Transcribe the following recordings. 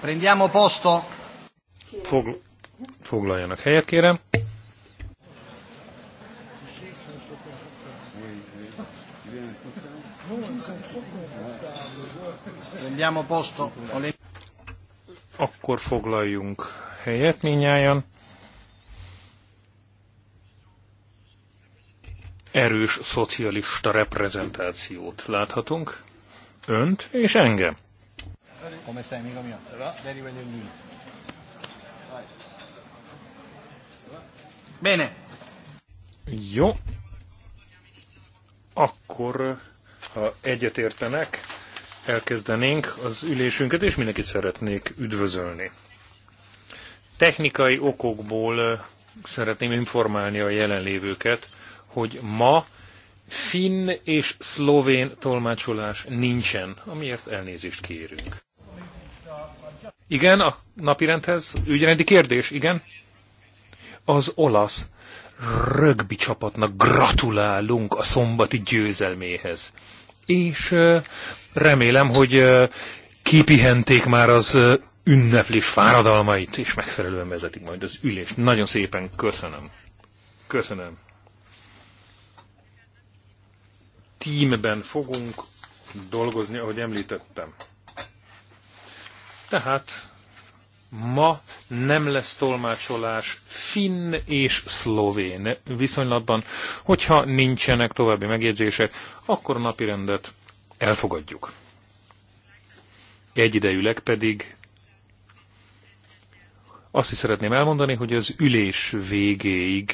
Prendiamo posto. Fog, foglaljanak helyet, kérem. Prendiamo posto. Akkor foglaljunk helyet minnyáján. Erős szocialista reprezentációt láthatunk. Önt és engem. Come stai, amico mio? Very well indeed. Bene. Jó. Akkor, ha egyetértenek, elkezdenénk az ülésünket, és mindenkit szeretnék üdvözölni. Technikai okokból szeretném informálni a jelenlévőket, hogy ma finn és szlovén tolmácsolás nincsen, amiért elnézést kérünk. Igen, a napirendhez ügyrendi kérdés, igen. Az olasz rögbi csapatnak gratulálunk a szombati győzelméhez. És remélem, hogy kipihenték már az ünneplés fáradalmait, és megfelelően vezetik majd az ülést. Nagyon szépen köszönöm. Köszönöm. Tímben fogunk dolgozni, ahogy említettem. Tehát ma nem lesz tolmácsolás finn és szlovén viszonylatban. Hogyha nincsenek további megjegyzések, akkor a napirendet elfogadjuk. Egyidejűleg pedig azt is szeretném elmondani, hogy az ülés végéig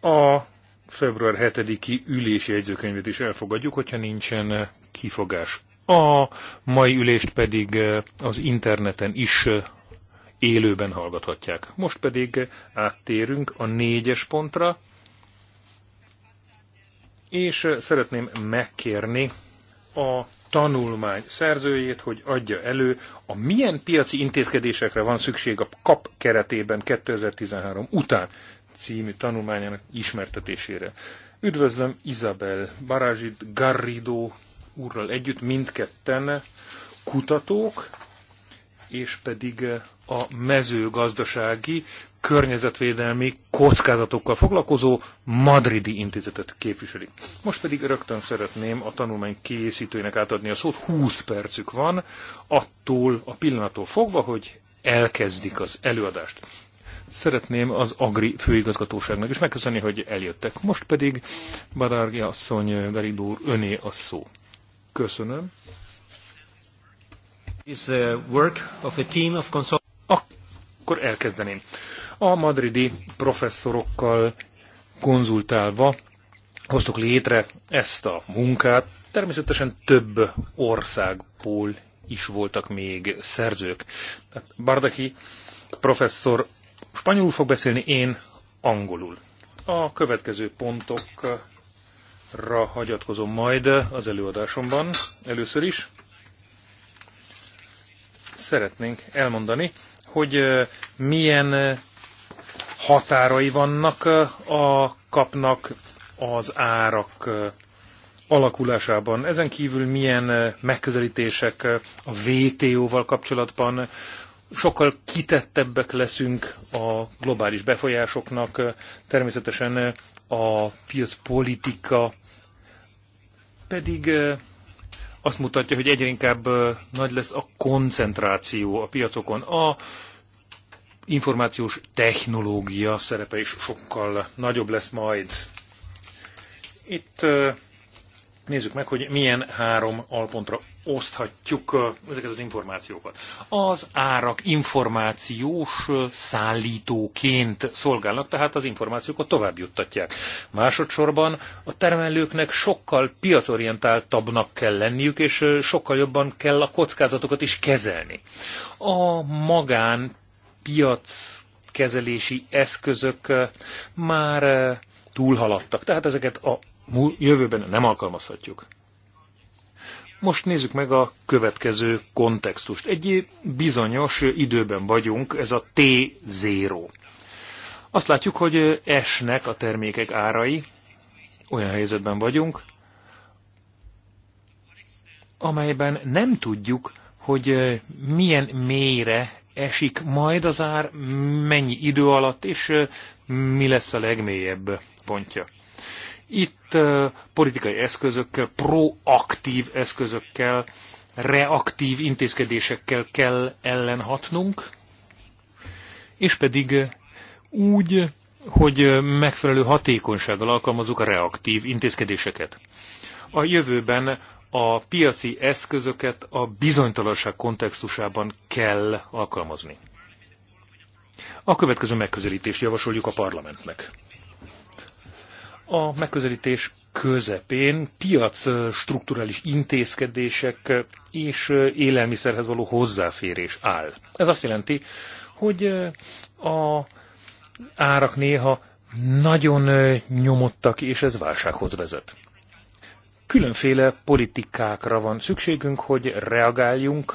a február 7-i ülési jegyzőkönyvet is elfogadjuk, hogyha nincsen kifogás. A mai ülést pedig eh, az interneten is eh, élőben hallgathatják. Most pedig áttérünk a négyes pontra, és eh, szeretném megkérni a tanulmány szerzőjét, hogy adja elő, a milyen piaci intézkedésekre van szükség a KAP keretében 2013 után című tanulmányának ismertetésére. Üdvözlöm Isabel Barázsit Garrido úrral együtt mindketten kutatók, és pedig a mezőgazdasági környezetvédelmi kockázatokkal foglalkozó madridi intézetet képviselik. Most pedig rögtön szeretném a tanulmány készítőinek átadni a szót, 20 percük van, attól a pillanattól fogva, hogy elkezdik az előadást. Szeretném az Agri főigazgatóságnak is megköszönni, hogy eljöttek. Most pedig Badargi asszony, Garibó öné a szó. Köszönöm. Uh, work of a team of consult- Akkor elkezdeném. A madridi professzorokkal konzultálva hoztuk létre ezt a munkát. Természetesen több országból is voltak még szerzők. Hát Bardaki professzor spanyolul fog beszélni, én angolul. A következő pontok ra hagyatkozom majd az előadásomban először is. Szeretnénk elmondani, hogy milyen határai vannak a kapnak az árak alakulásában. Ezen kívül milyen megközelítések a VTO-val kapcsolatban, sokkal kitettebbek leszünk a globális befolyásoknak, természetesen a piacpolitika pedig azt mutatja, hogy egyre inkább nagy lesz a koncentráció a piacokon. A információs technológia szerepe is sokkal nagyobb lesz majd. Itt nézzük meg, hogy milyen három alpontra oszthatjuk ezeket az információkat. Az árak információs szállítóként szolgálnak, tehát az információkat tovább juttatják. Másodszorban a termelőknek sokkal piacorientáltabbnak kell lenniük, és sokkal jobban kell a kockázatokat is kezelni. A magán piac kezelési eszközök már túlhaladtak, tehát ezeket a jövőben nem alkalmazhatjuk. Most nézzük meg a következő kontextust. Egy bizonyos időben vagyunk, ez a T0. Azt látjuk, hogy esnek a termékek árai, olyan helyzetben vagyunk, amelyben nem tudjuk, hogy milyen mélyre esik majd az ár, mennyi idő alatt, és mi lesz a legmélyebb pontja. Itt politikai eszközökkel, proaktív eszközökkel, reaktív intézkedésekkel kell ellenhatnunk, és pedig úgy, hogy megfelelő hatékonysággal alkalmazzuk a reaktív intézkedéseket. A jövőben a piaci eszközöket a bizonytalanság kontextusában kell alkalmazni. A következő megközelítést javasoljuk a parlamentnek a megközelítés közepén piac strukturális intézkedések és élelmiszerhez való hozzáférés áll. Ez azt jelenti, hogy a árak néha nagyon nyomottak, és ez válsághoz vezet különféle politikákra van szükségünk, hogy reagáljunk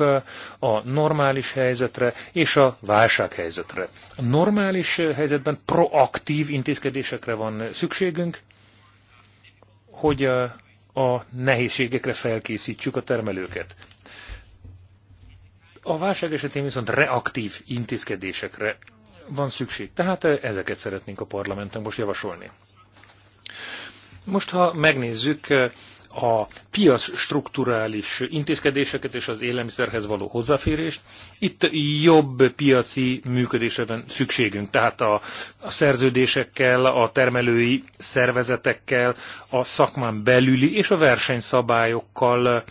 a normális helyzetre és a válsághelyzetre. A normális helyzetben proaktív intézkedésekre van szükségünk, hogy a nehézségekre felkészítsük a termelőket. A válság esetén viszont reaktív intézkedésekre van szükség. Tehát ezeket szeretnénk a parlamenten most javasolni. Most, ha megnézzük a piac strukturális intézkedéseket és az élelmiszerhez való hozzáférést. Itt jobb piaci működésre van szükségünk, tehát a, a szerződésekkel, a termelői szervezetekkel, a szakmán belüli és a versenyszabályokkal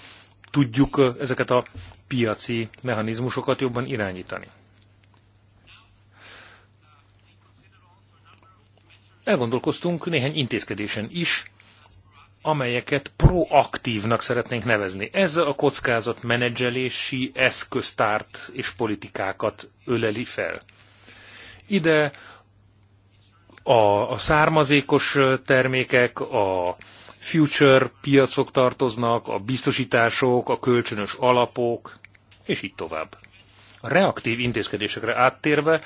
tudjuk ezeket a piaci mechanizmusokat jobban irányítani. Elgondolkoztunk néhány intézkedésen is, amelyeket proaktívnak szeretnénk nevezni. Ez a kockázat menedzselési eszköztárt és politikákat öleli fel. Ide a, a származékos termékek, a future piacok tartoznak, a biztosítások, a kölcsönös alapok, és így tovább. A reaktív intézkedésekre áttérve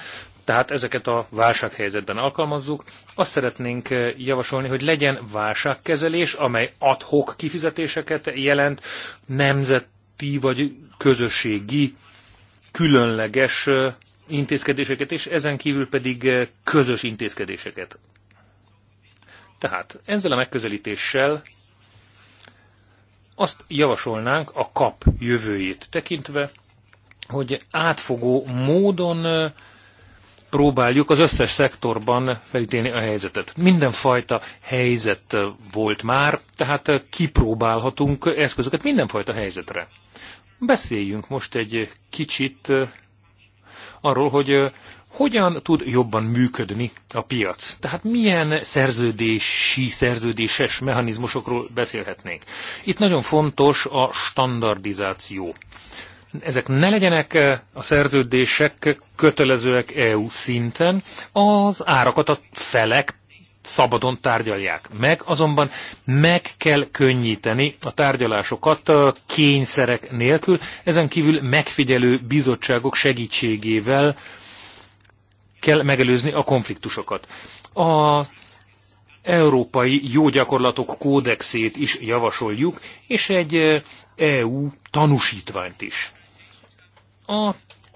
tehát ezeket a válsághelyzetben alkalmazzuk. Azt szeretnénk eh, javasolni, hogy legyen válságkezelés, amely adhok kifizetéseket jelent, nemzeti vagy közösségi különleges eh, intézkedéseket, és ezen kívül pedig eh, közös intézkedéseket. Tehát ezzel a megközelítéssel azt javasolnánk a kap jövőjét tekintve, hogy átfogó módon próbáljuk az összes szektorban felítélni a helyzetet. Mindenfajta helyzet volt már, tehát kipróbálhatunk eszközöket mindenfajta helyzetre. Beszéljünk most egy kicsit arról, hogy hogyan tud jobban működni a piac. Tehát milyen szerződési, szerződéses mechanizmusokról beszélhetnénk. Itt nagyon fontos a standardizáció ezek ne legyenek eh, a szerződések kötelezőek EU szinten, az árakat a felek szabadon tárgyalják meg, azonban meg kell könnyíteni a tárgyalásokat eh, kényszerek nélkül, ezen kívül megfigyelő bizottságok segítségével kell megelőzni a konfliktusokat. A európai jó gyakorlatok kódexét is javasoljuk, és egy eh, EU tanúsítványt is. A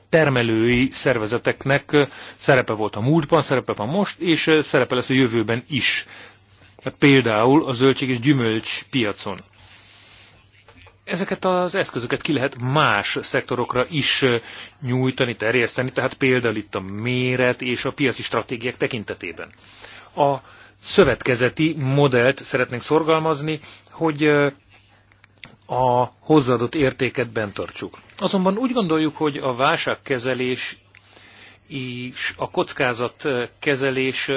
termelői szervezeteknek szerepe volt a múltban, szerepe van most, és szerepe lesz a jövőben is. Hát például a zöldség és gyümölcs piacon. Ezeket az eszközöket ki lehet más szektorokra is nyújtani, terjeszteni, tehát például itt a méret és a piaci stratégiák tekintetében. A szövetkezeti modellt szeretnénk szorgalmazni, hogy a hozzáadott értéket bent tartsuk. Azonban úgy gondoljuk, hogy a válságkezelés és a kockázatkezelés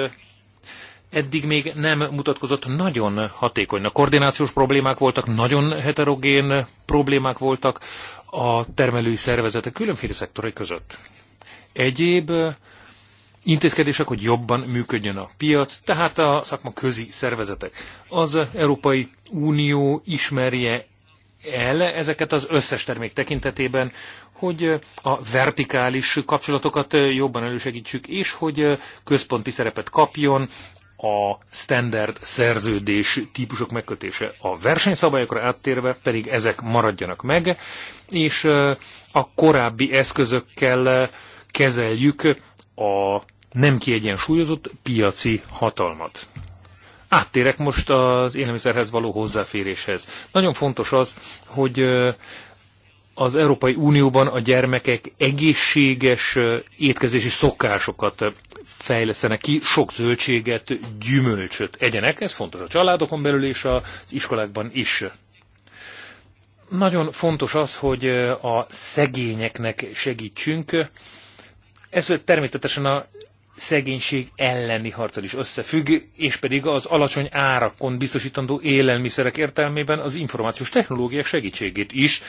eddig még nem mutatkozott nagyon hatékonynak. Koordinációs problémák voltak, nagyon heterogén problémák voltak a termelői szervezetek különféle szektorai között. Egyéb intézkedések, hogy jobban működjön a piac, tehát a szakma közi szervezetek. Az Európai Unió ismerje el ezeket az összes termék tekintetében, hogy a vertikális kapcsolatokat jobban elősegítsük, és hogy központi szerepet kapjon a standard szerződés típusok megkötése. A versenyszabályokra áttérve pedig ezek maradjanak meg, és a korábbi eszközökkel kezeljük a nem kiegyensúlyozott piaci hatalmat. Áttérek most az élelmiszerhez való hozzáféréshez. Nagyon fontos az, hogy az Európai Unióban a gyermekek egészséges étkezési szokásokat fejlesztenek ki, sok zöldséget, gyümölcsöt egyenek. Ez fontos a családokon belül és az iskolákban is. Nagyon fontos az, hogy a szegényeknek segítsünk. Ez természetesen a szegénység elleni harccal is összefügg, és pedig az alacsony árakon biztosítandó élelmiszerek értelmében az információs technológiák segítségét is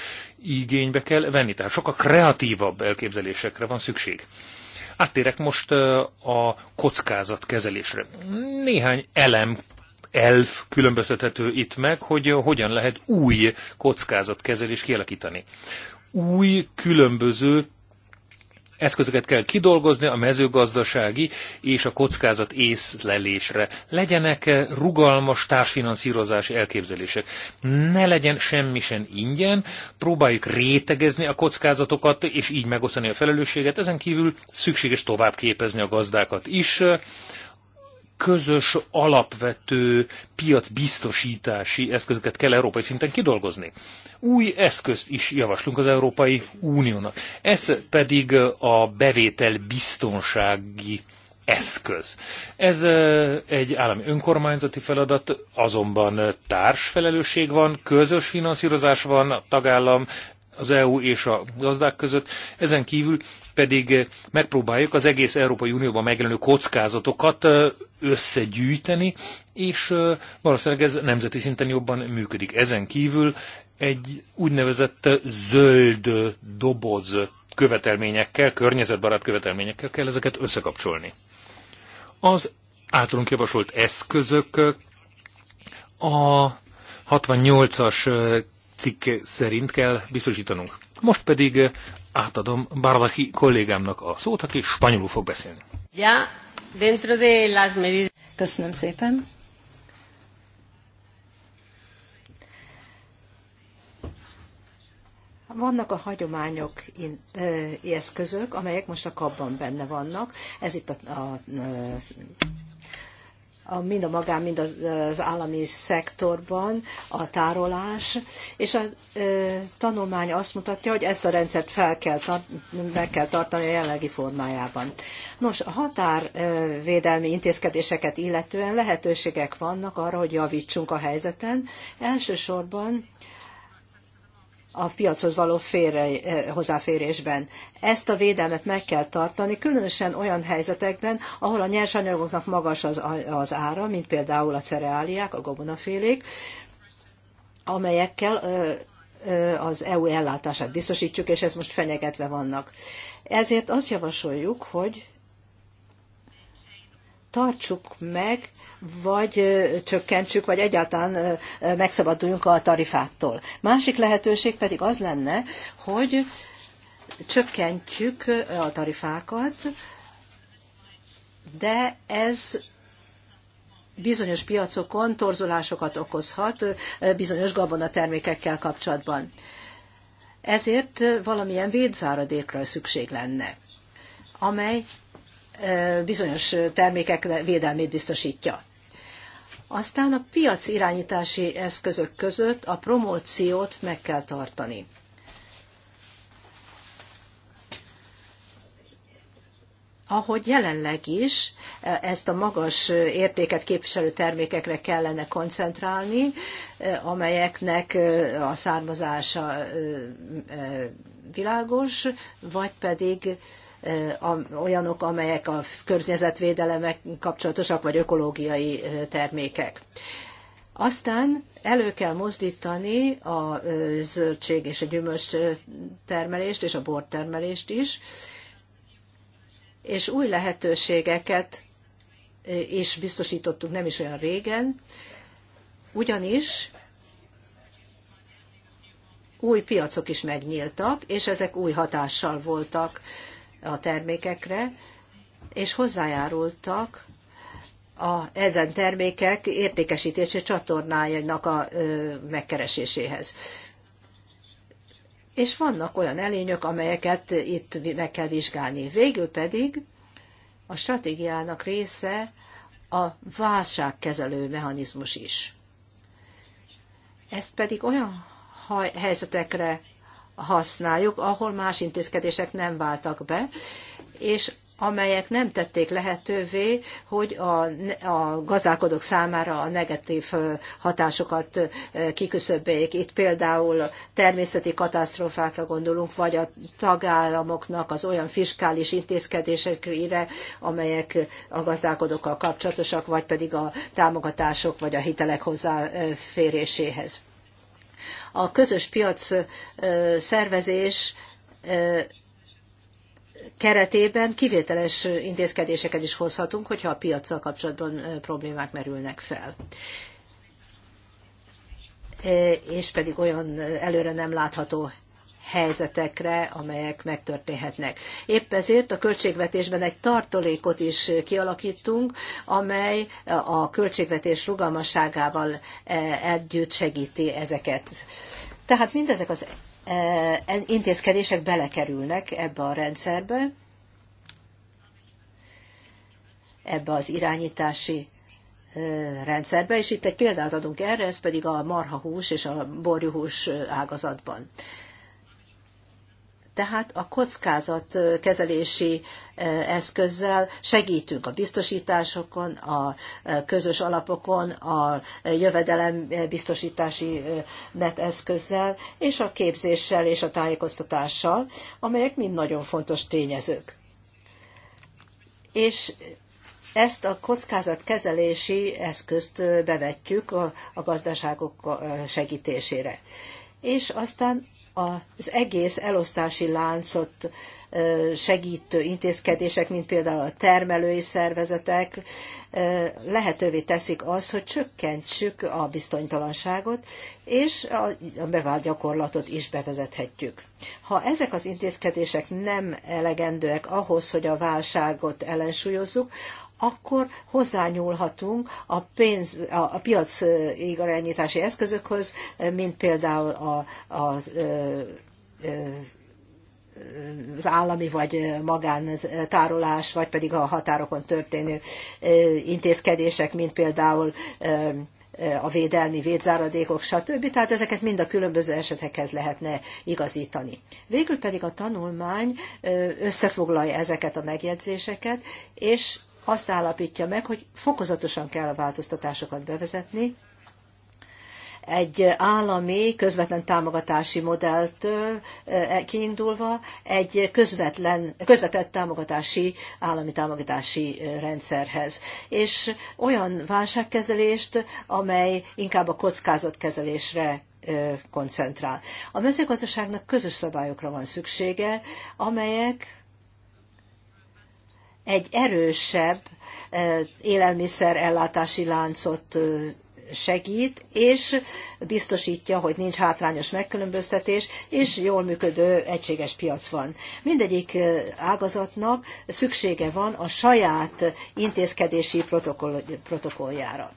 igénybe kell venni. Tehát sokkal kreatívabb elképzelésekre van szükség. Áttérek most a kezelésre Néhány elem elf különböztethető itt meg, hogy hogyan lehet új kockázatkezelést kialakítani. Új, különböző eszközöket kell kidolgozni a mezőgazdasági és a kockázat észlelésre. Legyenek eh, rugalmas társfinanszírozási elképzelések. Ne legyen semmi sem ingyen, próbáljuk rétegezni a kockázatokat, és így megosztani a felelősséget. Ezen kívül szükséges tovább képezni a gazdákat is, közös alapvető piacbiztosítási eszközöket kell európai szinten kidolgozni. Új eszközt is javaslunk az Európai Uniónak. Ez pedig a bevétel biztonsági eszköz. Ez egy állami önkormányzati feladat, azonban társfelelősség van, közös finanszírozás van, a tagállam az EU és a gazdák között, ezen kívül pedig eh, megpróbáljuk az egész Európai Unióban megjelenő kockázatokat eh, összegyűjteni, és eh, valószínűleg ez nemzeti szinten jobban működik. Ezen kívül egy úgynevezett zöld doboz követelményekkel, környezetbarát követelményekkel kell ezeket összekapcsolni. Az általunk javasolt eszközök a 68-as cikke szerint kell biztosítanunk. Most pedig átadom Barlachi kollégámnak a szót, aki spanyolul fog beszélni. Ja, dentro de las medidas. Köszönöm szépen. Vannak a hagyományok, eszközök, amelyek most a kapban benne vannak. Ez itt a, a, a, mind a magán, mind az, az állami szektorban a tárolás, és a e, tanulmány azt mutatja, hogy ezt a rendszert fel kell, meg kell tartani a jelenlegi formájában. Nos, a határvédelmi intézkedéseket illetően lehetőségek vannak arra, hogy javítsunk a helyzeten. Elsősorban a piachoz való félre, eh, hozzáférésben. Ezt a védelmet meg kell tartani, különösen olyan helyzetekben, ahol a nyersanyagoknak magas az, az ára, mint például a cereáliák, a gabonafélék, amelyekkel az EU ellátását biztosítjuk, és ez most fenyegetve vannak. Ezért azt javasoljuk, hogy tartsuk meg vagy csökkentsük, vagy egyáltalán megszabaduljunk a tarifáktól. Másik lehetőség pedig az lenne, hogy csökkentjük a tarifákat, de ez bizonyos piacokon torzulásokat okozhat bizonyos gabonatermékekkel kapcsolatban. Ezért valamilyen védzáradékra szükség lenne, amely bizonyos termékek védelmét biztosítja. Aztán a piac irányítási eszközök között a promóciót meg kell tartani. ahogy jelenleg is ezt a magas értéket képviselő termékekre kellene koncentrálni, amelyeknek a származása világos, vagy pedig olyanok, amelyek a környezetvédelemek kapcsolatosak, vagy ökológiai termékek. Aztán elő kell mozdítani a zöldség és a gyümölcs termelést és a bortermelést is, és új lehetőségeket is biztosítottuk nem is olyan régen, ugyanis új piacok is megnyíltak, és ezek új hatással voltak a termékekre, és hozzájárultak a, ezen termékek értékesítési csatornájának a ö, megkereséséhez. És vannak olyan elényök, amelyeket itt meg kell vizsgálni. Végül pedig a stratégiának része a válságkezelő mechanizmus is. Ezt pedig olyan helyzetekre használjuk, ahol más intézkedések nem váltak be, és amelyek nem tették lehetővé, hogy a, a gazdálkodók számára a negatív hatásokat kiküszöböljék. Itt például természeti katasztrófákra gondolunk, vagy a tagállamoknak az olyan fiskális intézkedésekre, amelyek a gazdálkodókkal kapcsolatosak, vagy pedig a támogatások, vagy a hitelek hozzáféréséhez a közös piac szervezés keretében kivételes intézkedéseket is hozhatunk, hogyha a piacsal kapcsolatban problémák merülnek fel és pedig olyan előre nem látható helyzetekre, amelyek megtörténhetnek. Épp ezért a költségvetésben egy tartalékot is kialakítunk, amely a költségvetés rugalmasságával e, együtt segíti ezeket. Tehát mindezek az e, intézkedések belekerülnek ebbe a rendszerbe, ebbe az irányítási e, rendszerbe, és itt egy példát adunk erre, ez pedig a marhahús és a borjuhús ágazatban. Tehát a kezelési eszközzel segítünk a biztosításokon, a közös alapokon, a jövedelembiztosítási net eszközzel, és a képzéssel és a tájékoztatással, amelyek mind nagyon fontos tényezők. És ezt a kockázatkezelési eszközt bevetjük a gazdaságok segítésére. És aztán az egész elosztási láncot segítő intézkedések, mint például a termelői szervezetek lehetővé teszik az, hogy csökkentsük a bizonytalanságot, és a bevált gyakorlatot is bevezethetjük. Ha ezek az intézkedések nem elegendőek ahhoz, hogy a válságot ellensúlyozzuk, akkor hozzányúlhatunk a, pénz, a, a piac igarányítási eszközökhöz, mint például a, a, a az állami vagy magántárolás, vagy pedig a határokon történő intézkedések, mint például a védelmi védzáradékok, stb. Tehát ezeket mind a különböző esetekhez lehetne igazítani. Végül pedig a tanulmány összefoglalja ezeket a megjegyzéseket, és azt állapítja meg, hogy fokozatosan kell a változtatásokat bevezetni, egy állami közvetlen támogatási modelltől eh, eh, kiindulva egy közvetlen, közvetett támogatási, állami támogatási eh, rendszerhez. És olyan válságkezelést, amely inkább a kockázatkezelésre koncentrál. A mezőgazdaságnak közös szabályokra van szüksége, amelyek egy erősebb élelmiszerellátási láncot segít, és biztosítja, hogy nincs hátrányos megkülönböztetés, és jól működő egységes piac van. Mindegyik ágazatnak szüksége van a saját intézkedési protokoll, protokolljára.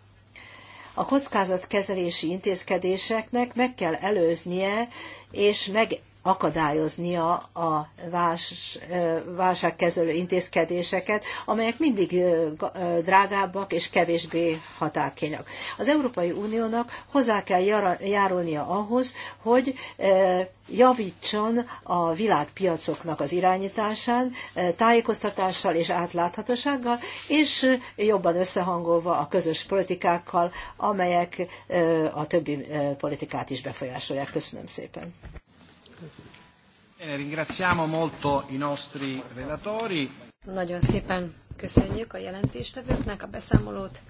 A kockázatkezelési intézkedéseknek meg kell előznie és meg akadályoznia a vás, válságkezelő intézkedéseket, amelyek mindig drágábbak és kevésbé hatákényak. Az Európai Uniónak hozzá kell járulnia ahhoz, hogy javítson a világpiacoknak az irányításán, tájékoztatással és átláthatósággal, és jobban összehangolva a közös politikákkal, amelyek a többi politikát is befolyásolják. Köszönöm szépen. Nagyon szépen köszönjük a jelentéstevőknek a beszámolót,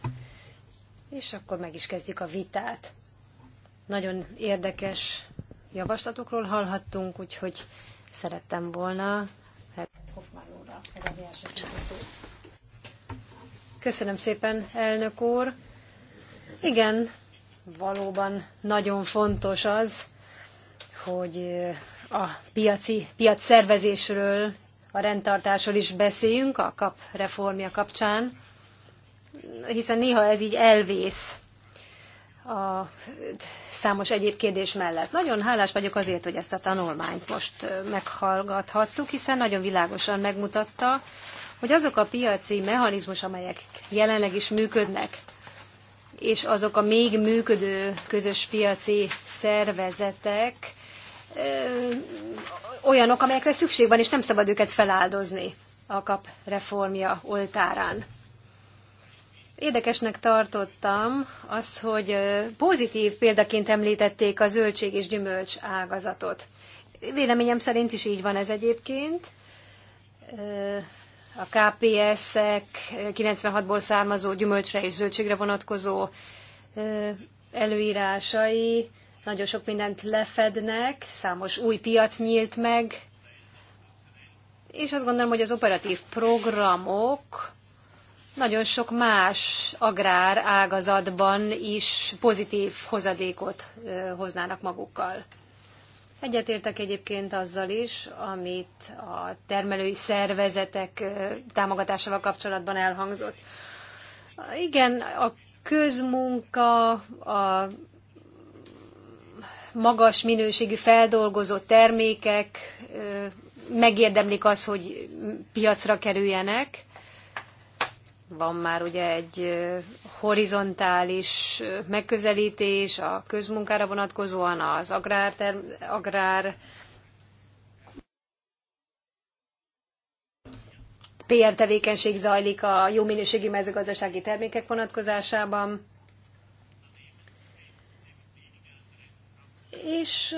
és akkor meg is kezdjük a vitát. Nagyon érdekes javaslatokról hallhattunk, úgyhogy szerettem volna Köszönöm szépen, elnök úr. Igen, valóban nagyon fontos az, hogy a piaci, piac szervezésről, a rendtartásról is beszéljünk a kap reformja kapcsán, hiszen néha ez így elvész a számos egyéb kérdés mellett. Nagyon hálás vagyok azért, hogy ezt a tanulmányt most meghallgathattuk, hiszen nagyon világosan megmutatta, hogy azok a piaci mechanizmus, amelyek jelenleg is működnek, és azok a még működő közös piaci szervezetek, olyanok, amelyekre szükség van, és nem szabad őket feláldozni a kap reformja oltárán. Érdekesnek tartottam az, hogy pozitív példaként említették a zöldség és gyümölcs ágazatot. Véleményem szerint is így van ez egyébként. A KPS-ek 96-ból származó gyümölcsre és zöldségre vonatkozó előírásai nagyon sok mindent lefednek, számos új piac nyílt meg, és azt gondolom, hogy az operatív programok nagyon sok más agrár ágazatban is pozitív hozadékot hoznának magukkal. Egyetértek egyébként azzal is, amit a termelői szervezetek támogatásával kapcsolatban elhangzott. Igen, a közmunka, a magas minőségű feldolgozott termékek megérdemlik az, hogy piacra kerüljenek. Van már ugye egy horizontális megközelítés a közmunkára vonatkozóan, az agrár, agrár PR tevékenység zajlik a jó minőségi mezőgazdasági termékek vonatkozásában és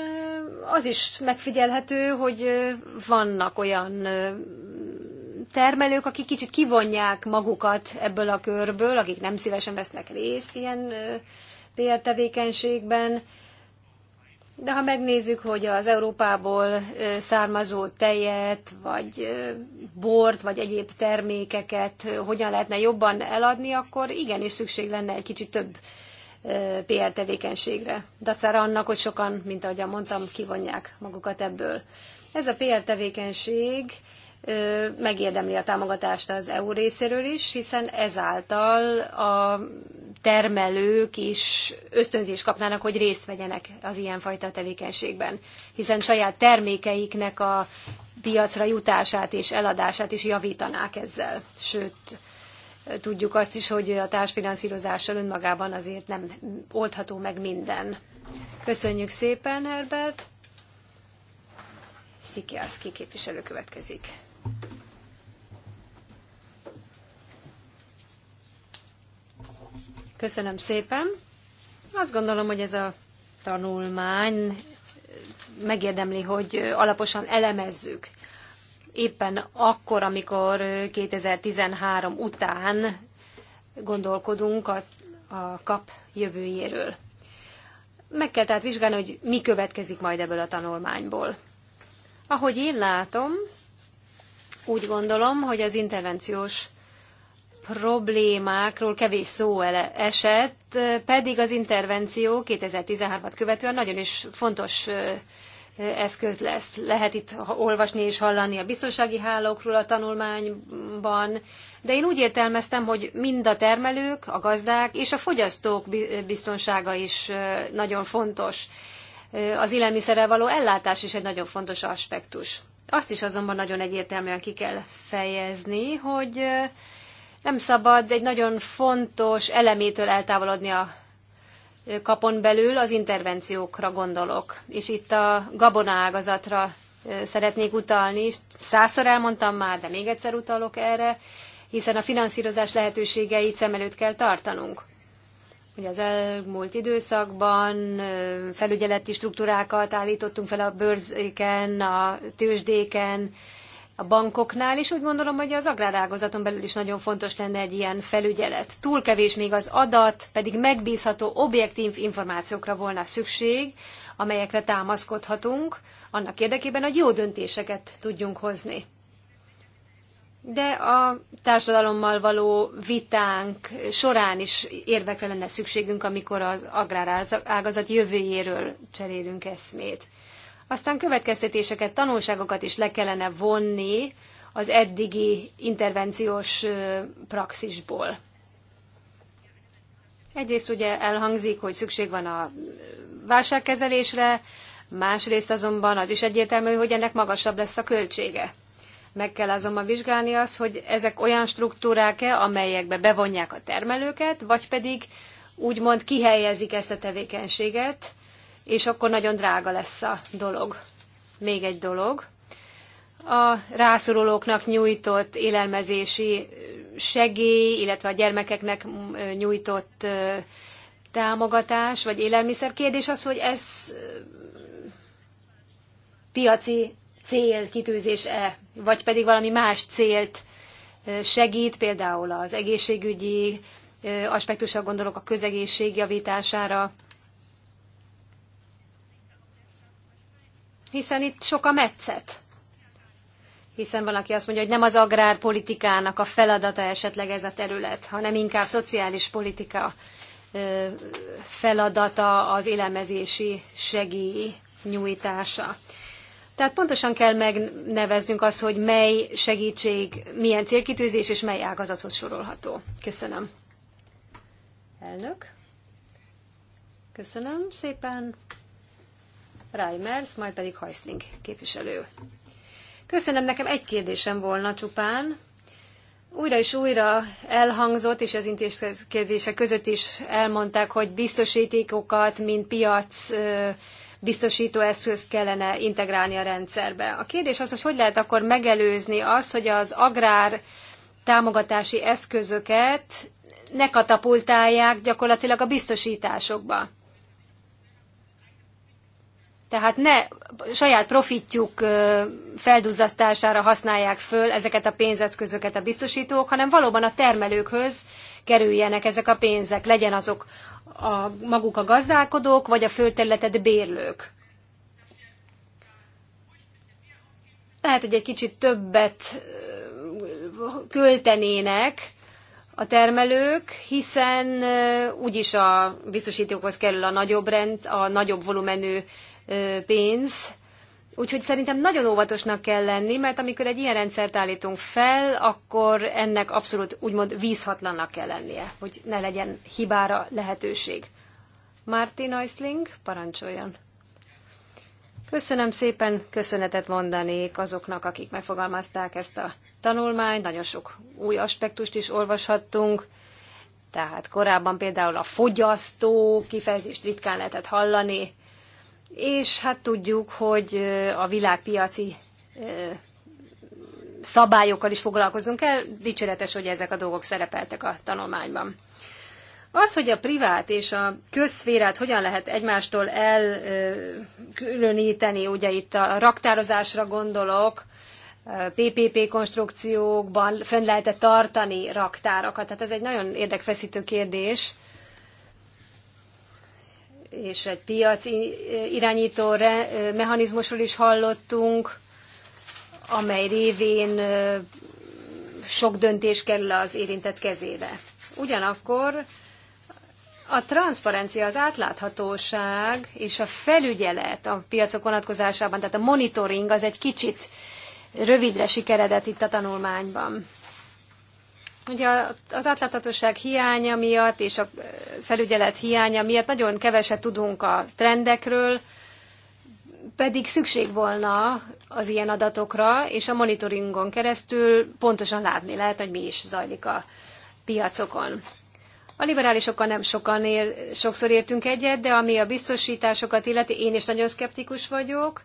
az is megfigyelhető, hogy vannak olyan termelők, akik kicsit kivonják magukat ebből a körből, akik nem szívesen vesznek részt ilyen PR tevékenységben. De ha megnézzük, hogy az Európából származó tejet, vagy bort, vagy egyéb termékeket hogyan lehetne jobban eladni, akkor igenis szükség lenne egy kicsit több PR tevékenységre. Dacára annak, hogy sokan, mint ahogyan mondtam, kivonják magukat ebből. Ez a PR tevékenység megérdemli a támogatást az EU részéről is, hiszen ezáltal a termelők is ösztönzést kapnának, hogy részt vegyenek az ilyenfajta tevékenységben, hiszen saját termékeiknek a piacra jutását és eladását is javítanák ezzel. Sőt, Tudjuk azt is, hogy a társfinanszírozással önmagában azért nem oldható meg minden. Köszönjük szépen, Herbert. Szikiászki képviselő következik. Köszönöm szépen. Azt gondolom, hogy ez a tanulmány megérdemli, hogy alaposan elemezzük éppen akkor, amikor 2013 után gondolkodunk a, a kap jövőjéről. Meg kell tehát vizsgálni, hogy mi következik majd ebből a tanulmányból. Ahogy én látom, úgy gondolom, hogy az intervenciós problémákról kevés szó esett, pedig az intervenció 2013-at követően nagyon is fontos eszköz lesz. Lehet itt olvasni és hallani a biztonsági hálókról a tanulmányban, de én úgy értelmeztem, hogy mind a termelők, a gazdák és a fogyasztók biztonsága is nagyon fontos. Az élelmiszerrel való ellátás is egy nagyon fontos aspektus. Azt is azonban nagyon egyértelműen ki kell fejezni, hogy nem szabad egy nagyon fontos elemétől eltávolodni a kapon belül az intervenciókra gondolok. És itt a gabonaágazatra szeretnék utalni, százszor elmondtam már, de még egyszer utalok erre, hiszen a finanszírozás lehetőségeit szem előtt kell tartanunk. Ugye az elmúlt időszakban felügyeleti struktúrákat állítottunk fel a bőrzéken, a tőzsdéken, a bankoknál, is úgy gondolom, hogy az agrárágazaton belül is nagyon fontos lenne egy ilyen felügyelet. Túl kevés még az adat, pedig megbízható, objektív információkra volna szükség, amelyekre támaszkodhatunk, annak érdekében, hogy jó döntéseket tudjunk hozni. De a társadalommal való vitánk során is érvekre lenne szükségünk, amikor az agrárágazat jövőjéről cserélünk eszmét. Aztán következtetéseket, tanulságokat is le kellene vonni az eddigi intervenciós praxisból. Egyrészt ugye elhangzik, hogy szükség van a válságkezelésre, másrészt azonban az is egyértelmű, hogy ennek magasabb lesz a költsége. Meg kell azonban vizsgálni azt, hogy ezek olyan struktúrák-e, amelyekbe bevonják a termelőket, vagy pedig úgymond kihelyezik ezt a tevékenységet, és akkor nagyon drága lesz a dolog. Még egy dolog. A rászorulóknak nyújtott élelmezési segély, illetve a gyermekeknek mm, nyújtott támogatás, vagy élelmiszer kérdés az, hogy ez piaci cél kitűzés-e, vagy pedig valami más célt segít, például az egészségügyi aspektusra gondolok a közegészség javítására, Hiszen itt sok a metszet. Hiszen van, aki azt mondja, hogy nem az agrárpolitikának a feladata esetleg ez a terület, hanem inkább szociális politika feladata az élelmezési segély nyújtása. Tehát pontosan kell megneveznünk azt, hogy mely segítség, milyen célkitűzés és mely ágazathoz sorolható. Köszönöm. Elnök. Köszönöm szépen. Reimers, majd pedig Hajszling képviselő. Köszönöm, nekem egy kérdésem volna csupán. Újra és újra elhangzott, és az intézkedések között is elmondták, hogy biztosítékokat, mint piac biztosító eszközt kellene integrálni a rendszerbe. A kérdés az, hogy hogy lehet akkor megelőzni azt, hogy az agrár támogatási eszközöket ne katapultálják gyakorlatilag a biztosításokba. Tehát ne saját profitjuk felduzzasztására használják föl ezeket a pénzeszközöket a biztosítók, hanem valóban a termelőkhöz kerüljenek ezek a pénzek, legyen azok a, maguk a gazdálkodók, vagy a földterületet bérlők. Lehet, hogy egy kicsit többet költenének a termelők, hiszen úgyis a biztosítókhoz kerül a nagyobb rend, a nagyobb volumenű pénz, Úgyhogy szerintem nagyon óvatosnak kell lenni, mert amikor egy ilyen rendszert állítunk fel, akkor ennek abszolút úgymond vízhatlannak kell lennie, hogy ne legyen hibára lehetőség. Martin Eisling, parancsoljon! Köszönöm szépen, köszönetet mondanék azoknak, akik megfogalmazták ezt a tanulmányt. Nagyon sok új aspektust is olvashattunk. Tehát korábban például a fogyasztó kifejezést ritkán lehetett hallani, és hát tudjuk, hogy a világpiaci szabályokkal is foglalkozunk el, dicséretes, hogy ezek a dolgok szerepeltek a tanulmányban. Az, hogy a privát és a közszférát hogyan lehet egymástól elkülöníteni, ugye itt a raktározásra gondolok, PPP konstrukciókban fönn lehet -e tartani raktárakat? Tehát ez egy nagyon érdekfeszítő kérdés és egy piac irányító mechanizmusról is hallottunk, amely révén sok döntés kerül az érintett kezébe. Ugyanakkor a transzparencia, az átláthatóság és a felügyelet a piacok vonatkozásában, tehát a monitoring az egy kicsit rövidre sikeredett itt a tanulmányban. Ugye az átláthatóság hiánya miatt és a felügyelet hiánya miatt nagyon keveset tudunk a trendekről, pedig szükség volna az ilyen adatokra, és a monitoringon keresztül pontosan látni lehet, hogy mi is zajlik a piacokon. A liberálisokkal nem sokan ér, sokszor értünk egyet, de ami a biztosításokat illeti, én is nagyon szkeptikus vagyok,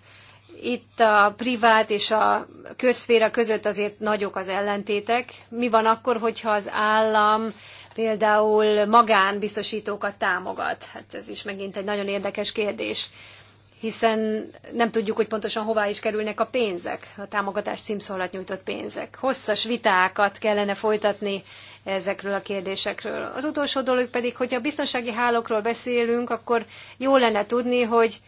itt a privát és a közszféra között azért nagyok az ellentétek. Mi van akkor, hogyha az állam például magánbiztosítókat támogat? Hát ez is megint egy nagyon érdekes kérdés, hiszen nem tudjuk, hogy pontosan hová is kerülnek a pénzek, a támogatás címszólat nyújtott pénzek. Hosszas vitákat kellene folytatni ezekről a kérdésekről. Az utolsó dolog pedig, hogyha a biztonsági hálókról beszélünk, akkor jó lenne tudni, hogy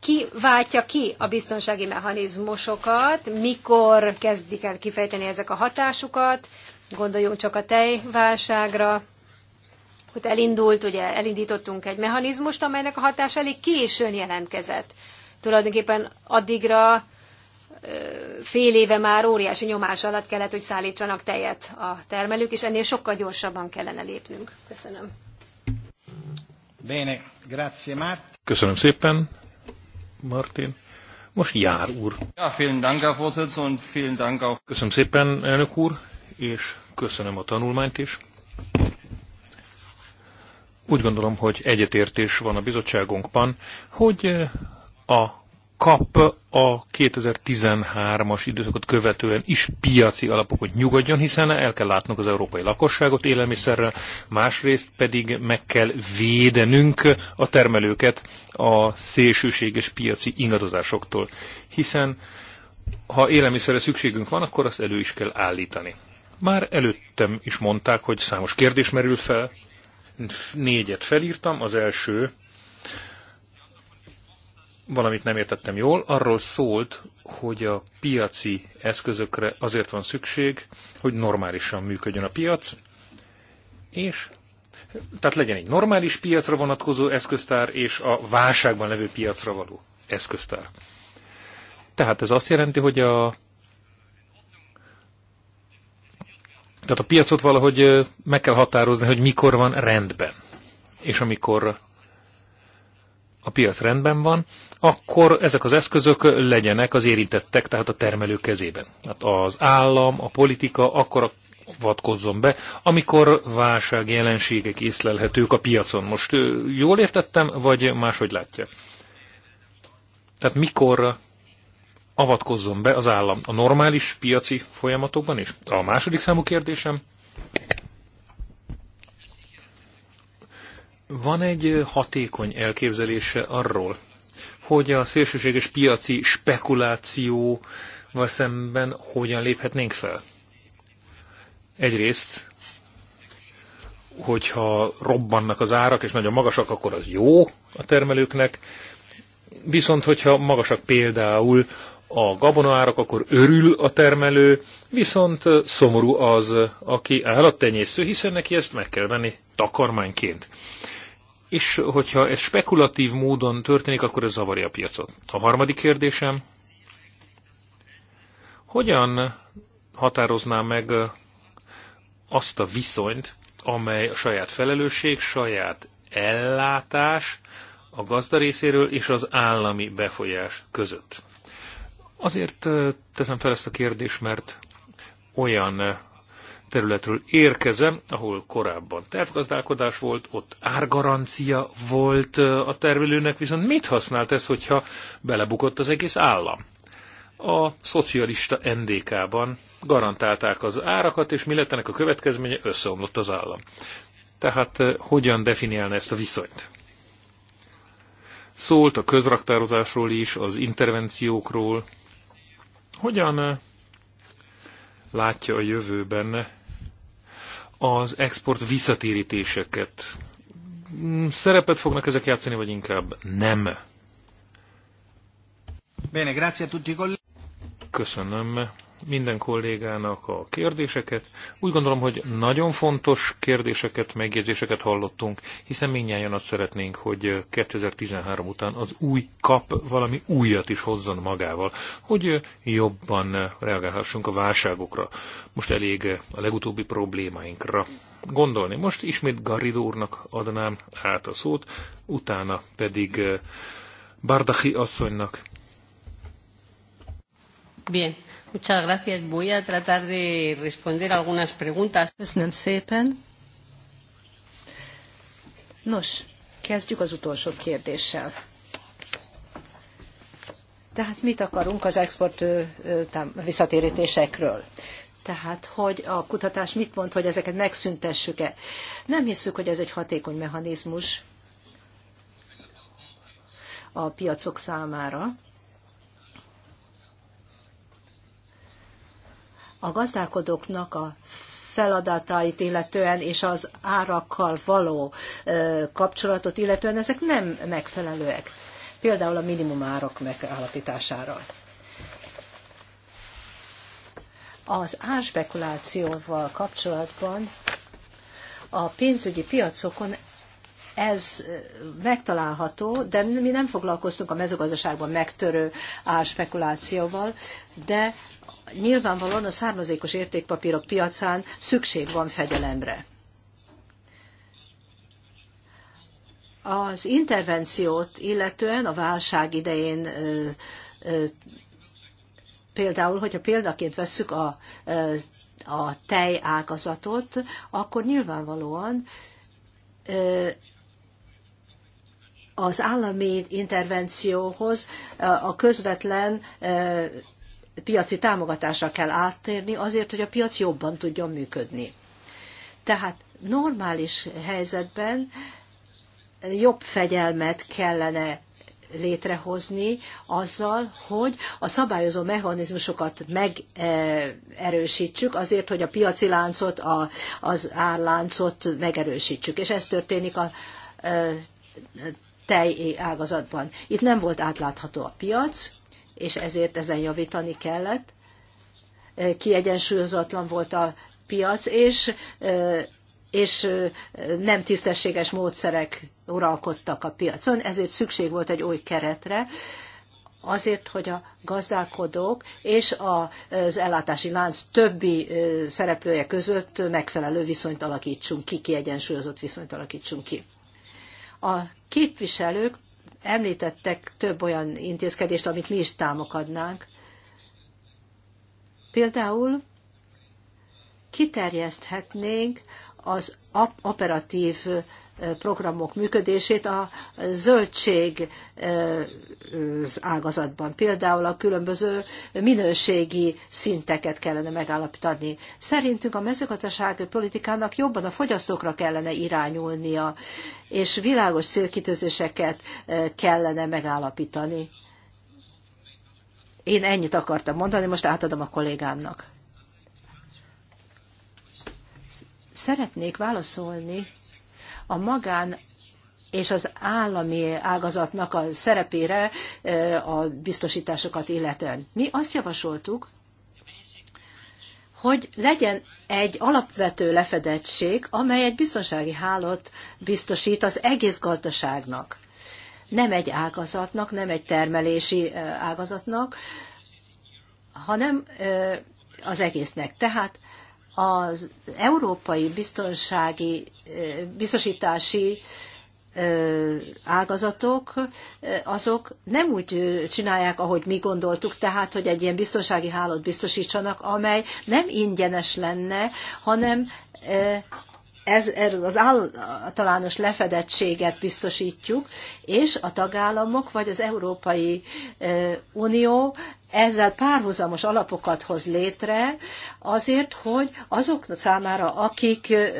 ki váltja ki a biztonsági mechanizmusokat, mikor kezdik el kifejteni ezek a hatásukat, gondoljunk csak a tejválságra, ott elindult, ugye elindítottunk egy mechanizmust, amelynek a hatás elég későn jelentkezett. Tulajdonképpen addigra fél éve már óriási nyomás alatt kellett, hogy szállítsanak tejet a termelők, és ennél sokkal gyorsabban kellene lépnünk. Köszönöm. Bene, grazie Mart. Köszönöm szépen, Martin. Most jár úr. Ja, vielen Dank, Herr Vorsitzender, und vielen Dank auch. Köszönöm szépen, elnök úr, és köszönöm a tanulmányt is. Úgy gondolom, hogy egyetértés van a bizottságunkban, hogy a kap a 2013-as időszakot követően is piaci alapokat nyugodjon, hiszen el kell látnunk az európai lakosságot élelmiszerrel, másrészt pedig meg kell védenünk a termelőket a szélsőséges piaci ingadozásoktól, hiszen ha élelmiszerre szükségünk van, akkor azt elő is kell állítani. Már előttem is mondták, hogy számos kérdés merül fel, négyet felírtam, az első valamit nem értettem jól, arról szólt, hogy a piaci eszközökre azért van szükség, hogy normálisan működjön a piac, és tehát legyen egy normális piacra vonatkozó eszköztár, és a válságban levő piacra való eszköztár. Tehát ez azt jelenti, hogy a tehát a piacot valahogy meg kell határozni, hogy mikor van rendben. És amikor a piac rendben van, akkor ezek az eszközök legyenek az érintettek, tehát a termelők kezében. Hát az állam, a politika akkor avatkozzon be, amikor válságjelenségek észlelhetők a piacon. Most jól értettem, vagy máshogy látja? Tehát mikor avatkozzon be az állam a normális piaci folyamatokban is? A második számú kérdésem. Van egy hatékony elképzelése arról, hogy a szélsőséges piaci spekulációval szemben hogyan léphetnénk fel. Egyrészt, hogyha robbannak az árak, és nagyon magasak, akkor az jó a termelőknek, viszont hogyha magasak például a gabona árak, akkor örül a termelő, viszont szomorú az, aki állattenyésző, hiszen neki ezt meg kell venni takarmányként. És hogyha ez spekulatív módon történik, akkor ez zavarja a piacot. A harmadik kérdésem, hogyan határozná meg azt a viszonyt, amely a saját felelősség, saját ellátás a gazda részéről és az állami befolyás között. Azért teszem fel ezt a kérdést, mert olyan területről érkezem, ahol korábban tervgazdálkodás volt, ott árgarancia volt a termelőnek, viszont mit használt ez, hogyha belebukott az egész állam? A szocialista NDK-ban garantálták az árakat, és mi lett ennek a következménye? Összeomlott az állam. Tehát hogyan definiálna ezt a viszonyt? Szólt a közraktározásról is, az intervenciókról. Hogyan látja a jövőben az export visszatérítéseket. Szerepet fognak ezek játszani, vagy inkább nem? Bene, grazie a tutti colleghi. Köszönöm minden kollégának a kérdéseket. Úgy gondolom, hogy nagyon fontos kérdéseket, megjegyzéseket hallottunk, hiszen mindjárt azt szeretnénk, hogy 2013 után az új kap valami újat is hozzon magával, hogy jobban reagálhassunk a válságokra. Most elég a legutóbbi problémáinkra gondolni. Most ismét Garrido úrnak adnám át a szót, utána pedig eh, Bardachi asszonynak. Bien. Muchas gracias. Voy a tratar de responder algunas preguntas. Köszönöm szépen. Nos, kezdjük az utolsó kérdéssel. Tehát mit akarunk az export visszatérítésekről? Tehát, hogy a kutatás mit mond, hogy ezeket megszüntessük-e? Nem hiszük, hogy ez egy hatékony mechanizmus a piacok számára a gazdálkodóknak a feladatait illetően és az árakkal való kapcsolatot illetően ezek nem megfelelőek. Például a minimum árak megállapítására. Az árspekulációval kapcsolatban a pénzügyi piacokon ez megtalálható, de mi nem foglalkoztunk a mezőgazdaságban megtörő árspekulációval, de nyilvánvalóan a származékos értékpapírok piacán szükség van fegyelemre. Az intervenciót illetően a válság idején például, hogyha példaként vesszük a, a tej ágazatot, akkor nyilvánvalóan az állami intervencióhoz a közvetlen piaci támogatásra kell áttérni azért, hogy a piac jobban tudjon működni. Tehát normális helyzetben jobb fegyelmet kellene létrehozni azzal, hogy a szabályozó mechanizmusokat megerősítsük azért, hogy a piaci láncot, a, az árláncot megerősítsük. És ez történik a tej ágazatban. Itt nem volt átlátható a piac, és ezért ezen javítani kellett. Kiegyensúlyozatlan volt a piac, és, és nem tisztességes módszerek uralkodtak a piacon, ezért szükség volt egy új keretre, azért, hogy a gazdálkodók és az ellátási lánc többi szereplője között megfelelő viszonyt alakítsunk ki, kiegyensúlyozott viszonyt alakítsunk ki. A képviselők említettek több olyan intézkedést, amit mi is támogatnánk. Például kiterjeszthetnénk az operatív programok működését a zöldség ágazatban. Például a különböző minőségi szinteket kellene megállapítani. Szerintünk a mezőgazdasági politikának jobban a fogyasztókra kellene irányulnia, és világos célkitőzéseket kellene megállapítani. Én ennyit akartam mondani, most átadom a kollégámnak. Szeretnék válaszolni a magán és az állami ágazatnak a szerepére a biztosításokat illetően. Mi azt javasoltuk, hogy legyen egy alapvető lefedettség, amely egy biztonsági hálót biztosít az egész gazdaságnak. Nem egy ágazatnak, nem egy termelési ágazatnak, hanem az egésznek. Tehát az európai biztonsági, biztosítási ágazatok, azok nem úgy csinálják, ahogy mi gondoltuk, tehát, hogy egy ilyen biztonsági hálót biztosítsanak, amely nem ingyenes lenne, hanem ez, erről az általános lefedettséget biztosítjuk, és a tagállamok vagy az Európai Unió ezzel párhuzamos alapokat hoz létre azért, hogy azok számára, akik e,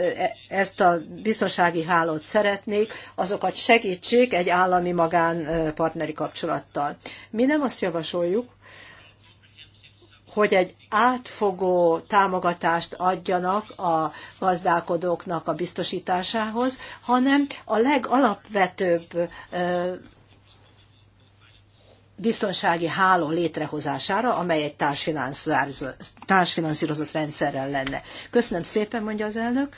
ezt a biztonsági hálót szeretnék, azokat segítsék egy állami magánpartneri kapcsolattal. Mi nem azt javasoljuk, hogy egy átfogó támogatást adjanak a gazdálkodóknak a biztosításához, hanem a legalapvetőbb biztonsági háló létrehozására, amely egy társfinanszírozott rendszerrel lenne. Köszönöm szépen, mondja az elnök.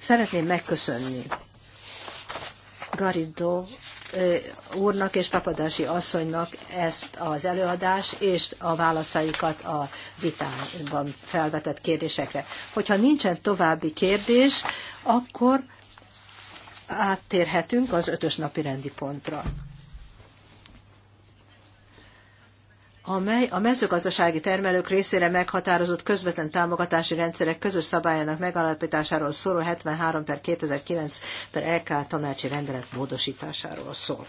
Szeretném megköszönni Garidó úrnak és Papadási asszonynak ezt az előadást és a válaszaikat a vitában felvetett kérdésekre. Hogyha nincsen további kérdés, akkor áttérhetünk az ötös napi rendi pontra. amely a mezőgazdasági termelők részére meghatározott közvetlen támogatási rendszerek közös szabályának megalapításáról szóló 73 per 2009 per LK tanácsi rendelet módosításáról szól.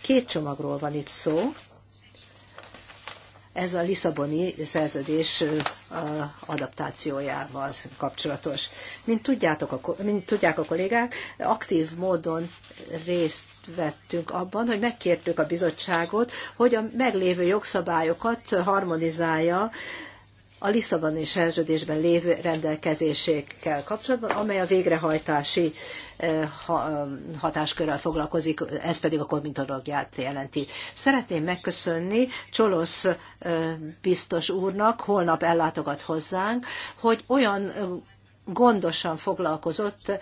Két csomagról van itt szó, ez a Lisszaboni szerződés adaptációjával kapcsolatos. Mint, tudjátok a, mint tudják a kollégák, aktív módon részt vettünk abban, hogy megkértük a bizottságot, hogy a meglévő jogszabályokat harmonizálja a Lisszaboni szerződésben lévő rendelkezésekkel kapcsolatban, amely a végrehajtási eh, eh, hatáskörrel foglalkozik, ez pedig a komitológiát jelenti. Szeretném megköszönni Csolosz eh, biztos úrnak, holnap ellátogat hozzánk, hogy olyan gondosan foglalkozott eh,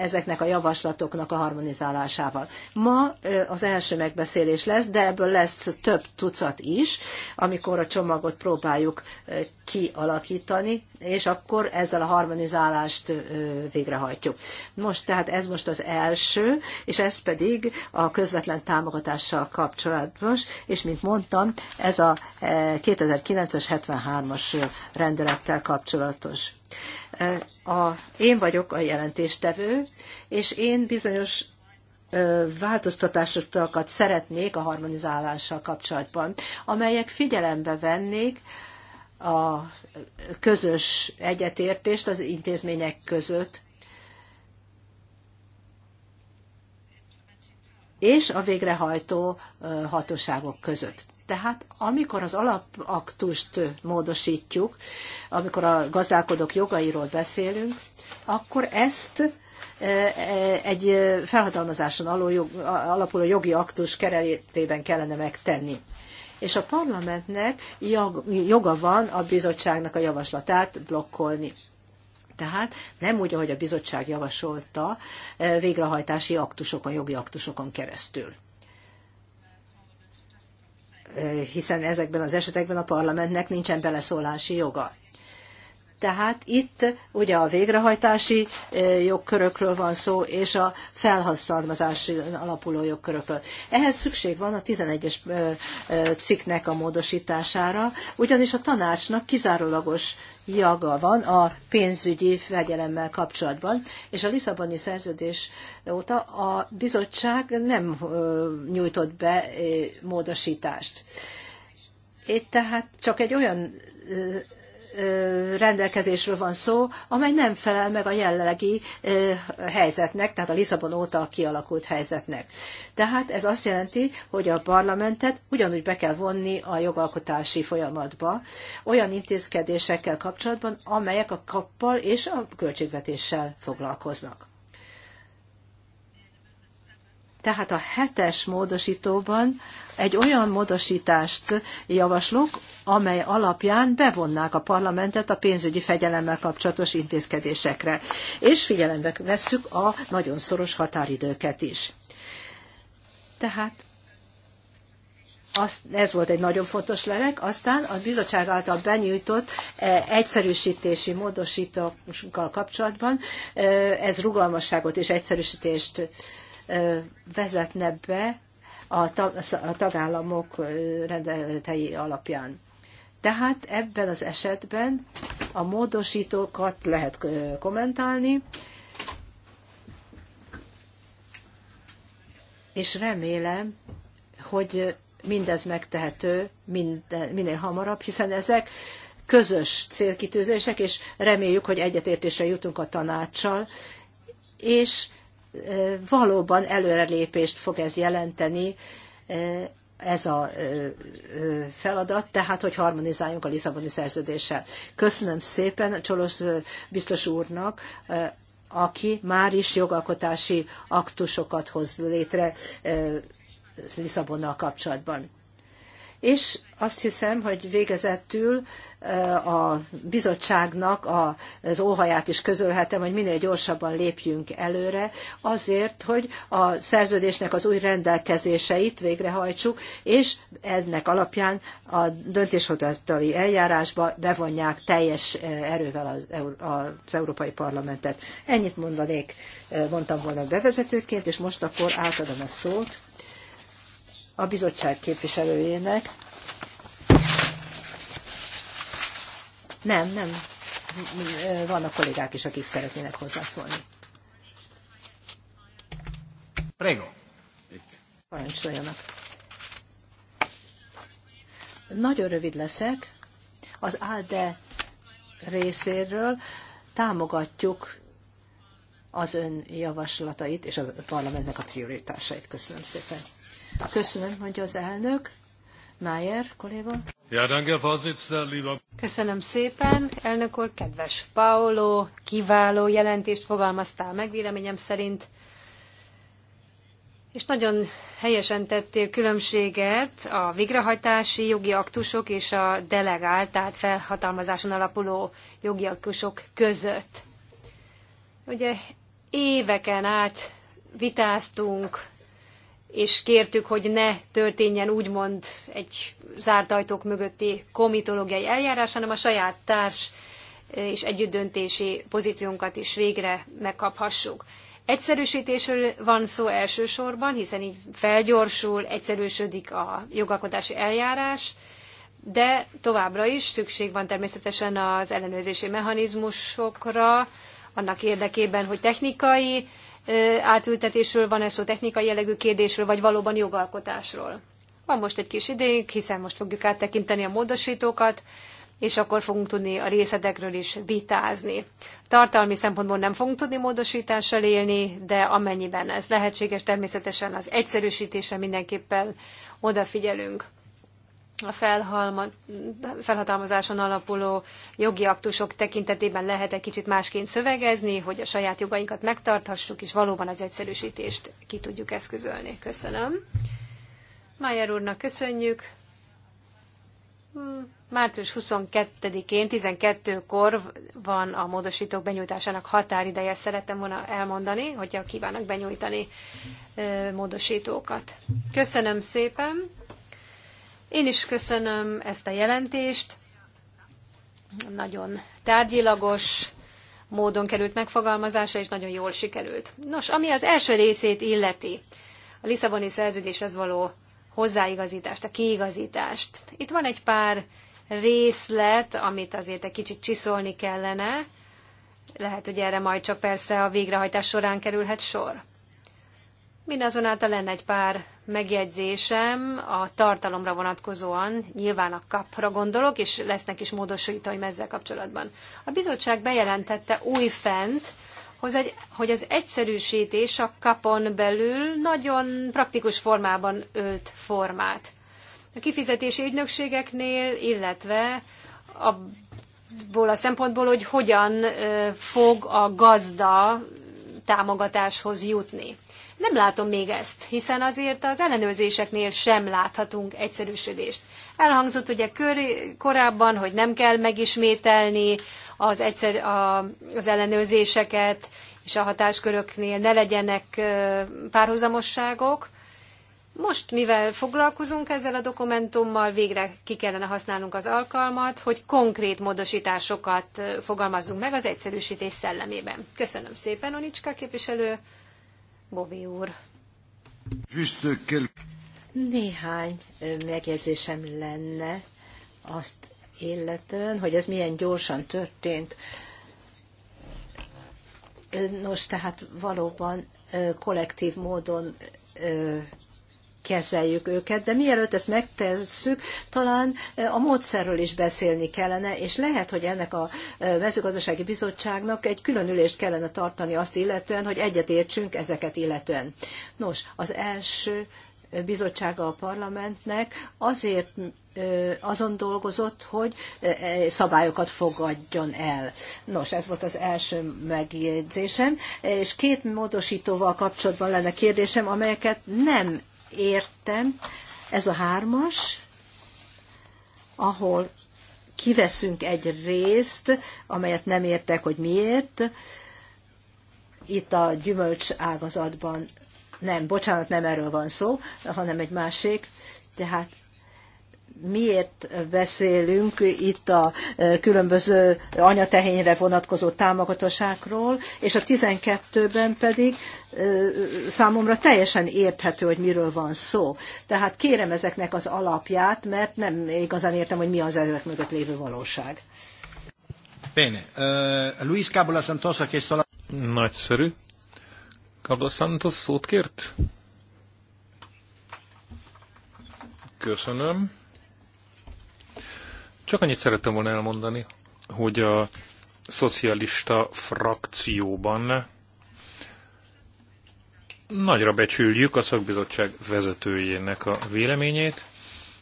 ezeknek a javaslatoknak a harmonizálásával. Ma eh, az első megbeszélés lesz, de ebből lesz több tucat is, amikor a csomagot próbáljuk eh, kialakítani, és akkor ezzel a harmonizálást végrehajtjuk. Most tehát ez most az első, és ez pedig a közvetlen támogatással kapcsolatos, és mint mondtam, ez a 2009-es 73-as rendelettel kapcsolatos a, én vagyok a jelentéstevő, és én bizonyos változtatásokat szeretnék a harmonizálással kapcsolatban, amelyek figyelembe vennék a közös egyetértést az intézmények között, és a végrehajtó hatóságok között. Tehát amikor az alapaktust módosítjuk, amikor a gazdálkodók jogairól beszélünk, akkor ezt e, egy felhatalmazáson alapuló jogi aktus keretében kellene megtenni. És a parlamentnek joga van a bizottságnak a javaslatát blokkolni. Tehát nem úgy, ahogy a bizottság javasolta, e, végrehajtási aktusokon, jogi aktusokon keresztül hiszen ezekben az esetekben a parlamentnek nincsen beleszólási joga. Tehát itt ugye a végrehajtási jogkörökről van szó, és a felhasználmazási alapuló jogkörökről. Ehhez szükség van a 11-es cikknek a módosítására, ugyanis a tanácsnak kizárólagos jaga van a pénzügyi fegyelemmel kapcsolatban, és a Lisszaboni szerződés óta a bizottság nem nyújtott be módosítást. Itt tehát csak egy olyan rendelkezésről van szó, amely nem felel meg a jelenlegi helyzetnek, tehát a Lisszabon óta kialakult helyzetnek. Tehát ez azt jelenti, hogy a parlamentet ugyanúgy be kell vonni a jogalkotási folyamatba olyan intézkedésekkel kapcsolatban, amelyek a kappal és a költségvetéssel foglalkoznak. Tehát a hetes módosítóban egy olyan módosítást javaslunk, amely alapján bevonnák a parlamentet a pénzügyi fegyelemmel kapcsolatos intézkedésekre, és figyelembe vesszük a nagyon szoros határidőket is. Tehát azt, ez volt egy nagyon fontos lelek, aztán a bizottság által benyújtott e, egyszerűsítési módosítókkal kapcsolatban e, ez rugalmasságot és egyszerűsítést vezetne be a tagállamok rendeletei alapján. Tehát ebben az esetben a módosítókat lehet kommentálni, és remélem, hogy mindez megtehető minden, minél hamarabb, hiszen ezek közös célkitűzések, és reméljük, hogy egyetértésre jutunk a tanácssal, és valóban előrelépést fog ez jelenteni, ez a feladat, tehát hogy harmonizáljunk a Lisszaboni szerződéssel. Köszönöm szépen Csolos biztos úrnak, aki már is jogalkotási aktusokat hoz létre Lisszabonnal kapcsolatban. És azt hiszem, hogy végezettül eh, a bizottságnak az óhaját is közölhetem, hogy minél gyorsabban lépjünk előre, azért, hogy a szerződésnek az új rendelkezéseit végrehajtsuk, és ennek alapján a döntéshozatali eljárásba bevonják teljes eh, erővel az, Európai Parlamentet. Ennyit mondanék, eh, mondtam volna bevezetőként, és most akkor átadom a szót a bizottság képviselőjének. Nem, nem. Vannak kollégák is, akik szeretnének hozzászólni. Prego. Parancsoljanak. Nagyon rövid leszek. Az ALDE részéről támogatjuk az ön javaslatait és a parlamentnek a prioritásait. Köszönöm szépen. Köszönöm, mondja az elnök. Mayer kolléga. Ja, danke, Köszönöm szépen, elnök úr, kedves Paolo, kiváló jelentést fogalmaztál meg véleményem szerint, és nagyon helyesen tettél különbséget a végrehajtási jogi aktusok és a delegált, tehát felhatalmazáson alapuló jogi aktusok között. Ugye éveken át vitáztunk és kértük, hogy ne történjen úgymond egy zárt ajtók mögötti komitológiai eljárás, hanem a saját társ eh, és együttdöntési pozíciónkat is végre megkaphassuk. Egyszerűsítésről van szó elsősorban, hiszen így felgyorsul, egyszerűsödik a jogalkotási eljárás, de továbbra is szükség van természetesen az ellenőrzési mechanizmusokra, annak érdekében, hogy technikai átültetésről van-e szó, technikai jellegű kérdésről, vagy valóban jogalkotásról. Van most egy kis idénk, hiszen most fogjuk áttekinteni a módosítókat, és akkor fogunk tudni a részletekről is vitázni. Tartalmi szempontból nem fogunk tudni módosítással élni, de amennyiben ez lehetséges, természetesen az egyszerűsítésre mindenképpen odafigyelünk a felhalma, felhatalmazáson alapuló jogi aktusok tekintetében lehet egy kicsit másként szövegezni, hogy a saját jogainkat megtarthassuk, és valóban az egyszerűsítést ki tudjuk eszközölni. Köszönöm. Májer úrnak köszönjük. Március 22-én 12-kor van a módosítók benyújtásának határideje. Szerettem volna elmondani, hogyha kívánnak benyújtani módosítókat. Köszönöm szépen. Én is köszönöm ezt a jelentést. Nagyon tárgyilagos módon került megfogalmazása, és nagyon jól sikerült. Nos, ami az első részét illeti, a Lisszaboni szerződéshez való hozzáigazítást, a kiigazítást. Itt van egy pár részlet, amit azért egy kicsit csiszolni kellene. Lehet, hogy erre majd csak persze a végrehajtás során kerülhet sor. Mindazonáltal lenne egy pár megjegyzésem a tartalomra vonatkozóan, nyilván a kapra gondolok, és lesznek is módosítóim ezzel kapcsolatban. A bizottság bejelentette újfent, hogy az egyszerűsítés a kapon belül nagyon praktikus formában ölt formát. A kifizetési ügynökségeknél, illetve abból a szempontból, hogy hogyan fog a gazda támogatáshoz jutni. Nem látom még ezt, hiszen azért az ellenőrzéseknél sem láthatunk egyszerűsödést. Elhangzott ugye kör, korábban, hogy nem kell megismételni az, egyszer, a, az ellenőrzéseket, és a hatásköröknél ne legyenek párhuzamosságok. Most, mivel foglalkozunk ezzel a dokumentummal, végre ki kellene használnunk az alkalmat, hogy konkrét módosításokat fogalmazzunk meg az egyszerűsítés szellemében. Köszönöm szépen, Onicska képviselő Bové úr. Néhány megjegyzésem lenne azt illetően, hogy ez milyen gyorsan történt. Nos, tehát valóban kollektív módon kezeljük őket, de mielőtt ezt megtesszük, talán a módszerről is beszélni kellene, és lehet, hogy ennek a mezőgazdasági bizottságnak egy külön ülést kellene tartani azt illetően, hogy egyetértsünk ezeket illetően. Nos, az első bizottsága a parlamentnek azért azon dolgozott, hogy e, szabályokat fogadjon el. Nos, ez volt az első megjegyzésem, és két módosítóval kapcsolatban lenne kérdésem, amelyeket nem értem, ez a hármas, ahol kiveszünk egy részt, amelyet nem értek, hogy miért, itt a gyümölcs ágazatban, nem, bocsánat, nem erről van szó, hanem egy másik, tehát miért beszélünk itt a e, különböző anyatehényre vonatkozó támogatóságról, és a 12-ben pedig számomra teljesen érthető, hogy miről van szó. Tehát kérem ezeknek az alapját, mert nem igazán értem, hogy mi az ezek mögött lévő valóság. Bene. Uh, Luis Cabula Santos a késztala... Nagyszerű. Cabula Santos szót kért? Köszönöm. Csak annyit szerettem volna elmondani, hogy a szocialista frakcióban Nagyra becsüljük a szakbizottság vezetőjének a véleményét,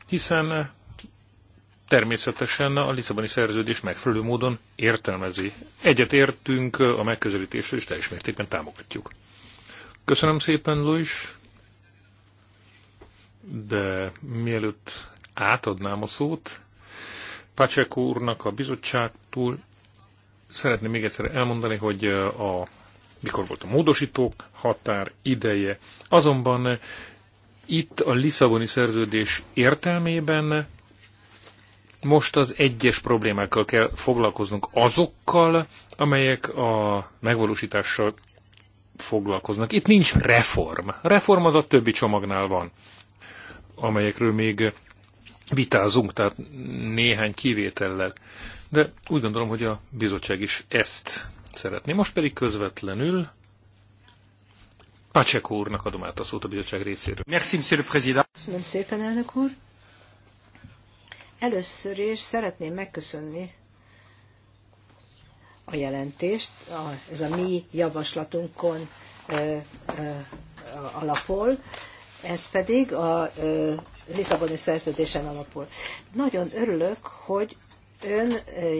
hiszen természetesen a Lisszaboni szerződés megfelelő módon értelmezi. Egyet értünk a megközelítésről, és teljes mértékben támogatjuk. Köszönöm szépen, Luis, de mielőtt átadnám a szót, Pacsek úrnak a bizottságtól szeretném még egyszer elmondani, hogy a mikor volt a módosítók határ ideje. Azonban eh, itt a Lisszaboni szerződés értelmében most az egyes problémákkal kell foglalkoznunk azokkal, amelyek a megvalósítással foglalkoznak. Itt nincs reform. Reform az a többi csomagnál van, amelyekről még vitázunk, tehát néhány kivétellel. De úgy gondolom, hogy a bizottság is ezt szeretné. Most pedig közvetlenül Pacek úrnak adom át a szót a bizottság részéről. Merci, monsieur le président. Köszönöm szépen, elnök úr. Először is szeretném megköszönni a jelentést, a, ez a mi javaslatunkon ö, ö, alapol, ez pedig a ö, Lisszaboni szerződésen alapul. Nagyon örülök, hogy ön,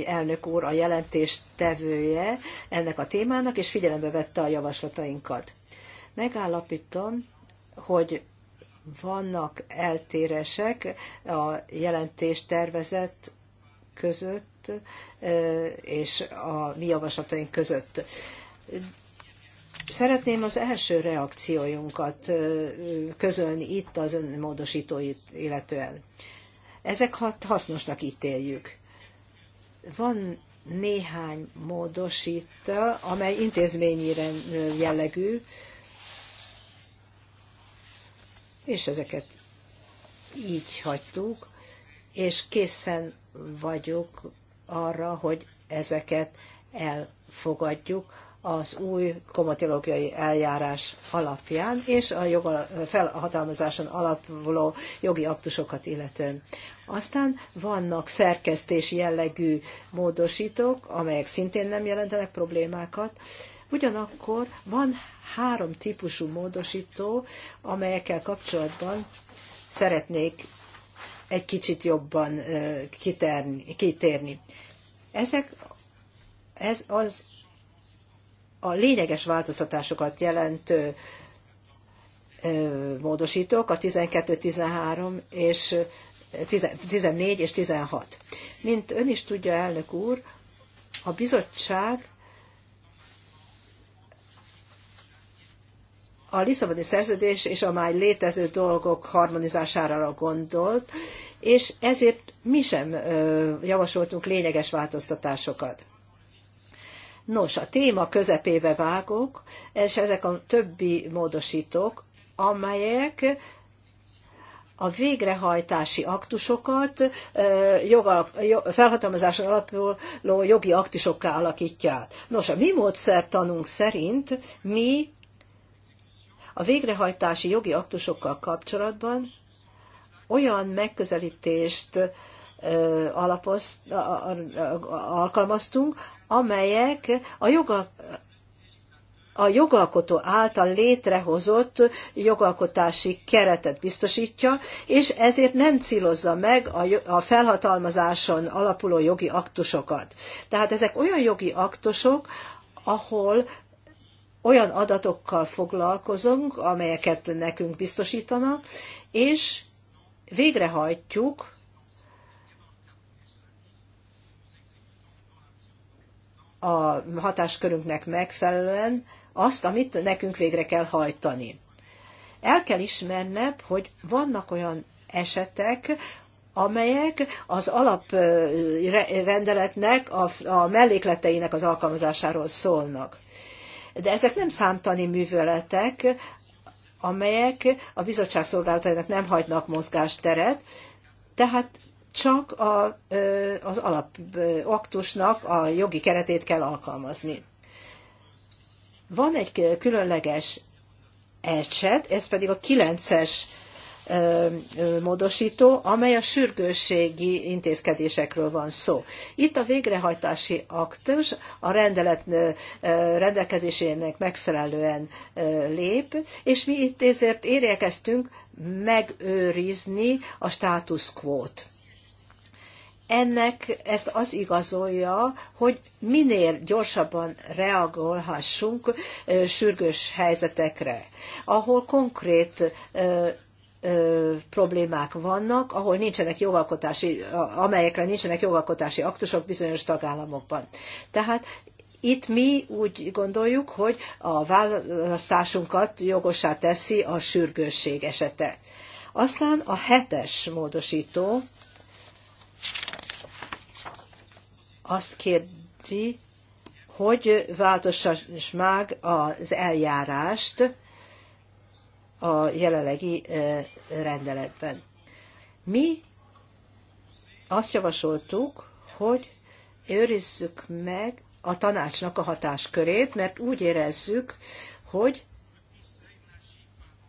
elnök úr, a jelentés tevője ennek a témának, és figyelembe vette a javaslatainkat. Megállapítom, hogy vannak eltéresek a jelentés tervezet között és a mi javaslataink között. Szeretném az első reakciójunkat közölni itt az önmódosítóit illetően. Ezek hasznosnak ítéljük. Van néhány módosítta, amely intézményi jellegű, és ezeket így hagytuk, és készen vagyok arra, hogy ezeket elfogadjuk az új komatológiai eljárás alapján és a jogal, felhatalmazáson alapuló jogi aktusokat illetően. Aztán vannak szerkesztési jellegű módosítók, amelyek szintén nem jelentenek problémákat, ugyanakkor van három típusú módosító, amelyekkel kapcsolatban szeretnék egy kicsit jobban kiterni, kitérni. Ezek ez az a lényeges változtatásokat jelentő módosítók, a 12, 13 és 14 és 16. Mint ön is tudja, elnök úr, a bizottság a Lisszaboni szerződés és a már létező dolgok harmonizására gondolt, és ezért mi sem javasoltunk lényeges változtatásokat. Nos, a téma közepébe vágok, és ezek a többi módosítók, amelyek a végrehajtási aktusokat jogal, felhatalmazáson alapuló jogi aktusokká alakítják. Nos, a mi módszertanunk szerint mi a végrehajtási jogi aktusokkal kapcsolatban olyan megközelítést alapoz, alkalmaztunk, amelyek a joga a jogalkotó által létrehozott jogalkotási keretet biztosítja, és ezért nem célozza meg a felhatalmazáson alapuló jogi aktusokat. Tehát ezek olyan jogi aktusok, ahol olyan adatokkal foglalkozunk, amelyeket nekünk biztosítanak, és végrehajtjuk a hatáskörünknek megfelelően azt, amit nekünk végre kell hajtani. El kell ismernem, hogy vannak olyan esetek, amelyek az alaprendeletnek, a, a mellékleteinek az alkalmazásáról szólnak. De ezek nem számtani műveletek, amelyek a bizottság szolgálatainak nem hagynak mozgásteret, tehát csak a, az alapaktusnak a jogi keretét kell alkalmazni. Van egy különleges eset, ez pedig a 9-es módosító, amely a sürgősségi intézkedésekről van szó. Itt a végrehajtási aktus a rendelet rendelkezésének megfelelően lép, és mi itt ezért érjekeztünk megőrizni a státuszkvót ennek ezt az igazolja, hogy minél gyorsabban reagolhassunk sürgős helyzetekre, ahol konkrét problémák vannak, ahol nincsenek jogalkotási, amelyekre nincsenek jogalkotási aktusok bizonyos tagállamokban. Tehát itt mi úgy gondoljuk, hogy a választásunkat jogosá teszi a sürgősség esete. Aztán a hetes módosító, azt kérdi, hogy változtass meg az eljárást a jelenlegi rendeletben. Mi azt javasoltuk, hogy őrizzük meg a tanácsnak a hatáskörét, mert úgy érezzük, hogy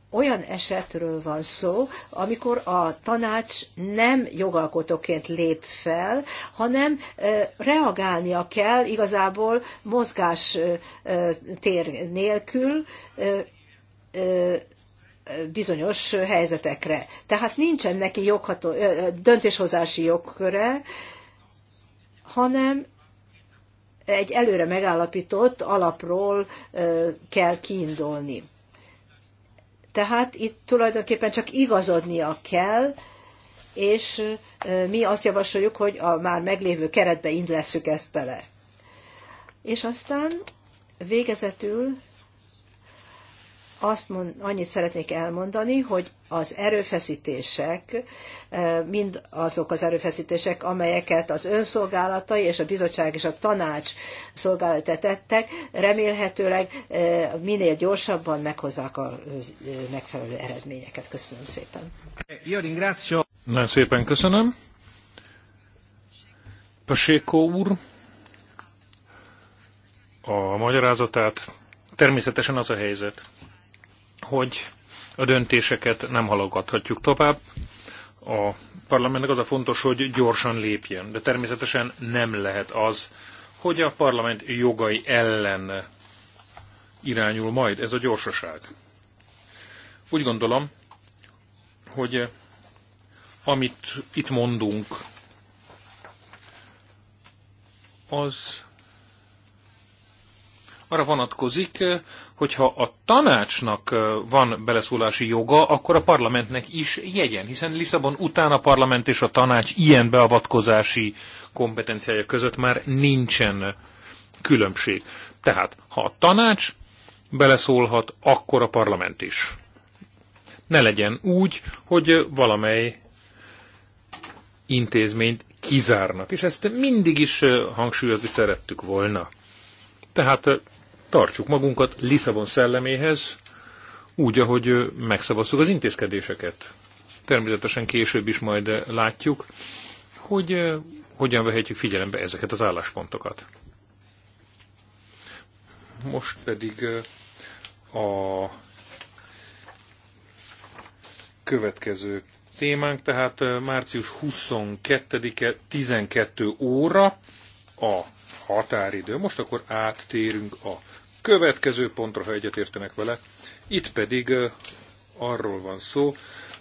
olyan esetről van szó, amikor a tanács nem jogalkotóként lép fel, hanem reagálnia kell igazából mozgás tér nélkül bizonyos helyzetekre. Tehát nincsen neki jogható, döntéshozási jogköre, hanem egy előre megállapított alapról kell kiindulni tehát itt tulajdonképpen csak igazodnia kell, és mi azt javasoljuk, hogy a már meglévő keretbe indlesszük ezt bele. És aztán végezetül azt mond, annyit szeretnék elmondani, hogy az erőfeszítések, e, mind azok az erőfeszítések, amelyeket az önszolgálatai és a bizottság és a tanács szolgálata tettek, remélhetőleg e, minél gyorsabban meghozzák a e, megfelelő eredményeket. Köszönöm szépen. Nagyon szépen köszönöm. Paséko úr a magyarázatát. Természetesen az a helyzet, hogy a döntéseket nem halogathatjuk tovább. A parlamentnek az a fontos, hogy gyorsan lépjen, de természetesen nem lehet az, hogy a parlament jogai ellen irányul majd ez a gyorsaság. Úgy gondolom, hogy amit itt mondunk, az arra vonatkozik, eh, hogyha a tanácsnak eh, van beleszólási joga, akkor a parlamentnek is jegyen, hiszen Lisszabon után a parlament és a tanács ilyen beavatkozási kompetenciája között már nincsen különbség. Tehát, ha a tanács beleszólhat, akkor a parlament is. Ne legyen úgy, hogy valamely intézményt kizárnak, és ezt mindig is eh, hangsúlyozni szerettük volna. Tehát tartsuk magunkat Lisszabon szelleméhez, úgy, ahogy megszavaztuk az intézkedéseket. Természetesen később is majd látjuk, hogy hogyan vehetjük figyelembe ezeket az álláspontokat. Most pedig a következő témánk, tehát március 22-e 12 óra a határidő. Most akkor áttérünk a következő pontra, ha egyetértenek vele. Itt pedig arról van szó,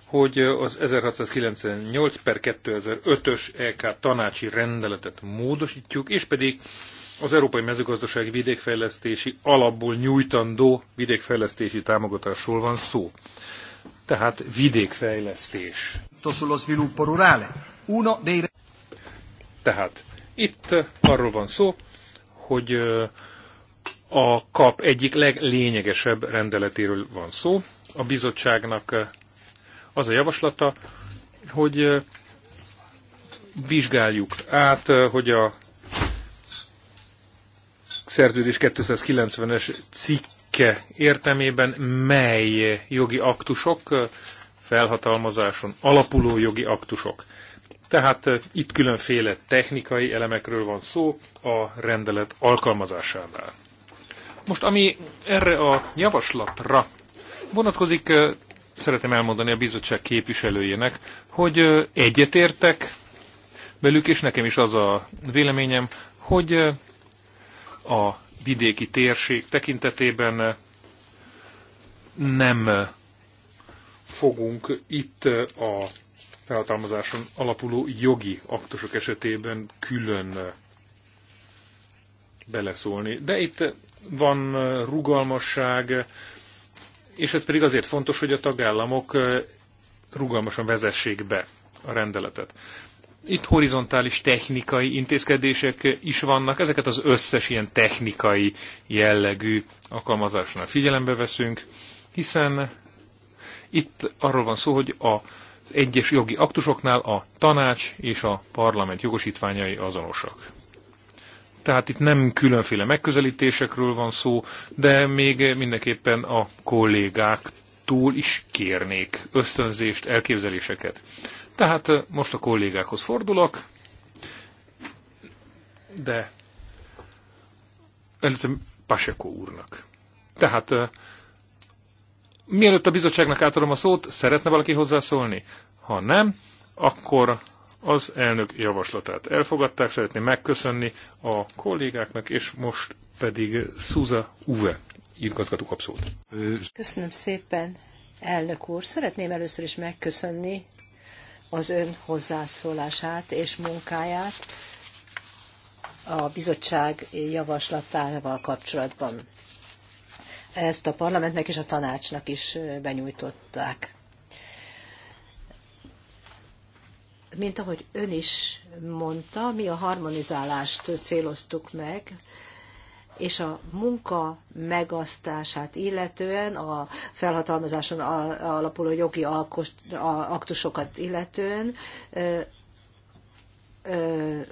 hogy az 1698 per 2005-ös EK tanácsi rendeletet módosítjuk, és pedig az Európai Mezőgazdasági Vidékfejlesztési Alapból nyújtandó vidékfejlesztési támogatásról van szó. Tehát vidékfejlesztés. Tehát itt arról van szó, hogy a kap egyik leglényegesebb rendeletéről van szó. A bizottságnak eh, az a javaslata, hogy eh, vizsgáljuk át, eh, hogy a szerződés 290-es cikke értelmében mely jogi aktusok felhatalmazáson alapuló jogi aktusok. Tehát itt különféle technikai elemekről van szó a rendelet alkalmazásánál. Most ami erre a javaslatra vonatkozik, szeretem elmondani a bizottság képviselőjének, hogy egyetértek velük, és nekem is az a véleményem, hogy a vidéki térség tekintetében nem fogunk itt a felhatalmazáson alapuló jogi aktusok esetében külön beleszólni. De itt van eh, rugalmasság, és ez pedig azért fontos, hogy a tagállamok eh, rugalmasan vezessék be a rendeletet. Itt horizontális technikai intézkedések is vannak, ezeket az összes ilyen technikai jellegű alkalmazásnál figyelembe veszünk, hiszen itt arról van szó, hogy a az egyes jogi aktusoknál a tanács és a parlament jogosítványai azonosak. Tehát itt nem különféle megközelítésekről van szó, de még mindenképpen a kollégáktól is kérnék ösztönzést, elképzeléseket. Tehát eh, most a kollégákhoz fordulok, de előtte Paseko úrnak. Tehát eh, mielőtt a bizottságnak átadom a szót, szeretne valaki hozzászólni? Ha nem, akkor az elnök javaslatát elfogadták. Szeretném megköszönni a kollégáknak, és most pedig Szuza Uve igazgató kap Köszönöm szépen, elnök úr. Szeretném először is megköszönni az ön hozzászólását és munkáját a bizottság javaslatával kapcsolatban. Ezt a parlamentnek és a tanácsnak is benyújtották. Mint ahogy ön is mondta, mi a harmonizálást céloztuk meg, és a munka megasztását illetően, a felhatalmazáson alapuló jogi aktusokat illetően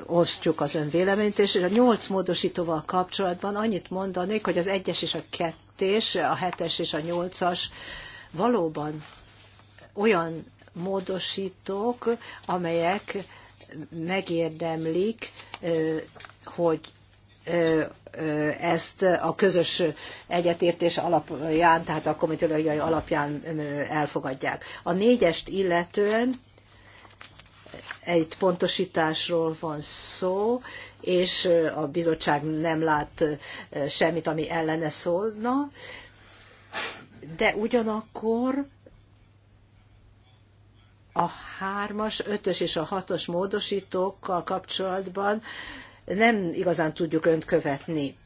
osztjuk az ön véleményt, és a nyolc módosítóval kapcsolatban annyit mondanék, hogy az egyes és a kettés, a hetes és a nyolcas valóban olyan módosítók, amelyek megérdemlik, hogy ezt a közös egyetértés alapján, tehát a komitológiai alapján elfogadják. A négyest illetően egy pontosításról van szó, és a bizottság nem lát semmit, ami ellene szólna, de ugyanakkor a hármas, ötös és a hatos módosítókkal kapcsolatban nem igazán tudjuk önt követni.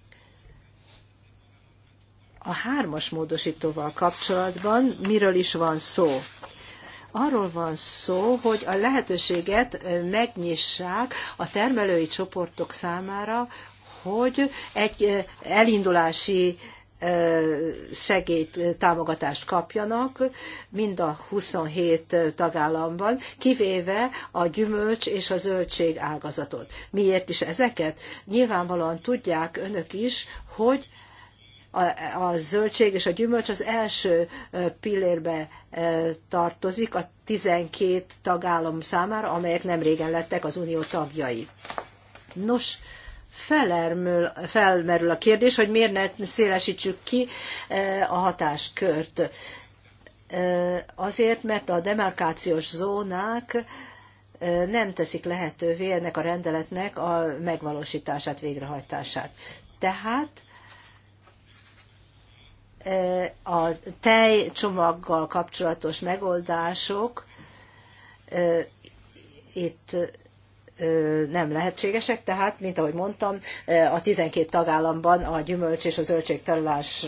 A hármas módosítóval kapcsolatban miről is van szó? Arról van szó, hogy a lehetőséget megnyissák a termelői csoportok számára, hogy egy eh, elindulási segít, támogatást kapjanak mind a 27 tagállamban, kivéve a gyümölcs és a zöldség ágazatot. Miért is ezeket? Nyilvánvalóan tudják önök is, hogy a, a zöldség és a gyümölcs az első pillérbe tartozik a 12 tagállam számára, amelyek nem régen lettek az unió tagjai. Nos, felermül, felmerül a kérdés, hogy miért ne szélesítsük ki eh, a hatáskört. Eh, azért, mert a demarkációs zónák eh, nem teszik lehetővé ennek a rendeletnek a megvalósítását, végrehajtását. Tehát a tejcsomaggal kapcsolatos megoldások itt nem lehetségesek, tehát, mint ahogy mondtam, a 12 tagállamban a gyümölcs és a zöldség terülés,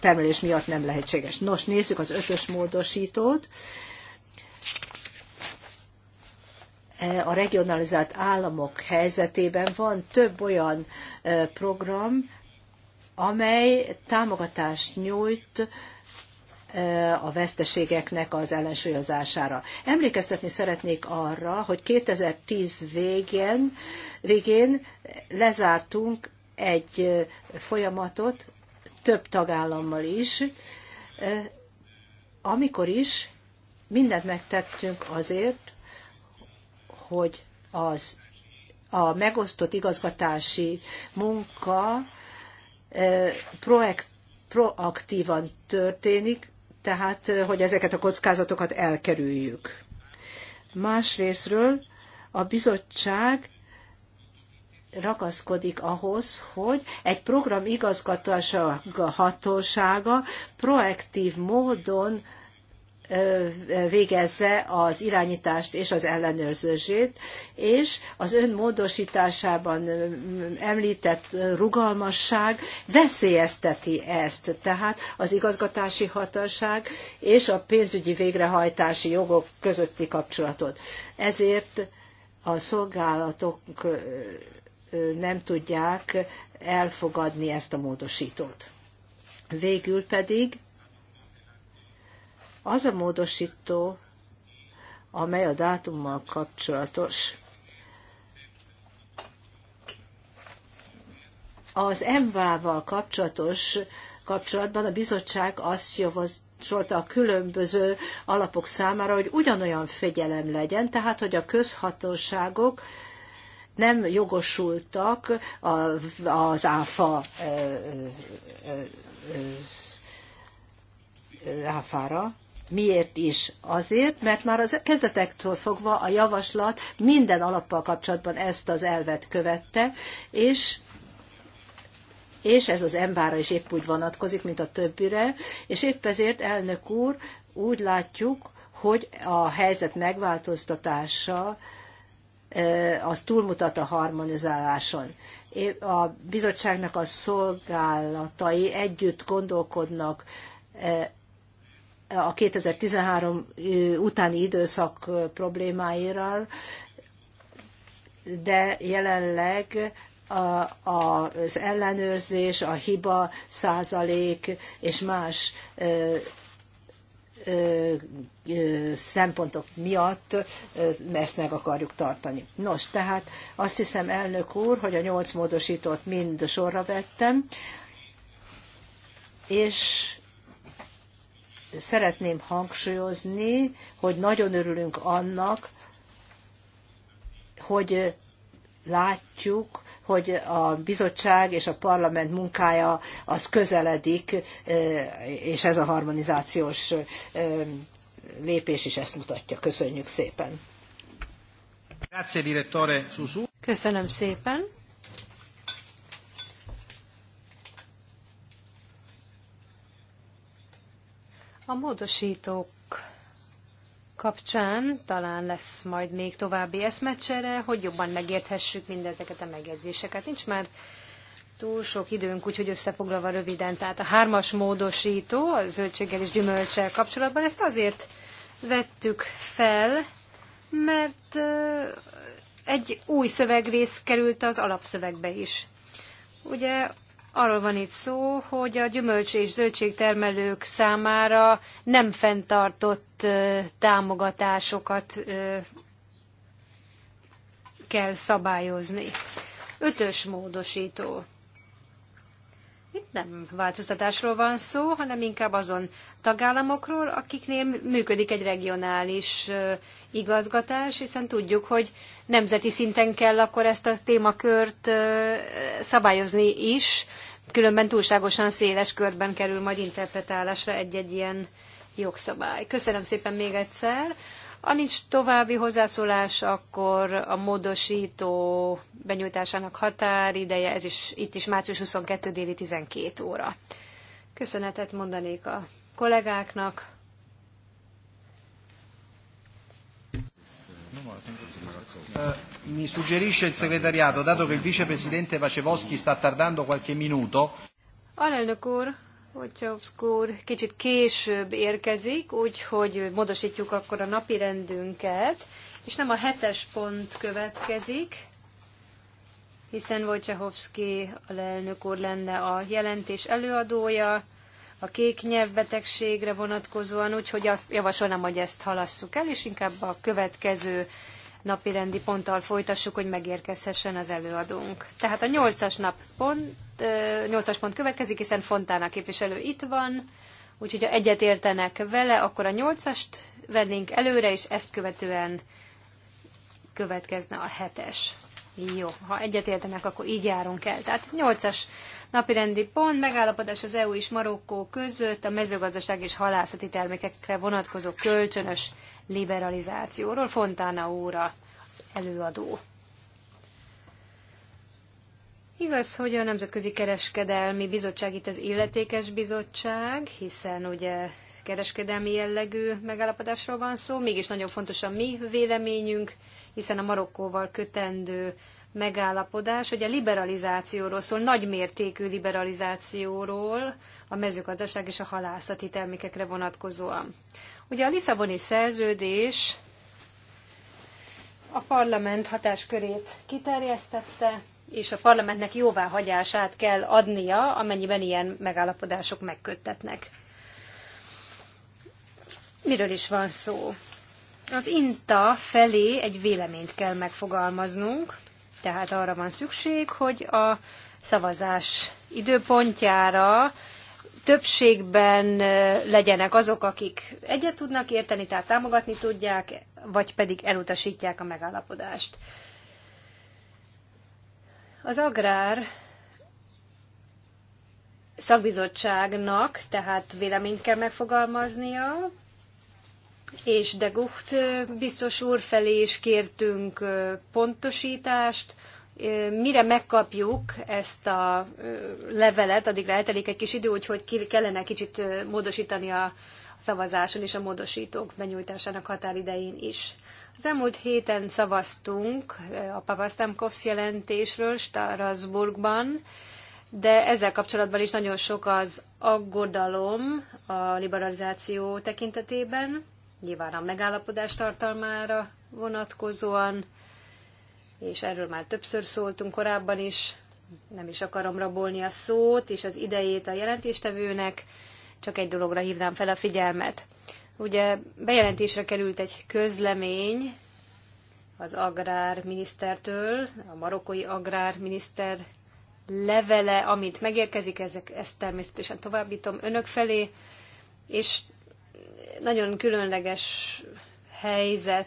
termelés miatt nem lehetséges. Nos, nézzük az ötös módosítót. A regionalizált államok helyzetében van több olyan program, amely támogatást nyújt a veszteségeknek az ellensúlyozására. Emlékeztetni szeretnék arra, hogy 2010 végén, végén lezártunk egy folyamatot több tagállammal is, amikor is mindent megtettünk azért, hogy az a megosztott igazgatási munka proaktívan történik, tehát hogy ezeket a kockázatokat elkerüljük. Másrésztről a bizottság ragaszkodik ahhoz, hogy egy program igazgatása hatósága proaktív módon végezze az irányítást és az ellenőrzését, és az ön módosításában említett rugalmasság veszélyezteti ezt. Tehát az igazgatási hatalság és a pénzügyi végrehajtási jogok közötti kapcsolatot. Ezért a szolgálatok nem tudják elfogadni ezt a módosítót. Végül pedig az a módosító, amely a dátummal kapcsolatos, az mva val kapcsolatos kapcsolatban a bizottság azt javasolta a különböző alapok számára, hogy ugyanolyan fegyelem legyen, tehát hogy a közhatóságok nem jogosultak az áfa áfára, Miért is? Azért, mert már az kezdetektől fogva a javaslat minden alappal kapcsolatban ezt az elvet követte, és és ez az embára is épp úgy vonatkozik, mint a többire, és épp ezért, elnök úr, úgy látjuk, hogy a helyzet megváltoztatása az túlmutat a harmonizáláson. A bizottságnak a szolgálatai együtt gondolkodnak a 2013 utáni időszak problémáiral, de jelenleg az ellenőrzés, a hiba százalék és más szempontok miatt ezt meg akarjuk tartani. Nos, tehát azt hiszem, elnök úr, hogy a nyolc módosítót mind sorra vettem, és szeretném hangsúlyozni, hogy nagyon örülünk annak, hogy látjuk, hogy a bizottság és a parlament munkája az közeledik, és ez a harmonizációs lépés is ezt mutatja. Köszönjük szépen! Köszönöm szépen! A módosítók kapcsán talán lesz majd még további eszmecsere, hogy jobban megérthessük mindezeket a megjegyzéseket. Nincs már túl sok időnk, úgyhogy összefoglalva röviden. Tehát a hármas módosító a zöldséggel és gyümölcsel kapcsolatban ezt azért vettük fel, mert egy új szövegrész került az alapszövegbe is. Ugye Arról van itt szó, hogy a gyümölcs és zöldségtermelők számára nem fenntartott támogatásokat kell szabályozni. Ötös módosító. Itt nem változtatásról van szó, hanem inkább azon tagállamokról, akiknél működik egy regionális igazgatás, hiszen tudjuk, hogy nemzeti szinten kell akkor ezt a témakört szabályozni is, különben túlságosan széles körben kerül majd interpretálásra egy-egy ilyen jogszabály. Köszönöm szépen még egyszer ha nincs további hozzászólás, akkor a módosító benyújtásának határideje, ez is itt is március 22 déli 12 óra. Köszönetet mondanék a kollégáknak. mi suggerisce il segretariato, dato che il vicepresidente Vacevoschi sta tardando qualche minuto. Alelnök úr, Wojciechowski úr kicsit később érkezik, úgyhogy módosítjuk akkor a napi rendünket, és nem a hetes pont következik, hiszen Wojciechowski alelnök úr lenne a jelentés előadója, a kék nyelvbetegségre vonatkozóan, úgyhogy javasolnám, hogy ezt halasszuk el, és inkább a következő napirendi ponttal folytassuk, hogy megérkezhessen az előadónk. Tehát a nyolcas nap pont, nyolcas pont következik, hiszen Fontána képviselő itt van, úgyhogy ha egyet értenek vele, akkor a nyolcast vennénk előre, és ezt követően következne a hetes. Jó, ha egyetértenek, akkor így járunk el. Tehát 8-as napirendi pont, megállapodás az EU és Marokkó között a mezőgazdaság és halászati termékekre vonatkozó kölcsönös liberalizációról. Fontána óra az előadó. Igaz, hogy a Nemzetközi Kereskedelmi Bizottság itt az illetékes bizottság, hiszen ugye kereskedelmi jellegű megállapodásról van szó, mégis nagyon fontos a mi véleményünk, hiszen a Marokkóval kötendő megállapodás, hogy a liberalizációról szól, nagymértékű liberalizációról a mezőgazdaság és a halászati termékekre vonatkozóan. Ugye a Lisszaboni szerződés a parlament hatáskörét kiterjesztette, és a parlamentnek jóváhagyását kell adnia, amennyiben ilyen megállapodások megköttetnek. Miről is van szó? Az INTA felé egy véleményt kell megfogalmaznunk, tehát arra van szükség, hogy a szavazás időpontjára többségben legyenek azok, akik egyet tudnak érteni, tehát támogatni tudják, vagy pedig elutasítják a megállapodást. Az agrár szakbizottságnak tehát véleményt kell megfogalmaznia, és de Gucht biztos úr felé is kértünk pontosítást, mire megkapjuk ezt a levelet, addigra eltelik egy kis idő, úgyhogy kellene kicsit módosítani a szavazáson és a módosítók benyújtásának határidején is. Az elmúlt héten szavaztunk a Papasztamkovsz jelentésről Strasbourgban, de ezzel kapcsolatban is nagyon sok az aggodalom a liberalizáció tekintetében nyilván a megállapodás tartalmára vonatkozóan, és erről már többször szóltunk korábban is, nem is akarom rabolni a szót és az idejét a jelentéstevőnek, csak egy dologra hívnám fel a figyelmet. Ugye bejelentésre került egy közlemény az agrárminisztertől, a marokkói agrárminiszter levele, amit megérkezik, ezek, ezt természetesen továbbítom önök felé, és nagyon különleges helyzet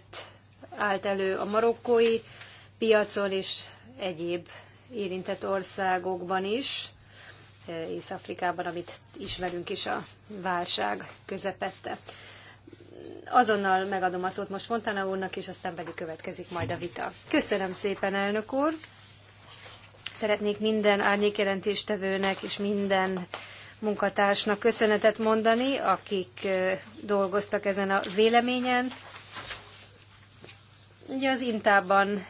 állt elő a marokkói piacon és egyéb érintett országokban is, Észak-Afrikában, amit ismerünk is a válság közepette. Azonnal megadom a szót most Fontana úrnak, és aztán pedig következik majd a vita. Köszönöm szépen, elnök úr! Szeretnék minden árnyékjelentéstevőnek és minden munkatársnak köszönetet mondani, akik dolgoztak ezen a véleményen. Ugye az Intában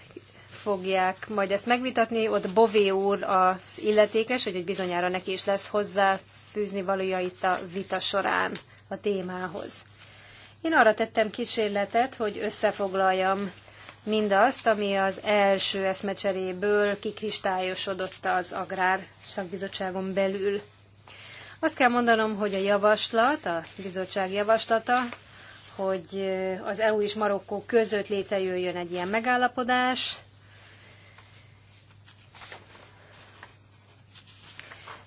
fogják majd ezt megvitatni, ott Bové úr az illetékes, úgyhogy bizonyára neki is lesz hozzáfűzni valója itt a vita során a témához. Én arra tettem kísérletet, hogy összefoglaljam mindazt, ami az első eszmecseréből kikristályosodott az Agrár Szakbizottságon belül. Azt kell mondanom, hogy a javaslat, a bizottság javaslata, hogy eh, az EU és Marokkó között létrejöjjön egy ilyen megállapodás,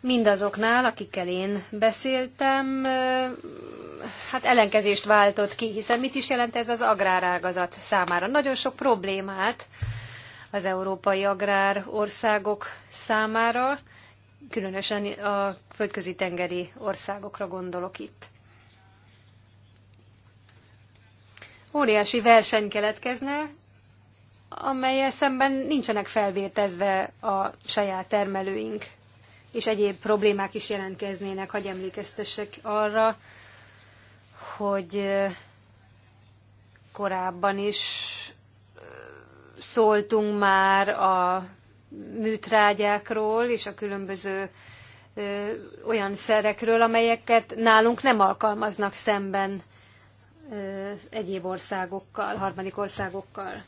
mindazoknál, akikkel én beszéltem, eh, hát ellenkezést váltott ki, hiszen mit is jelent ez az agrárágazat számára? Nagyon sok problémát az európai agrár országok számára, különösen a földközi tengeri országokra gondolok itt. Óriási verseny keletkezne, amelyel szemben nincsenek felvértezve a saját termelőink, és egyéb problémák is jelentkeznének, hagy emlékeztessek arra, hogy korábban is szóltunk már a műtrágyákról és a különböző ö, olyan szerekről, amelyeket nálunk nem alkalmaznak szemben ö, egyéb országokkal, harmadik országokkal.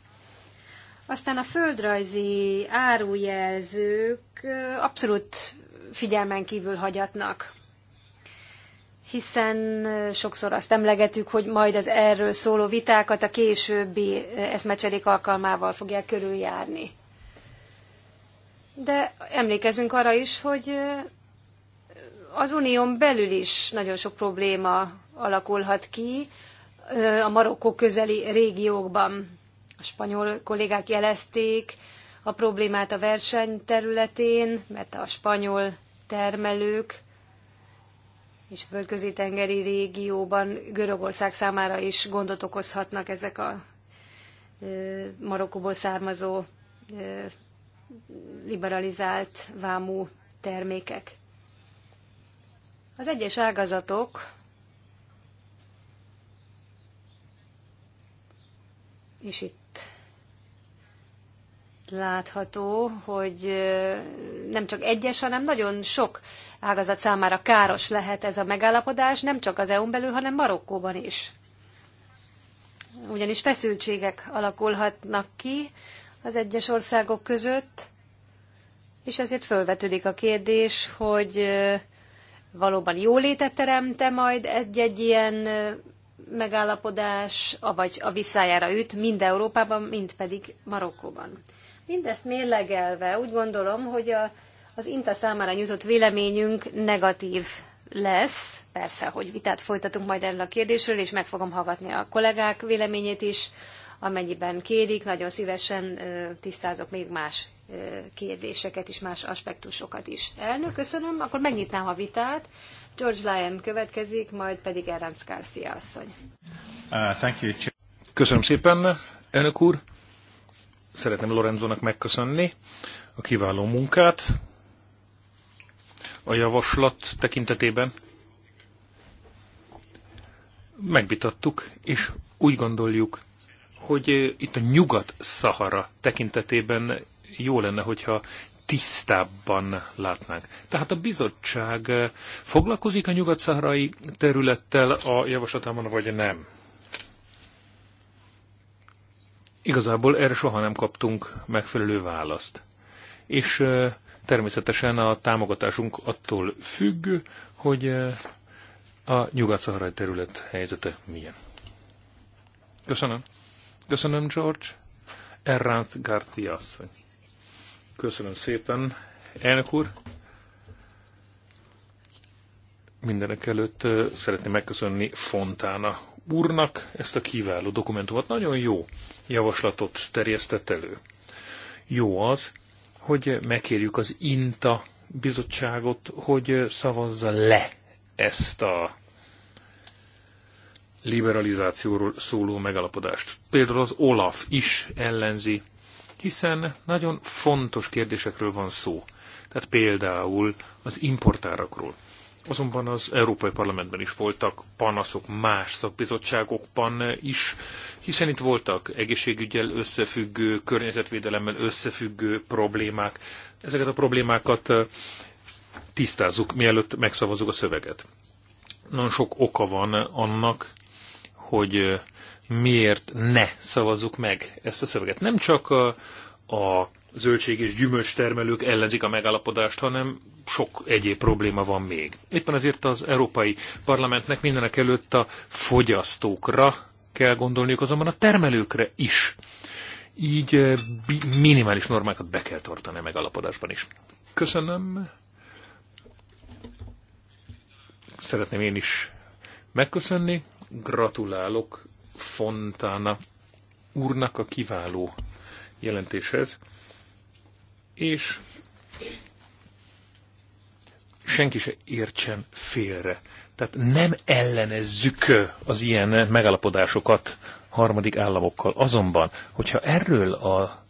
Aztán a földrajzi árujelzők abszolút figyelmen kívül hagyatnak hiszen sokszor azt emlegetük, hogy majd az erről szóló vitákat a későbbi eszmecserék alkalmával fogják körüljárni de emlékezünk arra is, hogy az unión belül is nagyon sok probléma alakulhat ki a Marokkó közeli régiókban. A spanyol kollégák jelezték a problémát a verseny területén, mert a spanyol termelők és a földközi-tengeri régióban Görögország számára is gondot okozhatnak ezek a Marokkóból származó liberalizált vámú termékek. Az egyes ágazatok és itt látható, hogy nem csak egyes, hanem nagyon sok ágazat számára káros lehet ez a megállapodás, nem csak az EU-n belül, hanem Marokkóban is. Ugyanis feszültségek alakulhatnak ki az egyes országok között, és ezért fölvetődik a kérdés, hogy valóban jólétet teremte majd egy-egy ilyen megállapodás, avagy a visszájára üt, mind Európában, mind pedig Marokkóban. Mindezt mérlegelve úgy gondolom, hogy a, az INTA számára nyújtott véleményünk negatív lesz. Persze, hogy vitát folytatunk majd erről a kérdésről, és meg fogom hallgatni a kollégák véleményét is, Amennyiben kérik, nagyon szívesen tisztázok még más kérdéseket is, más aspektusokat is. Elnök, köszönöm. Akkor megnyitnám a vitát. George Lyon következik, majd pedig Erenc Garcia asszony. Uh, thank you. Köszönöm szépen, elnök úr. Szeretném Lorenzónak megköszönni a kiváló munkát a javaslat tekintetében. Megvitattuk, és úgy gondoljuk, hogy itt a Nyugat-Szahara tekintetében jó lenne, hogyha tisztábban látnánk. Tehát a bizottság foglalkozik a nyugat-szaharai területtel a javaslatában, vagy nem? Igazából erre soha nem kaptunk megfelelő választ. És természetesen a támogatásunk attól függ, hogy a nyugat-szaharai terület helyzete milyen. Köszönöm. Köszönöm, George. Erránt García asszony. Köszönöm szépen, elnök úr. Mindenek előtt szeretném megköszönni Fontána úrnak ezt a kiváló dokumentumot. Nagyon jó javaslatot terjesztett elő. Jó az, hogy megkérjük az INTA bizottságot, hogy szavazza le ezt a liberalizációról szóló megalapodást. Például az Olaf is ellenzi, hiszen nagyon fontos kérdésekről van szó. Tehát például az importárakról. Azonban az Európai Parlamentben is voltak panaszok más szakbizottságokban is, hiszen itt voltak egészségügyel összefüggő, környezetvédelemmel összefüggő problémák. Ezeket a problémákat eh, tisztázzuk, mielőtt megszavazzuk a szöveget. Nagyon sok oka van annak, hogy miért ne szavazzuk meg ezt a szöveget. Nem csak a, a zöldség és gyümölcs termelők ellenzik a megállapodást, hanem sok egyéb probléma van még. Éppen ezért az Európai Parlamentnek mindenek előtt a fogyasztókra kell gondolniuk, azonban a termelőkre is. Így minimális normákat be kell tartani a megállapodásban is. Köszönöm. Szeretném én is megköszönni Gratulálok Fontana úrnak a kiváló jelentéshez, és senki se értsen félre. Tehát nem ellenezzük az ilyen megállapodásokat harmadik államokkal. Azonban, hogyha erről a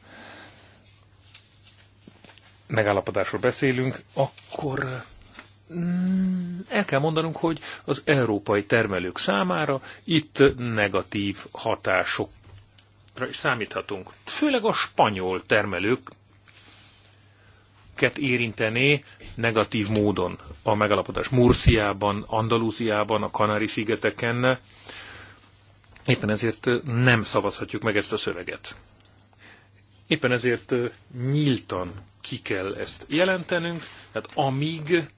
megállapodásról beszélünk, akkor Mm, el kell mondanunk, hogy az európai termelők számára itt negatív hatások számíthatunk. Főleg a spanyol termelőket érintené negatív módon a megalapodás Murciában, Andalúziában, a Kanári-szigeteken. Éppen ezért nem szavazhatjuk meg ezt a szöveget. Éppen ezért nyíltan ki kell ezt jelentenünk, tehát amíg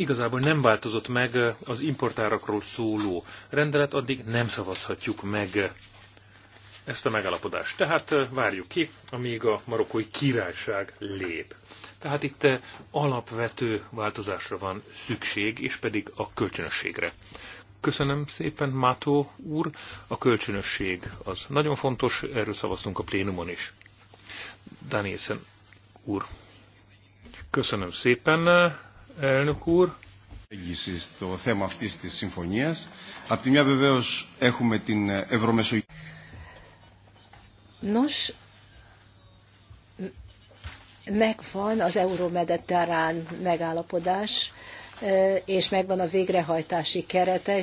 igazából nem változott meg az importárakról szóló rendelet, addig nem szavazhatjuk meg ezt a megállapodást. Tehát várjuk ki, amíg a marokkói királyság lép. Tehát itt alapvető változásra van szükség, és pedig a kölcsönösségre. Köszönöm szépen, Mátó úr. A kölcsönösség az nagyon fontos, erről szavaztunk a plénumon is. Danielsen úr. Köszönöm szépen, Elnök úr. στο θέμα αυτής της συμφωνίας. Απ' τη μια βεβαίως έχουμε την Ευρωμεσογειακή. Nos, megvan az euró-mediterrán megállapodás, e, és megvan a végrehajtási kerete,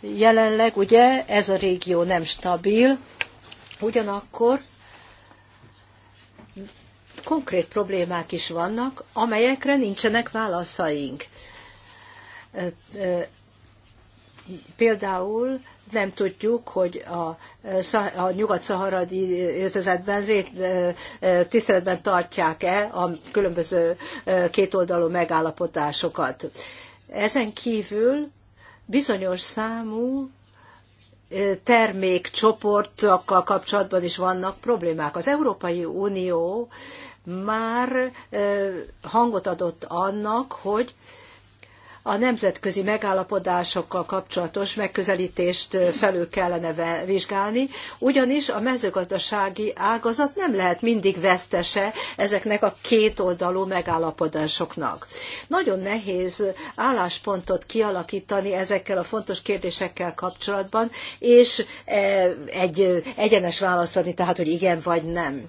jelenleg ugye ez a régió nem stabil, ugyanakkor konkrét problémák is vannak, amelyekre nincsenek válaszaink. Például nem tudjuk, hogy a, a nyugat-szaharadi ötözetben tiszteletben tartják-e a különböző kétoldalú megállapotásokat. Ezen kívül bizonyos számú termékcsoportokkal kapcsolatban is vannak problémák. Az Európai Unió már hangot adott annak, hogy a nemzetközi megállapodásokkal kapcsolatos megközelítést felül kellene vizsgálni, ugyanis a mezőgazdasági ágazat nem lehet mindig vesztese ezeknek a kétoldalú megállapodásoknak. Nagyon nehéz álláspontot kialakítani ezekkel a fontos kérdésekkel kapcsolatban, és egy egyenes választ adni, tehát hogy igen vagy nem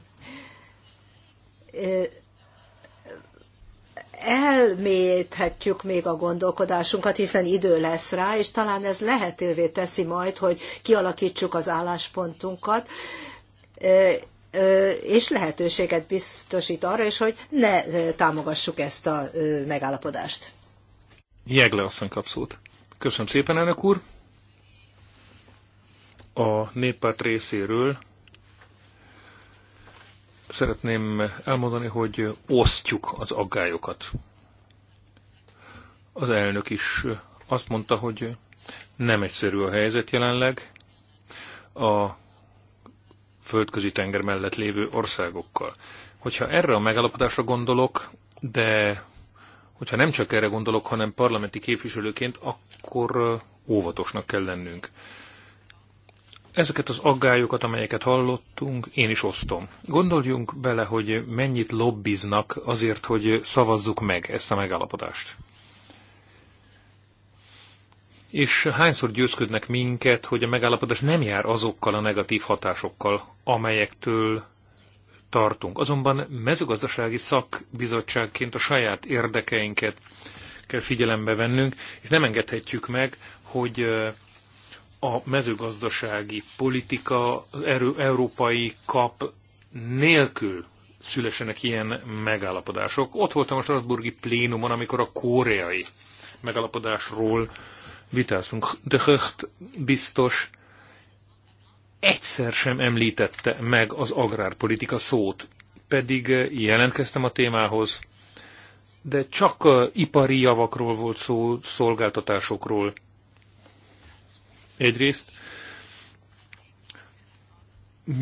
elmélyíthetjük még a gondolkodásunkat, hiszen idő lesz rá, és talán ez lehetővé teszi majd, hogy kialakítsuk az álláspontunkat, és lehetőséget biztosít arra is, hogy ne támogassuk ezt a megállapodást. Jegle asszony kap szót. Köszönöm szépen, elnök úr! A néppárt részéről szeretném elmondani, hogy osztjuk az aggályokat. Az elnök is azt mondta, hogy nem egyszerű a helyzet jelenleg a földközi tenger mellett lévő országokkal. Hogyha erre a megállapodásra gondolok, de hogyha nem csak erre gondolok, hanem parlamenti képviselőként, akkor óvatosnak kell lennünk. Ezeket az aggályokat, amelyeket hallottunk, én is osztom. Gondoljunk bele, hogy mennyit lobbiznak azért, hogy szavazzuk meg ezt a megállapodást. És hányszor győzködnek minket, hogy a megállapodás nem jár azokkal a negatív hatásokkal, amelyektől tartunk. Azonban mezőgazdasági szakbizottságként a saját érdekeinket kell figyelembe vennünk, és nem engedhetjük meg, hogy a mezőgazdasági politika, az erő, európai kap nélkül szülesenek ilyen megállapodások. Ott voltam a Strasburgi plénumon, amikor a koreai megállapodásról vitázunk. De Höcht biztos egyszer sem említette meg az agrárpolitika szót, pedig jelentkeztem a témához, de csak ipari javakról volt szó, szolgáltatásokról, Egyrészt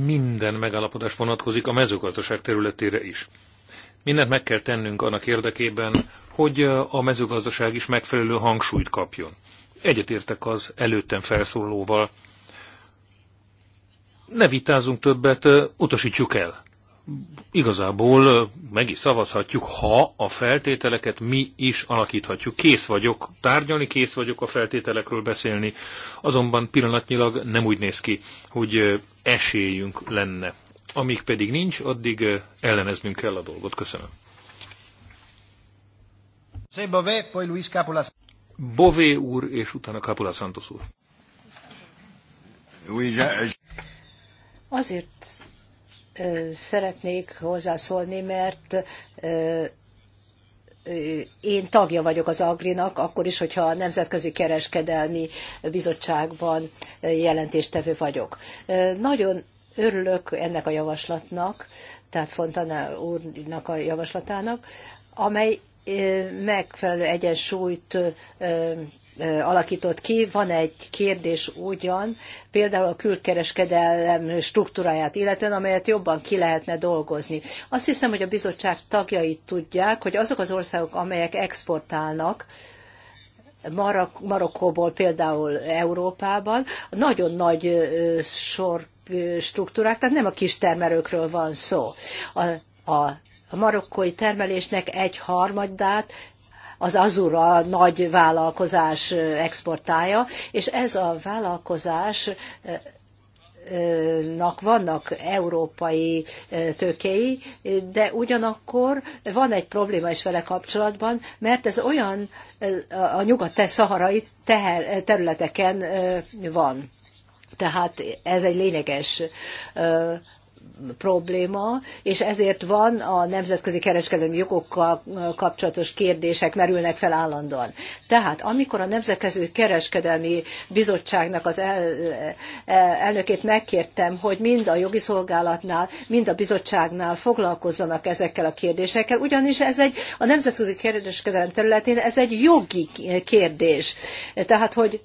minden megállapodás vonatkozik a mezőgazdaság területére is. Mindent meg kell tennünk annak érdekében, hogy a mezőgazdaság is megfelelő hangsúlyt kapjon. Egyetértek az előttem felszólóval. Ne vitázunk többet, utasítsuk el igazából meg is szavazhatjuk, ha a feltételeket mi is alakíthatjuk. Kész vagyok tárgyalni, kész vagyok a feltételekről beszélni, azonban pillanatnyilag nem úgy néz ki, hogy esélyünk lenne. Amíg pedig nincs, addig elleneznünk kell a dolgot. Köszönöm. Bové, úr, és utána Capula Santos úr. Azért szeretnék hozzászólni, mert én tagja vagyok az Agrinak, akkor is, hogyha a Nemzetközi Kereskedelmi Bizottságban jelentéstevő vagyok. Nagyon örülök ennek a javaslatnak, tehát Fontana úrnak a javaslatának, amely megfelelő egyensúlyt alakított ki. Van egy kérdés ugyan, például a külkereskedelem struktúráját illetően, amelyet jobban ki lehetne dolgozni. Azt hiszem, hogy a bizottság tagjai tudják, hogy azok az országok, amelyek exportálnak, Marok- Marokkóból például Európában, nagyon nagy sor struktúrák, tehát nem a kis termelőkről van szó. A, a a marokkói termelésnek egy harmadát az Azura nagy vállalkozás exportálja, és ez a vállalkozás vannak európai tőkéi, de ugyanakkor van egy probléma is vele kapcsolatban, mert ez olyan a nyugat-szaharai területeken van. Tehát ez egy lényeges probléma, és ezért van a nemzetközi kereskedelmi jogokkal kapcsolatos kérdések merülnek fel állandóan. Tehát amikor a Nemzetközi Kereskedelmi Bizottságnak az el, elnökét megkértem, hogy mind a jogi szolgálatnál, mind a bizottságnál foglalkozzanak ezekkel a kérdésekkel, ugyanis ez egy a nemzetközi kereskedelem területén ez egy jogi kérdés. Tehát, hogy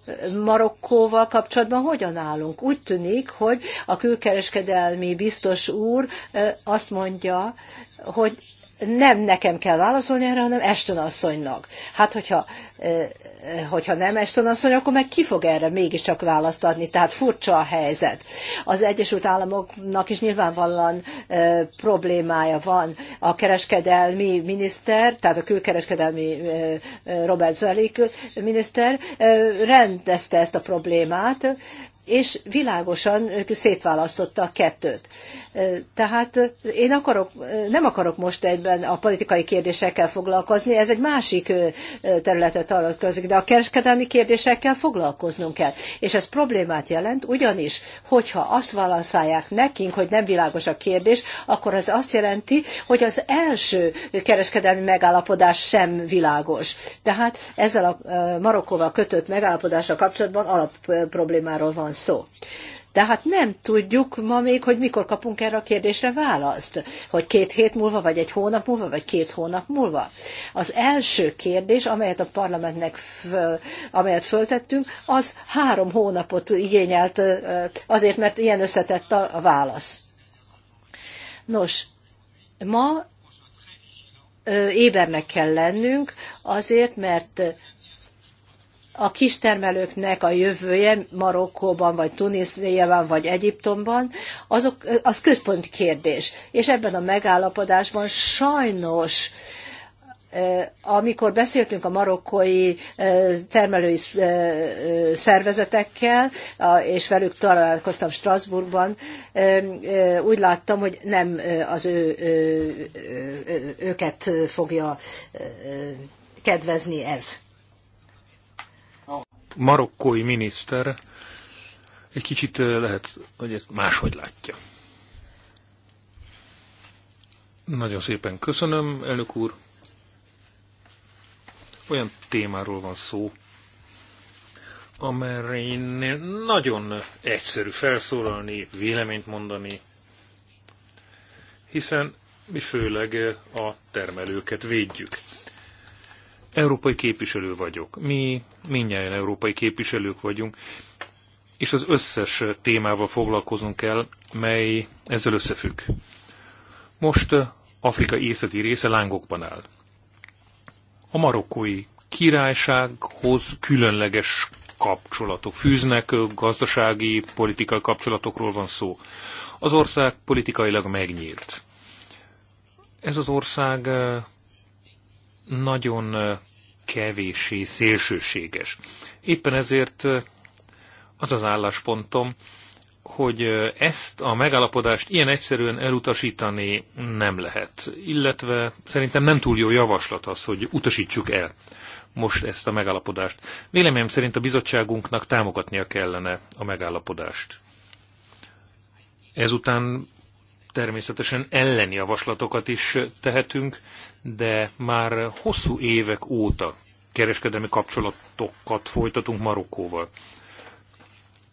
Marokkóval kapcsolatban hogyan állunk? Úgy tűnik, hogy a külkereskedelmi biztos biztos úr azt mondja, hogy nem nekem kell válaszolni erre, hanem Eston asszonynak. Hát, hogyha, hogyha nem Eston asszony, akkor meg ki fog erre mégiscsak választ adni? Tehát furcsa a helyzet. Az Egyesült Államoknak is nyilvánvalóan problémája van. A kereskedelmi miniszter, tehát a külkereskedelmi Robert Zelik miniszter rendezte ezt a problémát, és világosan szétválasztotta a kettőt. Tehát én akarok, nem akarok most egyben a politikai kérdésekkel foglalkozni, ez egy másik területet tartozik, de a kereskedelmi kérdésekkel foglalkoznunk kell. És ez problémát jelent, ugyanis, hogyha azt válaszolják nekünk, hogy nem világos a kérdés, akkor ez azt jelenti, hogy az első kereskedelmi megállapodás sem világos. Tehát ezzel a Marokkóval kötött megállapodással kapcsolatban alapproblémáról van van szó. Tehát nem tudjuk ma még, hogy mikor kapunk erre a kérdésre választ. Hogy két hét múlva, vagy egy hónap múlva, vagy két hónap múlva. Az első kérdés, amelyet a parlamentnek föl, amelyet föltettünk, az három hónapot igényelt azért, mert ilyen összetett a válasz. Nos, ma ébernek kell lennünk, azért, mert a kistermelőknek a jövője Marokkóban, vagy Tunisziában, vagy Egyiptomban, azok, az központi kérdés. És ebben a megállapodásban sajnos e, amikor beszéltünk a marokkói e, termelői e, szervezetekkel, és velük találkoztam Strasbourgban, úgy láttam, hogy nem az ő, őket fogja kedvezni ez marokkói miniszter egy kicsit lehet, hogy ezt máshogy látja. Nagyon szépen köszönöm, elnök úr. Olyan témáról van szó, amelynél nagyon egyszerű felszólalni, véleményt mondani, hiszen mi főleg a termelőket védjük európai képviselő vagyok. Mi mindjárt európai képviselők vagyunk, és az összes témával foglalkozunk kell, mely ezzel összefügg. Most eh, Afrika északi része lángokban áll. A marokkói királysághoz különleges kapcsolatok fűznek, eh, gazdasági, politikai kapcsolatokról van szó. Az ország politikailag megnyílt. Ez az ország eh, nagyon kevési szélsőséges. Éppen ezért az az álláspontom, hogy ezt a megállapodást ilyen egyszerűen elutasítani nem lehet, illetve szerintem nem túl jó javaslat az, hogy utasítsuk el most ezt a megállapodást. Véleményem szerint a bizottságunknak támogatnia kellene a megállapodást. Ezután természetesen ellenjavaslatokat is tehetünk, de már hosszú évek óta kereskedelmi kapcsolatokat folytatunk Marokkóval.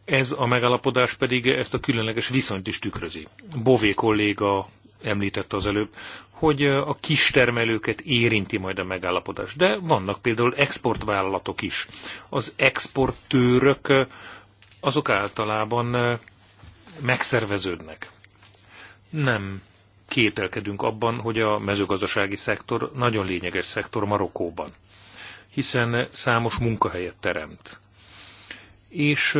Ez a megállapodás pedig ezt a különleges viszonyt is tükrözi. Bové kolléga említette az előbb, hogy a kistermelőket érinti majd a megállapodás. De vannak például exportvállalatok is. Az exportőrök azok általában megszerveződnek nem kételkedünk abban, hogy a mezőgazdasági szektor nagyon lényeges szektor Marokkóban, hiszen számos munkahelyet teremt. És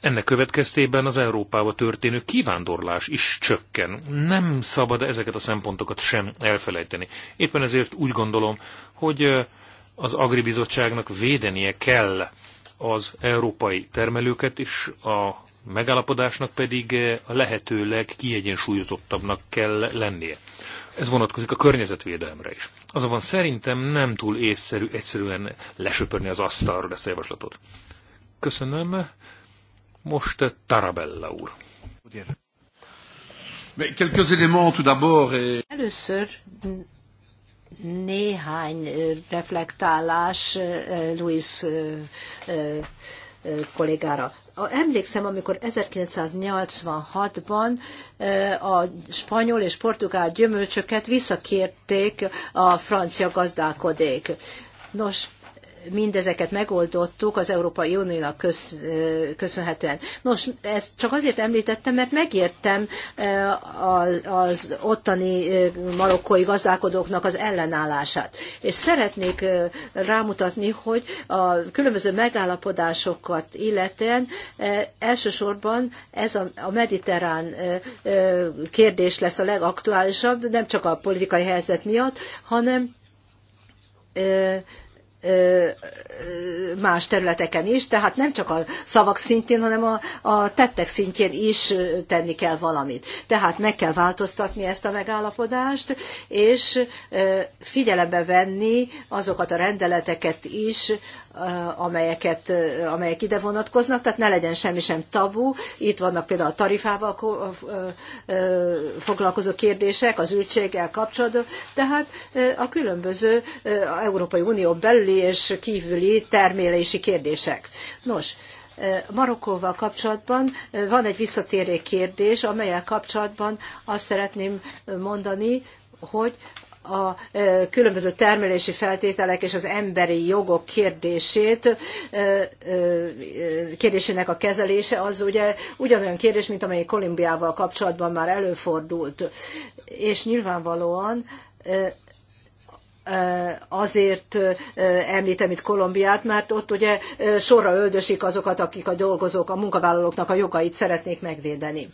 ennek következtében az Európába történő kivándorlás is csökken. Nem szabad ezeket a szempontokat sem elfelejteni. Éppen ezért úgy gondolom, hogy az Agribizottságnak védenie kell az európai termelőket is a megállapodásnak pedig eh, a lehetőleg kiegyensúlyozottabbnak kell lennie. Ez vonatkozik a környezetvédelemre is. Azonban szerintem nem túl észszerű egyszerűen lesöpörni az asztalra ezt a javaslatot. Köszönöm. Most eh, Tarabella úr. Először néhány eh, reflektálás Luis kollégára. Emlékszem, amikor 1986-ban a spanyol és portugál gyümölcsöket visszakérték a francia gazdálkodék. Nos, mindezeket megoldottuk az Európai Uniónak köszönhetően. Nos, ezt csak azért említettem, mert megértem az ottani marokkói gazdálkodóknak az ellenállását. És szeretnék rámutatni, hogy a különböző megállapodásokat illetően elsősorban ez a mediterrán kérdés lesz a legaktuálisabb, nem csak a politikai helyzet miatt, hanem más területeken is, tehát nem csak a szavak szintjén, hanem a, a tettek szintjén is tenni kell valamit. Tehát meg kell változtatni ezt a megállapodást, és figyelembe venni azokat a rendeleteket is, Eh, amelyeket, eh, amelyek ide vonatkoznak, tehát ne legyen semmi sem tabu. Itt vannak például a tarifával eh, foglalkozó kérdések, az ültséggel kapcsolatban, tehát a különböző Európai Unió belüli és kívüli termélési kérdések. Nos, Marokkóval kapcsolatban van egy visszatérő kérdés, amelyel kapcsolatban azt szeretném mondani, hogy a e, különböző termelési feltételek és az emberi jogok kérdését, e, e, kérdésének a kezelése, az ugye ugyanolyan kérdés, mint amely Kolumbiával kapcsolatban már előfordult. És nyilvánvalóan azért említem itt Kolumbiát, mert ott ugye sorra öldösik azokat, akik a dolgozók, a munkavállalóknak a jogait szeretnék megvédeni.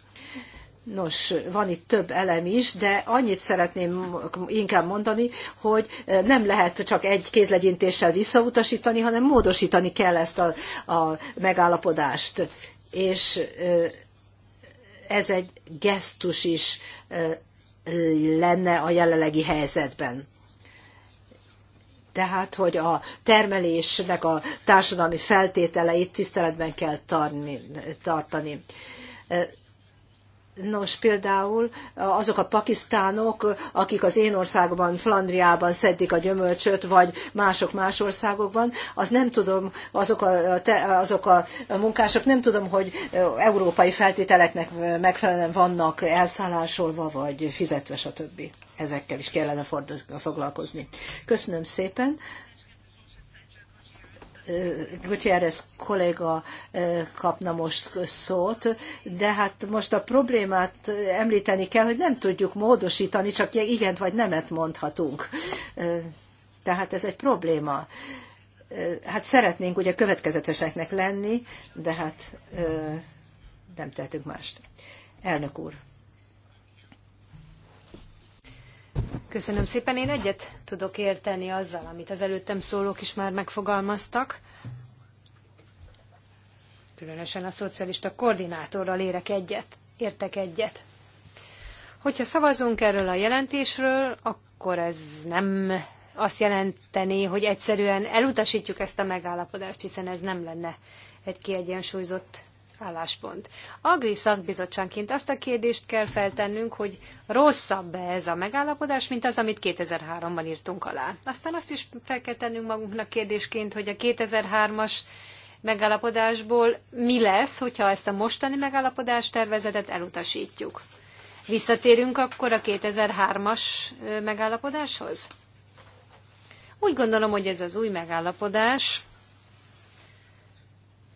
Nos, van itt több elem is, de annyit szeretném inkább mondani, hogy nem lehet csak egy kézlegyintéssel visszautasítani, hanem módosítani kell ezt a, a megállapodást. És ez egy gesztus is lenne a jelenlegi helyzetben. Tehát, hogy a termelésnek a társadalmi feltételeit tiszteletben kell tartani Nos, például azok a pakisztánok, akik az én országban, Flandriában szedik a gyümölcsöt, vagy mások más országokban, az nem tudom, azok a, te, azok a munkások nem tudom, hogy európai feltételeknek megfelelően vannak elszállásolva, vagy fizetve, stb. Ezekkel is kellene foglalkozni. Köszönöm szépen. Gutierrez kolléga kapna most szót, de hát most a problémát említeni kell, hogy nem tudjuk módosítani, csak igent vagy nemet mondhatunk. Tehát ez egy probléma. Hát szeretnénk ugye következeteseknek lenni, de hát nem tehetünk mást. Elnök úr. Köszönöm szépen. Én egyet tudok érteni azzal, amit az előttem szólók is már megfogalmaztak. Különösen a szocialista koordinátorral érek egyet, értek egyet. Hogyha szavazunk erről a jelentésről, akkor ez nem azt jelenteni, hogy egyszerűen elutasítjuk ezt a megállapodást, hiszen ez nem lenne egy kiegyensúlyozott álláspont. Agri szakbizottságként azt a kérdést kell feltennünk, hogy rosszabb-e ez a megállapodás, mint az, amit 2003-ban írtunk alá. Aztán azt is fel kell tennünk magunknak kérdésként, hogy a 2003-as megállapodásból mi lesz, hogyha ezt a mostani megállapodás tervezetet elutasítjuk. Visszatérünk akkor a 2003-as megállapodáshoz? Úgy gondolom, hogy ez az új megállapodás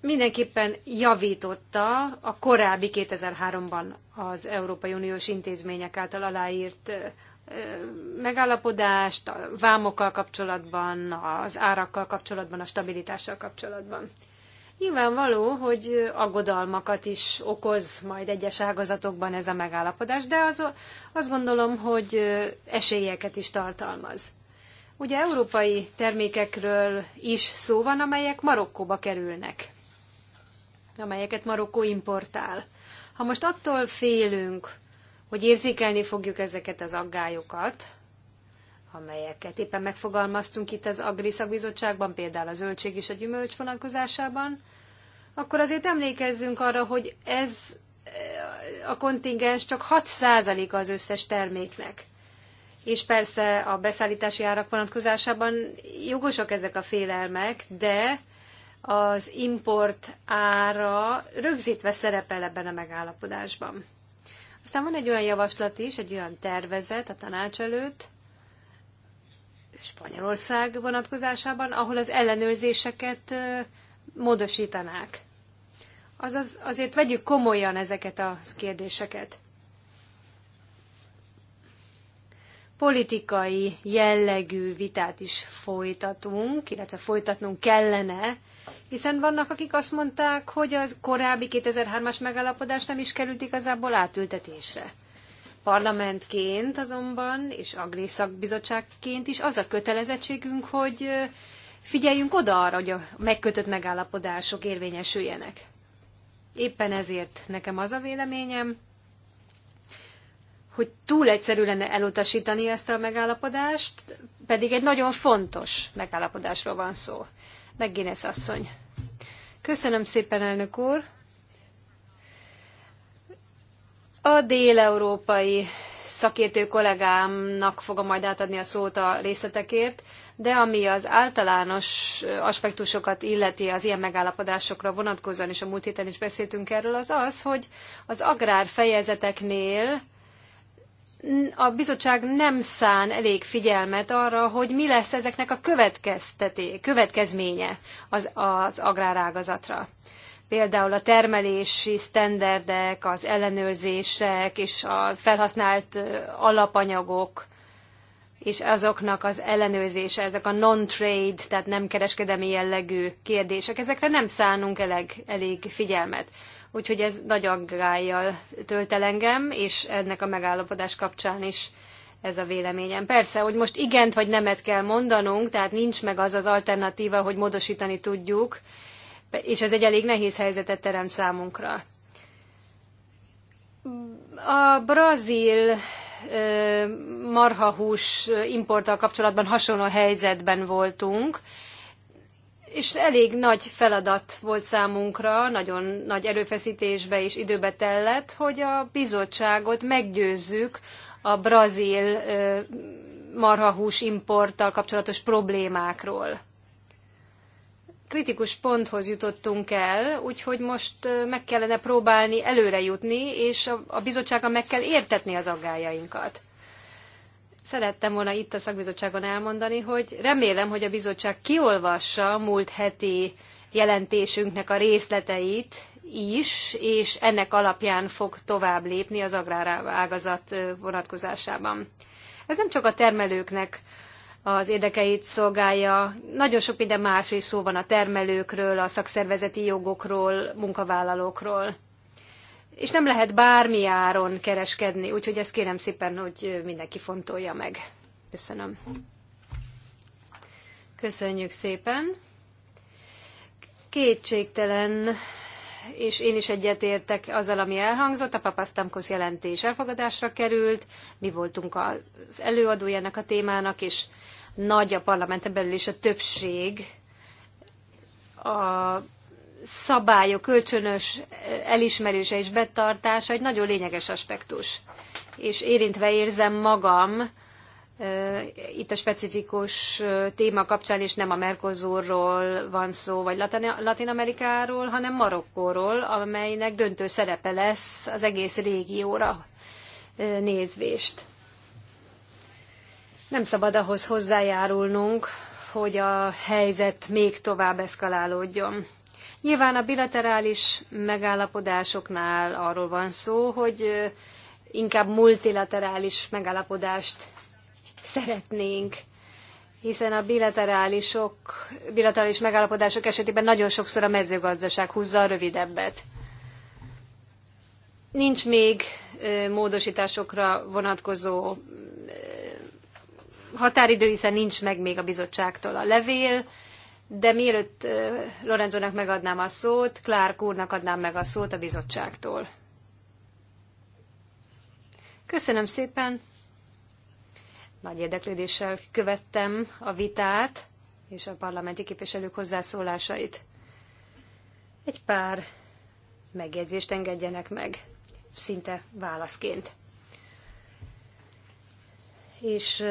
mindenképpen javította a korábbi 2003-ban az Európai Uniós intézmények által aláírt megállapodást a vámokkal kapcsolatban, az árakkal kapcsolatban, a stabilitással kapcsolatban. Nyilvánvaló, hogy aggodalmakat is okoz majd egyes ágazatokban ez a megállapodás, de az, azt gondolom, hogy esélyeket is tartalmaz. Ugye európai termékekről is szó van, amelyek Marokkóba kerülnek amelyeket Marokkó importál. Ha most attól félünk, hogy érzékelni fogjuk ezeket az aggályokat, amelyeket éppen megfogalmaztunk itt az Agri Szakbizottságban, például a zöldség és a gyümölcs vonalkozásában, akkor azért emlékezzünk arra, hogy ez eh, a kontingens csak 6% az összes terméknek. És persze a beszállítási árak vonatkozásában jogosak ezek a félelmek, de az import ára rögzítve szerepel ebben a megállapodásban. Aztán van egy olyan javaslat is, egy olyan tervezet a tanács előtt, Spanyolország vonatkozásában, ahol az ellenőrzéseket módosítanák. Azaz azért vegyük komolyan ezeket a kérdéseket. Politikai jellegű vitát is folytatunk, illetve folytatnunk kellene hiszen vannak, akik azt mondták, hogy az korábbi 2003-as megállapodás nem is került igazából átültetésre. Parlamentként azonban, és Agri is az a kötelezettségünk, hogy figyeljünk oda arra, hogy a megkötött megállapodások érvényesüljenek. Éppen ezért nekem az a véleményem, hogy túl egyszerű lenne elutasítani ezt a megállapodást, pedig egy nagyon fontos megállapodásról van szó. Meg Guinness asszony. Köszönöm szépen, elnök úr. A déleurópai szakértő kollégámnak fogom majd átadni a szót a részletekért, de ami az általános aspektusokat illeti az ilyen megállapodásokra vonatkozóan, és a múlt héten is beszéltünk erről, az az, hogy az agrárfejezeteknél a bizottság nem szán elég figyelmet arra, hogy mi lesz ezeknek a következteté, következménye az, az agrárágazatra. Például a termelési sztenderdek, az ellenőrzések és a felhasznált alapanyagok, és azoknak az ellenőrzése, ezek a non-trade, tehát nem kereskedelmi jellegű kérdések, ezekre nem szánunk elég, elég figyelmet úgyhogy ez nagy aggályjal tölt el engem, és ennek a megállapodás kapcsán is ez a véleményem. Persze, hogy most igent vagy nemet kell mondanunk, tehát nincs meg az az alternatíva, hogy módosítani tudjuk, és ez egy elég nehéz helyzetet teremt számunkra. A brazil marhahús importtal kapcsolatban hasonló helyzetben voltunk, és elég nagy feladat volt számunkra, nagyon nagy erőfeszítésbe és időbe tellett, hogy a bizottságot meggyőzzük a brazil marhahús importtal kapcsolatos problémákról. Kritikus ponthoz jutottunk el, úgyhogy most meg kellene próbálni előre jutni, és a bizottsággal meg kell értetni az aggájainkat. Szerettem volna itt a szakbizottságon elmondani, hogy remélem, hogy a bizottság kiolvassa a múlt heti jelentésünknek a részleteit is, és ennek alapján fog tovább lépni az agrárágazat vonatkozásában. Ez nem csak a termelőknek az érdekeit szolgálja. Nagyon sok minden más is szó van a termelőkről, a szakszervezeti jogokról, munkavállalókról és nem lehet bármi áron kereskedni, úgyhogy ezt kérem szépen, hogy mindenki fontolja meg. Köszönöm. Köszönjük szépen. Kétségtelen, és én is egyetértek azzal, ami elhangzott, a papasztamkosz jelentés elfogadásra került, mi voltunk az előadójának a témának, és nagy a parlamenten belül is a többség a szabályok kölcsönös eh, elismerése és betartása egy nagyon lényeges aspektus. És érintve érzem magam eh, itt a specifikus eh, téma kapcsán, és nem a Mercosurról van szó, vagy Latin Amerikáról, hanem Marokkóról, amelynek döntő szerepe lesz az egész régióra nézvést. Nem szabad ahhoz hozzájárulnunk, hogy a helyzet még tovább eszkalálódjon. Nyilván a bilaterális megállapodásoknál arról van szó, hogy inkább multilaterális megállapodást szeretnénk, hiszen a bilaterálisok, bilaterális megállapodások esetében nagyon sokszor a mezőgazdaság húzza a rövidebbet. Nincs még módosításokra vonatkozó határidő, hiszen nincs meg még a bizottságtól a levél, de mielőtt Lorenzónak megadnám a szót, Clark úrnak adnám meg a szót a bizottságtól. Köszönöm szépen. Nagy érdeklődéssel követtem a vitát és a parlamenti képviselők hozzászólásait. Egy pár megjegyzést engedjenek meg, szinte válaszként. És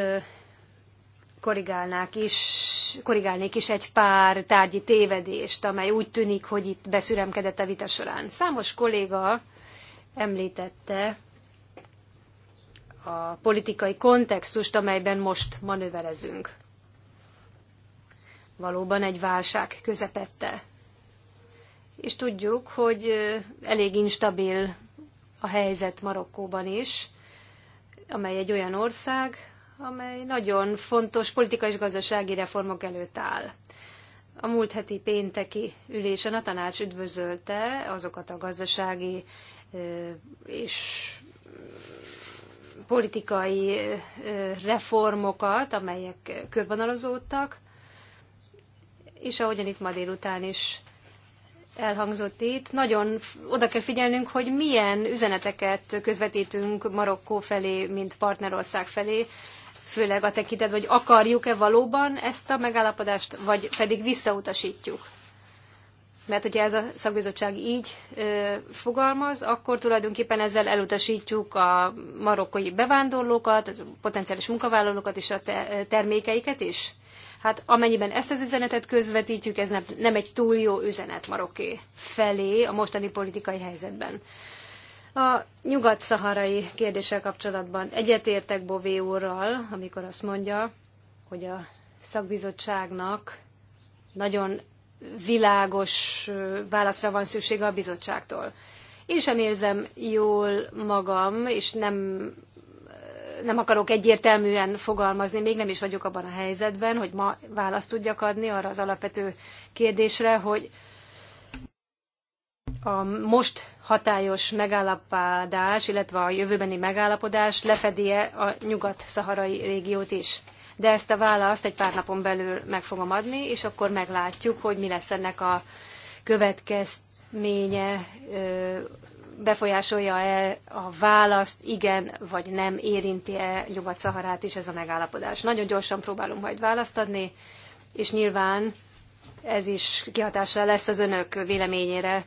korrigálnák is, korrigálnék is egy pár tárgyi tévedést, amely úgy tűnik, hogy itt beszüremkedett a vita során. Számos kolléga említette a politikai kontextust, amelyben most manőverezünk. Valóban egy válság közepette. És tudjuk, hogy elég instabil a helyzet Marokkóban is, amely egy olyan ország, amely nagyon fontos politikai és gazdasági reformok előtt áll. A múlt heti pénteki ülésen a tanács üdvözölte azokat a gazdasági és politikai reformokat, amelyek körvonalazódtak, és ahogyan itt ma délután is elhangzott itt, nagyon oda kell figyelnünk, hogy milyen üzeneteket közvetítünk Marokkó felé, mint partnerország felé, főleg a tekintet, hogy akarjuk-e valóban ezt a megállapodást, vagy pedig visszautasítjuk. Mert hogyha ez a szakbizottság így ö, fogalmaz, akkor tulajdonképpen ezzel elutasítjuk a marokkai bevándorlókat, a potenciális munkavállalókat és a te, termékeiket is. Hát amennyiben ezt az üzenetet közvetítjük, ez nem, nem egy túl jó üzenet Marokké felé a mostani politikai helyzetben. A nyugat-szaharai kérdéssel kapcsolatban egyetértek Bové úrral, amikor azt mondja, hogy a szakbizottságnak nagyon világos válaszra van szüksége a bizottságtól. Én sem érzem jól magam, és nem, nem akarok egyértelműen fogalmazni, még nem is vagyok abban a helyzetben, hogy ma választ tudjak adni arra az alapvető kérdésre, hogy a most hatályos megállapodás, illetve a jövőbeni megállapodás lefedi -e a nyugat-szaharai régiót is. De ezt a választ egy pár napon belül meg fogom adni, és akkor meglátjuk, hogy mi lesz ennek a következménye, befolyásolja-e a választ, igen vagy nem érinti-e Nyugat-Szaharát is ez a megállapodás. Nagyon gyorsan próbálom majd választ adni, és nyilván ez is kihatással lesz az önök véleményére,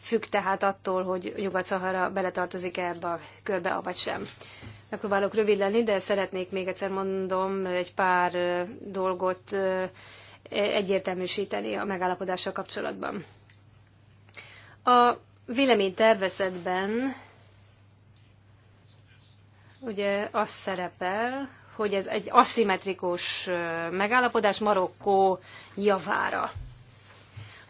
függ tehát attól, hogy Nyugat-Szahara beletartozik -e ebbe a körbe, vagy sem. Megpróbálok rövid lenni, de szeretnék még egyszer mondom egy pár dolgot e, egyértelműsíteni a megállapodással kapcsolatban. A véleménytervezetben ugye az szerepel, hogy ez egy aszimmetrikus megállapodás Marokkó javára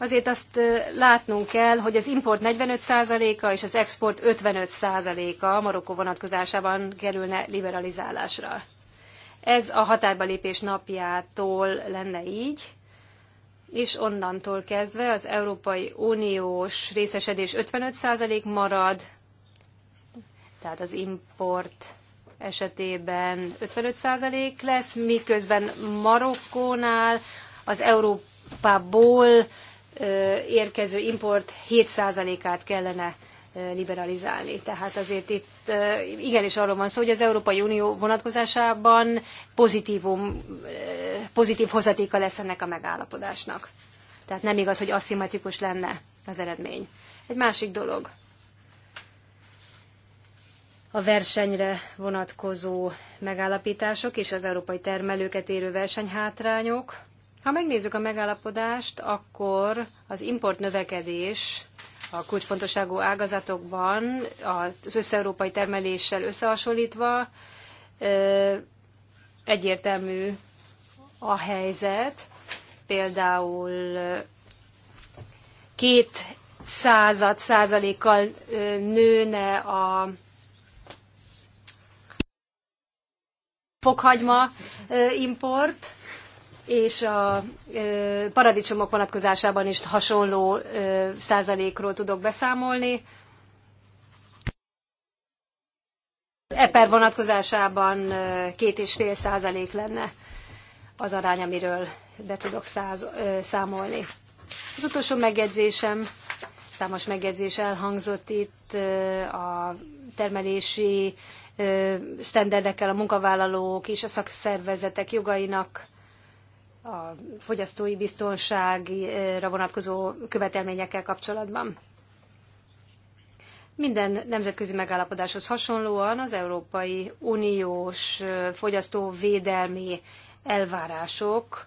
azért azt látnunk kell, hogy az import 45%-a és az export 55%-a Marokkó vonatkozásában kerülne liberalizálásra. Ez a határba lépés napjától lenne így, és onnantól kezdve az Európai Uniós részesedés 55% marad, tehát az import esetében 55% lesz, miközben Marokkónál az Európából érkező import 7%-át kellene liberalizálni. Tehát azért itt igenis arról van szó, hogy az Európai Unió vonatkozásában pozitívum, pozitív hozatéka lesz ennek a megállapodásnak. Tehát nem igaz, hogy aszimmetrikus lenne az eredmény. Egy másik dolog. A versenyre vonatkozó megállapítások és az európai termelőket érő versenyhátrányok. Ha megnézzük a megállapodást, akkor az import növekedés a kulcsfontosságú ágazatokban az összeurópai termeléssel összehasonlítva egyértelmű a helyzet. Például két század százalékkal nőne a fokhagyma import, és a paradicsomok vonatkozásában is hasonló százalékról tudok beszámolni. Az eper vonatkozásában két és fél százalék lenne az arány, amiről be tudok száz, számolni. Az utolsó megjegyzésem, számos megjegyzés elhangzott itt a termelési standardekkel a munkavállalók és a szakszervezetek jogainak a fogyasztói biztonságra vonatkozó követelményekkel kapcsolatban. Minden nemzetközi megállapodáshoz hasonlóan az Európai Uniós fogyasztóvédelmi elvárások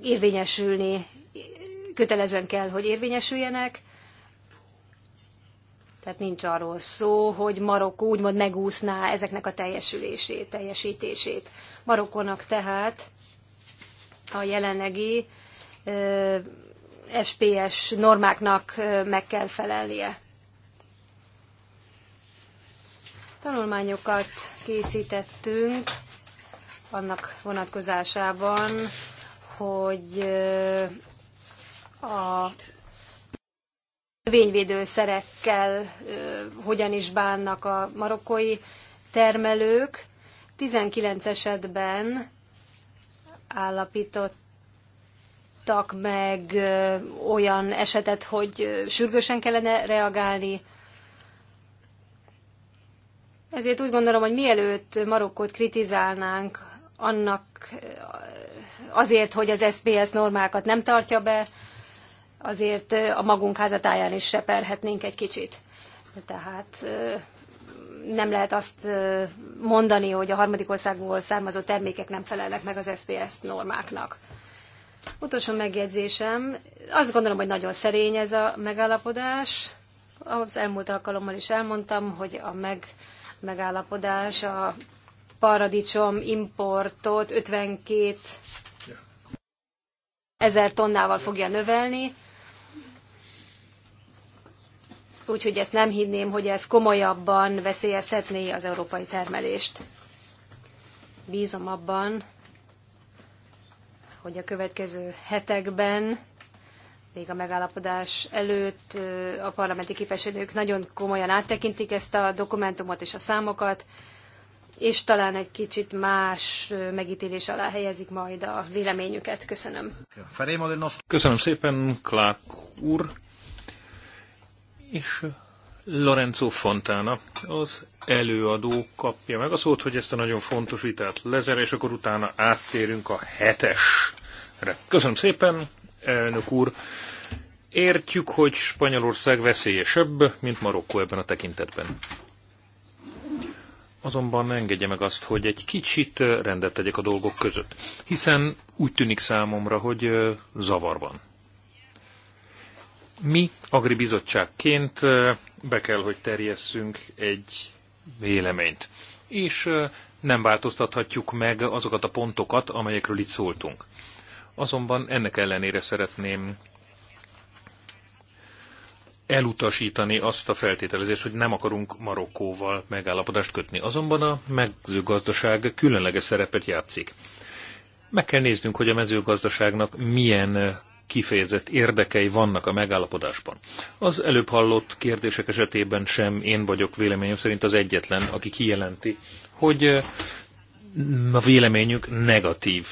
érvényesülni, kötelezően kell, hogy érvényesüljenek. Tehát nincs arról szó, hogy Marokkó úgymond megúszná ezeknek a teljesülését, teljesítését. Marokkónak tehát a jelenlegi SPS normáknak meg kell felelnie. Tanulmányokat készítettünk annak vonatkozásában, hogy a növényvédőszerekkel hogyan is bánnak a marokkói termelők. 19 esetben állapítottak meg olyan esetet, hogy sürgősen kellene reagálni. Ezért úgy gondolom, hogy mielőtt Marokkót kritizálnánk annak azért, hogy az SPS normákat nem tartja be, azért a magunk házatáján is seperhetnénk egy kicsit. Tehát nem lehet azt mondani, hogy a harmadik országból származó termékek nem felelnek meg az SPS normáknak. Utolsó megjegyzésem, azt gondolom, hogy nagyon szerény ez a megállapodás. Az elmúlt alkalommal is elmondtam, hogy a meg, megállapodás a paradicsom importot 52 ezer tonnával fogja növelni, úgyhogy ezt nem hinném, hogy ez komolyabban veszélyeztetné az európai termelést. Bízom abban, hogy a következő hetekben, még a megállapodás előtt a parlamenti képviselők nagyon komolyan áttekintik ezt a dokumentumot és a számokat, és talán egy kicsit más megítélés alá helyezik majd a véleményüket. Köszönöm. Köszönöm szépen, Clark úr és Lorenzo Fontana, az előadó kapja meg a szót, hogy ezt a nagyon fontos vitát lezer, és akkor utána áttérünk a hetesre. Köszönöm szépen, elnök úr. Értjük, hogy Spanyolország veszélyesebb, mint Marokkó ebben a tekintetben. Azonban engedje meg azt, hogy egy kicsit rendet tegyek a dolgok között, hiszen úgy tűnik számomra, hogy zavar van. Mi agribizottságként be kell, hogy terjesszünk egy véleményt. És nem változtathatjuk meg azokat a pontokat, amelyekről itt szóltunk. Azonban ennek ellenére szeretném elutasítani azt a feltételezést, hogy nem akarunk Marokkóval megállapodást kötni. Azonban a mezőgazdaság különleges szerepet játszik. Meg kell néznünk, hogy a mezőgazdaságnak milyen kifejezett érdekei vannak a megállapodásban. Az előbb hallott kérdések esetében sem én vagyok véleményem szerint az egyetlen, aki kijelenti, hogy a véleményük negatív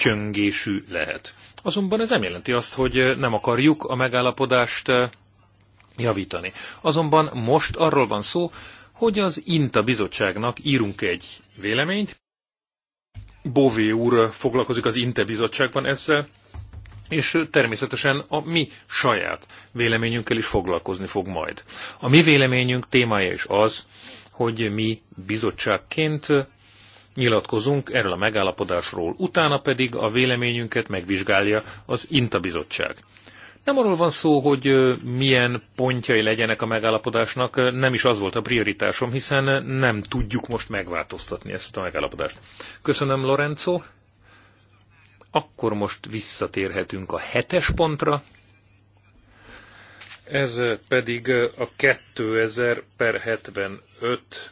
csöngésű lehet. Azonban ez nem jelenti azt, hogy nem akarjuk a megállapodást javítani. Azonban most arról van szó, hogy az INTA bizottságnak írunk egy véleményt. Bové úr foglalkozik az INTA bizottságban ezzel, és természetesen a mi saját véleményünkkel is foglalkozni fog majd. A mi véleményünk témája is az, hogy mi bizottságként nyilatkozunk erről a megállapodásról, utána pedig a véleményünket megvizsgálja az INTA bizottság. Nem arról van szó, hogy milyen pontjai legyenek a megállapodásnak, nem is az volt a prioritásom, hiszen nem tudjuk most megváltoztatni ezt a megállapodást. Köszönöm, Lorenzo. Akkor most visszatérhetünk a hetes pontra. Ez pedig a 2000 per 75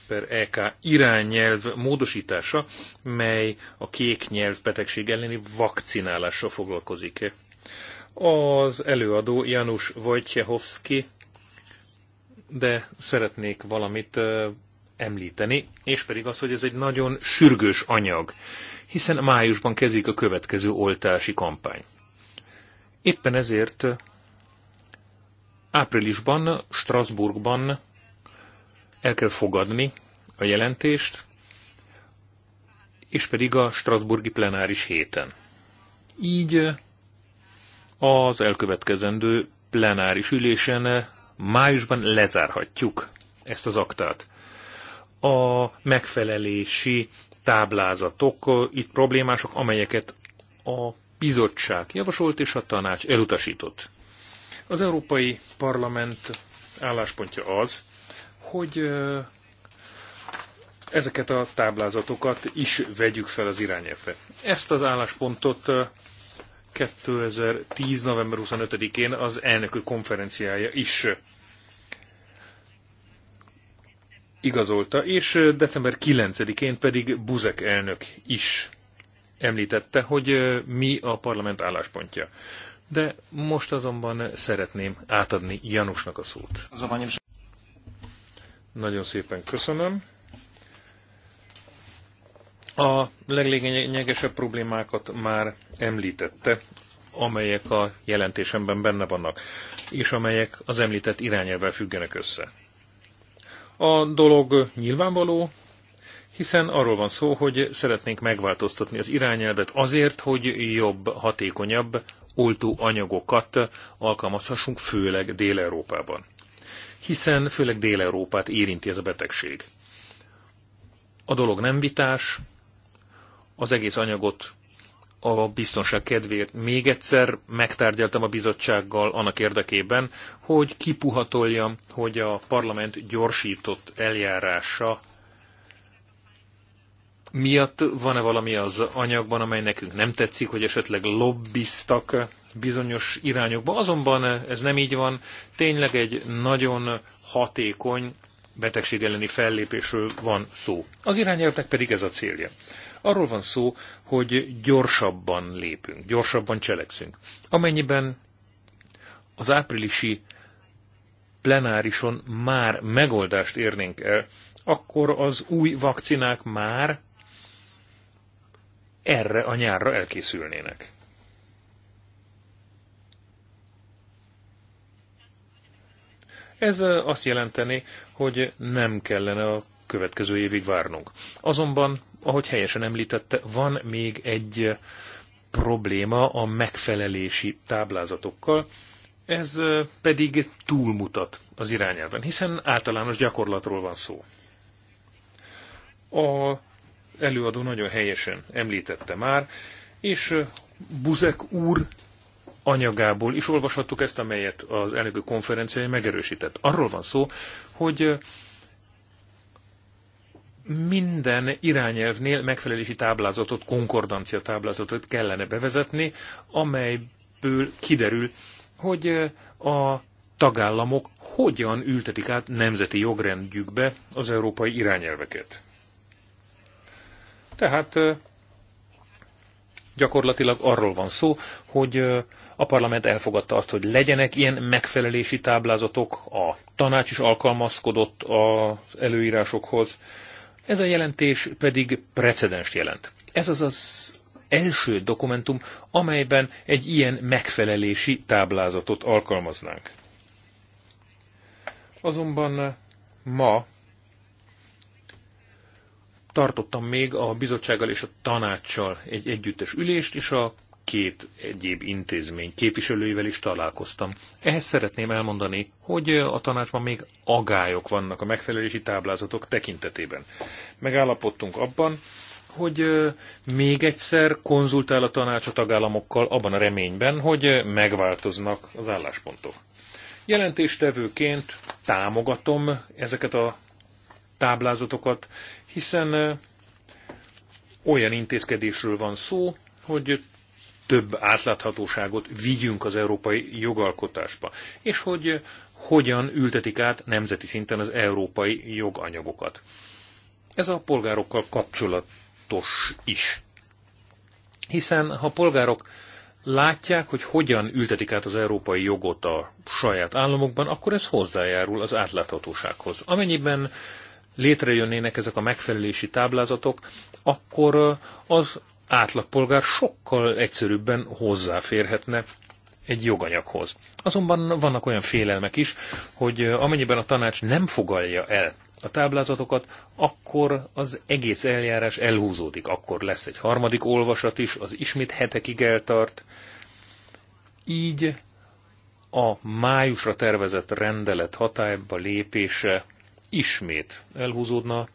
per EK irányelv módosítása, mely a kék nyelv betegség elleni vakcinálással foglalkozik. Az előadó Janusz Wojciechowski, de szeretnék valamit említeni, és pedig az, hogy ez egy nagyon sürgős anyag, hiszen májusban kezdik a következő oltási kampány. Éppen ezért áprilisban Strasbourgban el kell fogadni a jelentést, és pedig a Strasburgi plenáris héten. Így az elkövetkezendő plenáris ülésen májusban lezárhatjuk ezt az aktát a megfelelési táblázatok itt problémások, amelyeket a bizottság javasolt és a tanács elutasított. Az Európai Parlament álláspontja az, hogy ezeket a táblázatokat is vegyük fel az irányelvre. Ezt az álláspontot 2010. november 25-én az elnökök konferenciája is igazolta, és december 9-én pedig Buzek elnök is említette, hogy mi a parlament álláspontja. De most azonban szeretném átadni Janusnak a szót. Nagyon szépen köszönöm. A leglényegesebb problémákat már említette, amelyek a jelentésemben benne vannak, és amelyek az említett irányelvvel függenek össze. A dolog nyilvánvaló, hiszen arról van szó, hogy szeretnénk megváltoztatni az irányelvet azért, hogy jobb, hatékonyabb oltó anyagokat alkalmazhassunk, főleg Dél-Európában. Hiszen főleg Dél-Európát érinti ez a betegség. A dolog nem vitás, az egész anyagot a biztonság kedvéért még egyszer megtárgyaltam a bizottsággal annak érdekében, hogy kipuhatoljam, hogy a parlament gyorsított eljárása miatt van-e valami az anyagban, amely nekünk nem tetszik, hogy esetleg lobbiztak bizonyos irányokba. Azonban ez nem így van. Tényleg egy nagyon hatékony betegség elleni fellépésről van szó. Az irányelvnek pedig ez a célja. Arról van szó, hogy gyorsabban lépünk, gyorsabban cselekszünk. Amennyiben az áprilisi plenárison már megoldást érnénk el, akkor az új vakcinák már erre a nyárra elkészülnének. Ez azt jelenteni, hogy nem kellene a következő évig várnunk. Azonban ahogy helyesen említette, van még egy eh, probléma a megfelelési táblázatokkal, ez eh, pedig túlmutat az irányelven, hiszen általános gyakorlatról van szó. A előadó nagyon helyesen említette már, és eh, Buzek úr anyagából is olvashattuk ezt, amelyet az elnökök konferenciája megerősített. Arról van szó, hogy minden irányelvnél megfelelési táblázatot, konkordancia táblázatot kellene bevezetni, amelyből kiderül, hogy a tagállamok hogyan ültetik át nemzeti jogrendjükbe az európai irányelveket. Tehát gyakorlatilag arról van szó, hogy a parlament elfogadta azt, hogy legyenek ilyen megfelelési táblázatok, a tanács is alkalmazkodott az előírásokhoz, ez a jelentés pedig precedens jelent. Ez az az első dokumentum, amelyben egy ilyen megfelelési táblázatot alkalmaznánk. Azonban ma tartottam még a bizottsággal és a tanácssal egy együttes ülést, és a két egyéb intézmény képviselőivel is találkoztam. Ehhez szeretném elmondani, hogy a tanácsban még agályok vannak a megfelelési táblázatok tekintetében. Megállapodtunk abban, hogy még egyszer konzultál a tanács a tagállamokkal abban a reményben, hogy megváltoznak az álláspontok. Jelentéstevőként támogatom ezeket a táblázatokat, hiszen olyan intézkedésről van szó, hogy több átláthatóságot vigyünk az európai jogalkotásba, és hogy eh, hogyan ültetik át nemzeti szinten az európai joganyagokat. Ez a polgárokkal kapcsolatos is. Hiszen ha polgárok látják, hogy hogyan ültetik át az európai jogot a saját államokban, akkor ez hozzájárul az átláthatósághoz. Amennyiben létrejönnének ezek a megfelelési táblázatok, akkor eh, az átlagpolgár sokkal egyszerűbben hozzáférhetne egy joganyaghoz. Azonban vannak olyan félelmek is, hogy amennyiben a tanács nem fogalja el a táblázatokat, akkor az egész eljárás elhúzódik. Akkor lesz egy harmadik olvasat is, az ismét hetekig eltart. Így a májusra tervezett rendelet hatályba lépése ismét elhúzódna,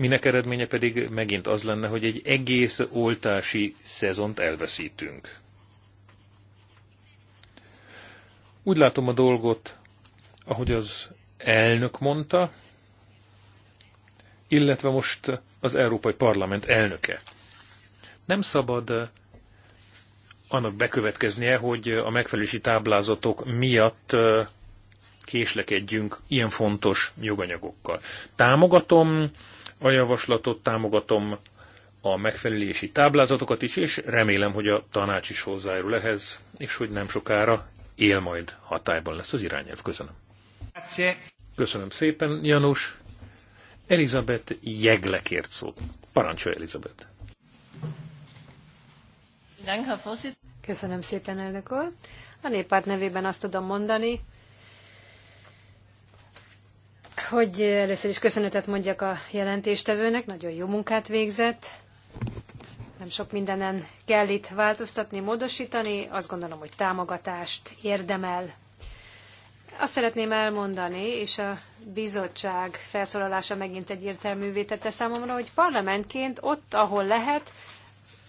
minek eredménye pedig megint az lenne, hogy egy egész oltási szezont elveszítünk. Úgy látom a dolgot, ahogy az elnök mondta, illetve most az Európai Parlament elnöke. Nem szabad eh, annak bekövetkeznie, hogy a megfelelési táblázatok miatt eh, késlekedjünk ilyen fontos joganyagokkal. Támogatom a javaslatot, támogatom a megfelelési táblázatokat is, és remélem, hogy a tanács is hozzájárul ehhez, és hogy nem sokára él majd hatályban lesz az irányelv. Köszönöm. Köszönöm szépen, Janus. Elizabeth jeglekért kért szót. Parancsolja, Elizabeth. Köszönöm szépen, elnök úr. A néppárt nevében azt tudom mondani, hogy először is köszönetet mondjak a jelentéstevőnek, nagyon jó munkát végzett. Nem sok mindenen kell itt változtatni, módosítani, azt gondolom, hogy támogatást érdemel. Azt szeretném elmondani, és a bizottság felszólalása megint egyértelművé tette számomra, hogy parlamentként ott, ahol lehet,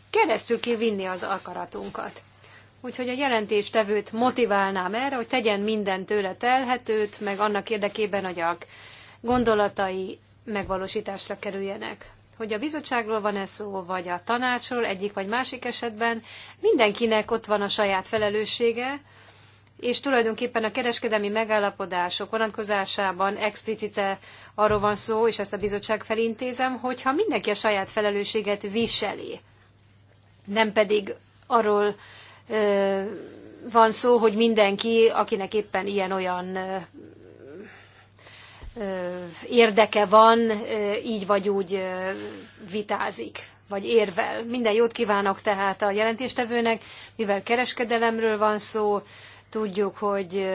keresztül kell vinni az akaratunkat. Úgyhogy a jelentéstevőt motiválnám erre, hogy tegyen minden tőle telhetőt, meg annak érdekében, hogy a gondolatai megvalósításra kerüljenek. Hogy a bizottságról van-e szó, vagy a tanácsról, egyik vagy másik esetben, mindenkinek ott van a saját felelőssége, és tulajdonképpen a kereskedelmi megállapodások vonatkozásában explicite arról van szó, és ezt a bizottság felintézem, hogyha mindenki a saját felelősséget viseli, nem pedig arról ö, van szó, hogy mindenki, akinek éppen ilyen-olyan érdeke van, így vagy úgy vitázik, vagy érvel. Minden jót kívánok tehát a jelentéstevőnek, mivel kereskedelemről van szó, tudjuk, hogy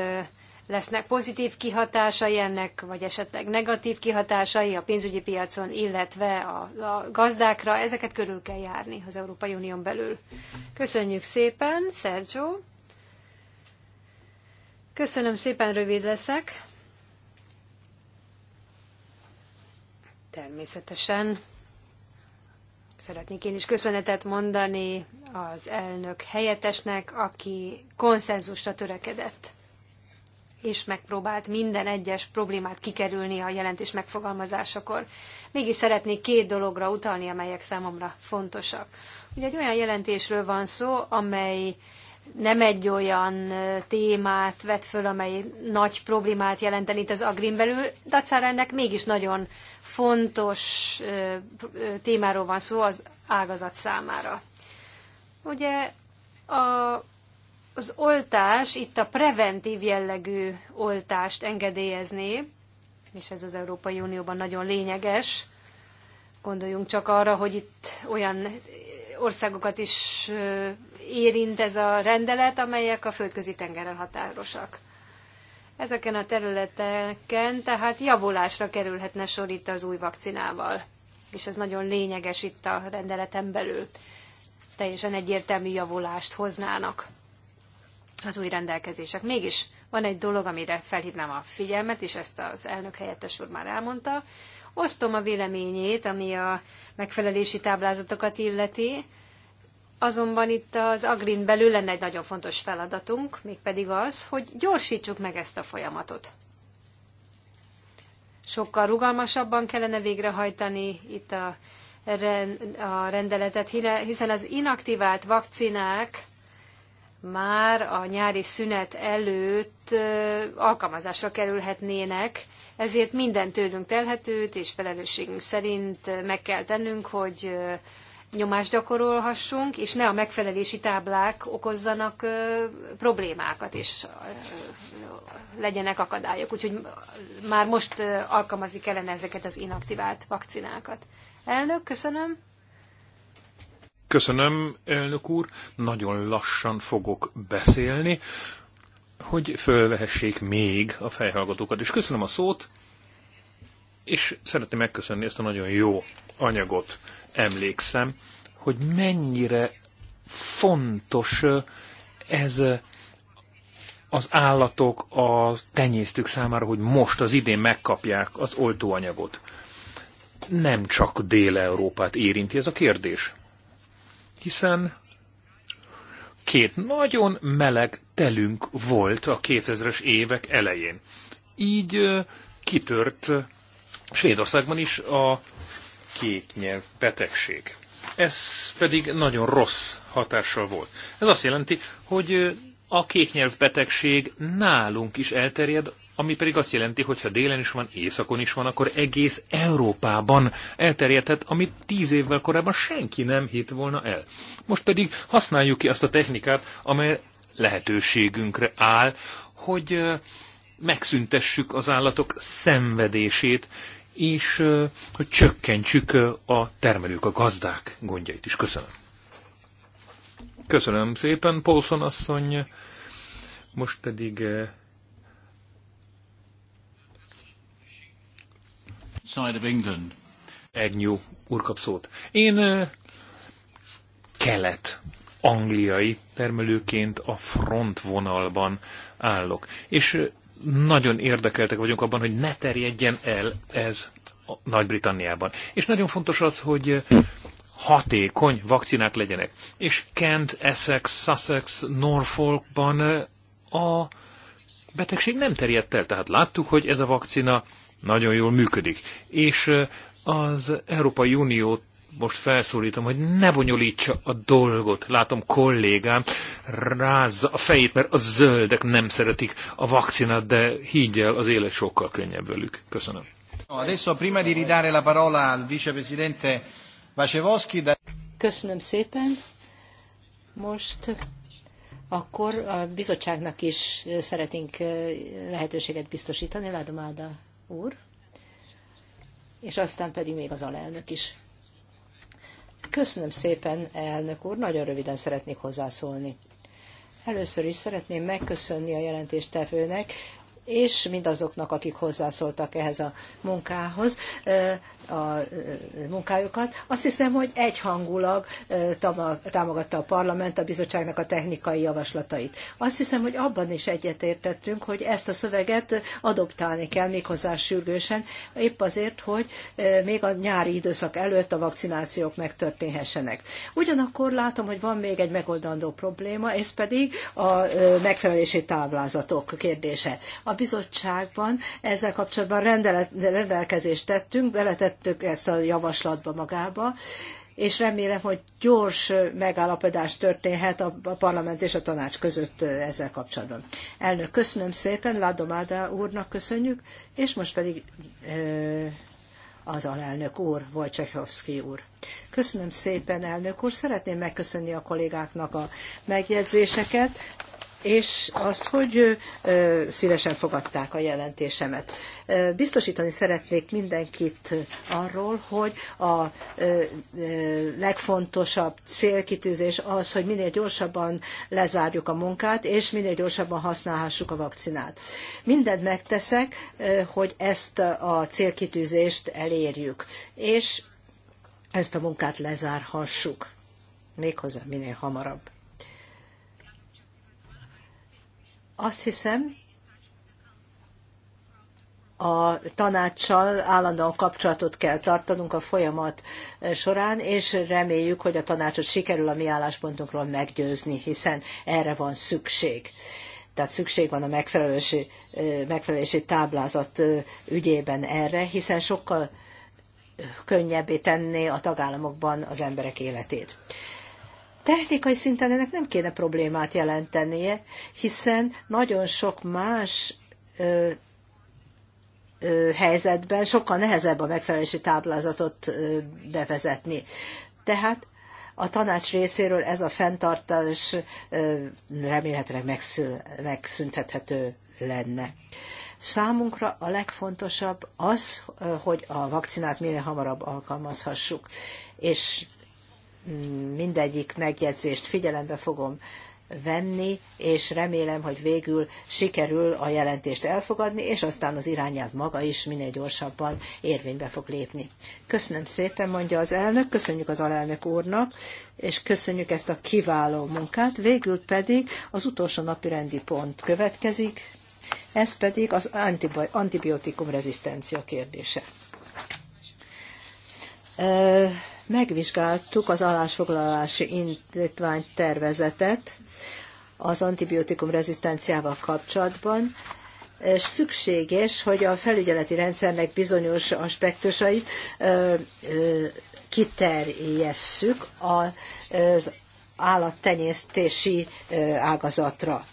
lesznek pozitív kihatásai ennek, vagy esetleg negatív kihatásai a pénzügyi piacon, illetve a, a gazdákra. Ezeket körül kell járni az Európai Unión belül. Köszönjük szépen, Sergio. Köszönöm szépen, rövid leszek. Természetesen szeretnék én is köszönetet mondani az elnök helyettesnek, aki konszenzusra törekedett és megpróbált minden egyes problémát kikerülni a jelentés megfogalmazásakor. Mégis szeretnék két dologra utalni, amelyek számomra fontosak. Ugye egy olyan jelentésről van szó, amely nem egy olyan témát vet föl, amely nagy problémát jelenteni itt az agrin belül, dacára ennek mégis nagyon fontos témáról van szó az ágazat számára. Ugye a, az oltás, itt a preventív jellegű oltást engedélyezni, és ez az Európai Unióban nagyon lényeges, gondoljunk csak arra, hogy itt olyan országokat is érint ez a rendelet, amelyek a földközi tengeren határosak. Ezeken a területeken tehát javulásra kerülhetne sor itt az új vakcinával, és ez nagyon lényeges itt a rendeleten belül. Teljesen egyértelmű javulást hoznának az új rendelkezések. Mégis van egy dolog, amire felhívnám a figyelmet, és ezt az elnök helyettes úr már elmondta. Osztom a véleményét, ami a megfelelési táblázatokat illeti, Azonban itt az Agrin belül lenne egy nagyon fontos feladatunk, mégpedig az, hogy gyorsítsuk meg ezt a folyamatot. Sokkal rugalmasabban kellene végrehajtani itt a, a rendeletet, hiszen az inaktivált vakcinák már a nyári szünet előtt alkalmazásra kerülhetnének, ezért minden tőlünk telhetőt és felelősségünk szerint meg kell tennünk, hogy nyomást gyakorolhassunk, és ne a megfelelési táblák okozzanak problémákat, és legyenek akadályok. Úgyhogy már most alkalmazni kellene ezeket az inaktivált vakcinákat. Elnök, köszönöm. Köszönöm, elnök úr. Nagyon lassan fogok beszélni, hogy fölvehessék még a fejhallgatókat. És köszönöm a szót és szeretném megköszönni ezt a nagyon jó anyagot. Emlékszem, hogy mennyire fontos ez az állatok a tenyésztők számára, hogy most az idén megkapják az oltóanyagot. Nem csak Dél-Európát érinti ez a kérdés, hiszen két nagyon meleg telünk volt a 2000-es évek elején. Így kitört Svédországban is a két nyelv betegség. Ez pedig nagyon rossz hatással volt. Ez azt jelenti, hogy a kéknyelv betegség nálunk is elterjed, ami pedig azt jelenti, hogy ha délen is van, északon is van, akkor egész Európában elterjedhet, amit tíz évvel korábban senki nem hitt volna el. Most pedig használjuk ki azt a technikát, amely lehetőségünkre áll, hogy megszüntessük az állatok szenvedését, és hogy csökkentsük a termelők, a gazdák gondjait is. Köszönöm. Köszönöm szépen, Polson asszony. Most pedig side of England. Egnyú szót. Én kelet angliai termelőként a frontvonalban állok. És nagyon érdekeltek vagyunk abban, hogy ne terjedjen el ez Nagy-Britanniában. És nagyon fontos az, hogy eh, hatékony vakcinák legyenek. És Kent, Essex, Sussex, Norfolkban eh, a betegség nem terjedt el. Tehát láttuk, hogy ez a vakcina nagyon jól működik. És eh, az Európai Unió most felszólítom, hogy ne bonyolítsa a dolgot. Látom kollégám rázza a fejét, mert a zöldek nem szeretik a vakcinát, de higgy el, az élet sokkal könnyebb velük. Köszönöm. Adesso prima di ridare la parola al vicepresidente Vacevoschi. Köszönöm szépen. Most akkor a bizottságnak is szeretnénk lehetőséget biztosítani, Ládomáda úr, és aztán pedig még az alelnök is. Köszönöm szépen, elnök úr, nagyon röviden szeretnék hozzászólni. Először is szeretném megköszönni a jelentéstevőnek, és mindazoknak, akik hozzászóltak ehhez a munkához a munkájukat. Azt hiszem, hogy egyhangulag támogatta a parlament a bizottságnak a technikai javaslatait. Azt hiszem, hogy abban is egyetértettünk, hogy ezt a szöveget adoptálni kell méghozzá sürgősen, épp azért, hogy még a nyári időszak előtt a vakcinációk megtörténhessenek. Ugyanakkor látom, hogy van még egy megoldandó probléma, ez pedig a megfelelési táblázatok kérdése. A bizottságban ezzel kapcsolatban rendelkezést tettünk, beletett bevettük ezt a javaslatba magába, és remélem, hogy gyors megállapodás történhet a parlament és a tanács között ezzel kapcsolatban. Elnök, köszönöm szépen, Ládomáda úrnak köszönjük, és most pedig az alelnök úr, Wojciechowski úr. Köszönöm szépen, elnök úr. Szeretném megköszönni a kollégáknak a megjegyzéseket és azt, hogy szívesen fogadták a jelentésemet. Biztosítani szeretnék mindenkit arról, hogy a legfontosabb célkitűzés az, hogy minél gyorsabban lezárjuk a munkát, és minél gyorsabban használhassuk a vakcinát. Mindent megteszek, hogy ezt a célkitűzést elérjük, és ezt a munkát lezárhassuk méghozzá minél hamarabb. Azt hiszem, a tanácssal állandóan kapcsolatot kell tartanunk a folyamat eh, során, és reméljük, hogy a tanácsot sikerül a mi álláspontunkról meggyőzni, hiszen erre van szükség. Tehát szükség van a megfelelési, eh, megfelelési táblázat eh, ügyében erre, hiszen sokkal könnyebbé tenné a tagállamokban az emberek életét. Technikai szinten ennek nem kéne problémát jelentenie, hiszen nagyon sok más ö, ö, helyzetben sokkal nehezebb a megfelelési táblázatot ö, bevezetni. Tehát a tanács részéről ez a fenntartás remélhetőleg megszül, megszüntethető lenne. Számunkra a legfontosabb az, hogy a vakcinát minél hamarabb alkalmazhassuk, és mindegyik megjegyzést figyelembe fogom venni, és remélem, hogy végül sikerül a jelentést elfogadni, és aztán az irányát maga is minél gyorsabban érvénybe fog lépni. Köszönöm szépen, mondja az elnök, köszönjük az alelnök úrnak, és köszönjük ezt a kiváló munkát. Végül pedig az utolsó napi rendi pont következik, ez pedig az antibiotikum rezisztencia kérdése. Megvizsgáltuk az állásfoglalási indítvány tervezetet az antibiotikum rezisztenciával kapcsolatban, és szükséges, hogy a felügyeleti rendszernek bizonyos aspektusait kiterjesszük az állattenyésztési ágazatra.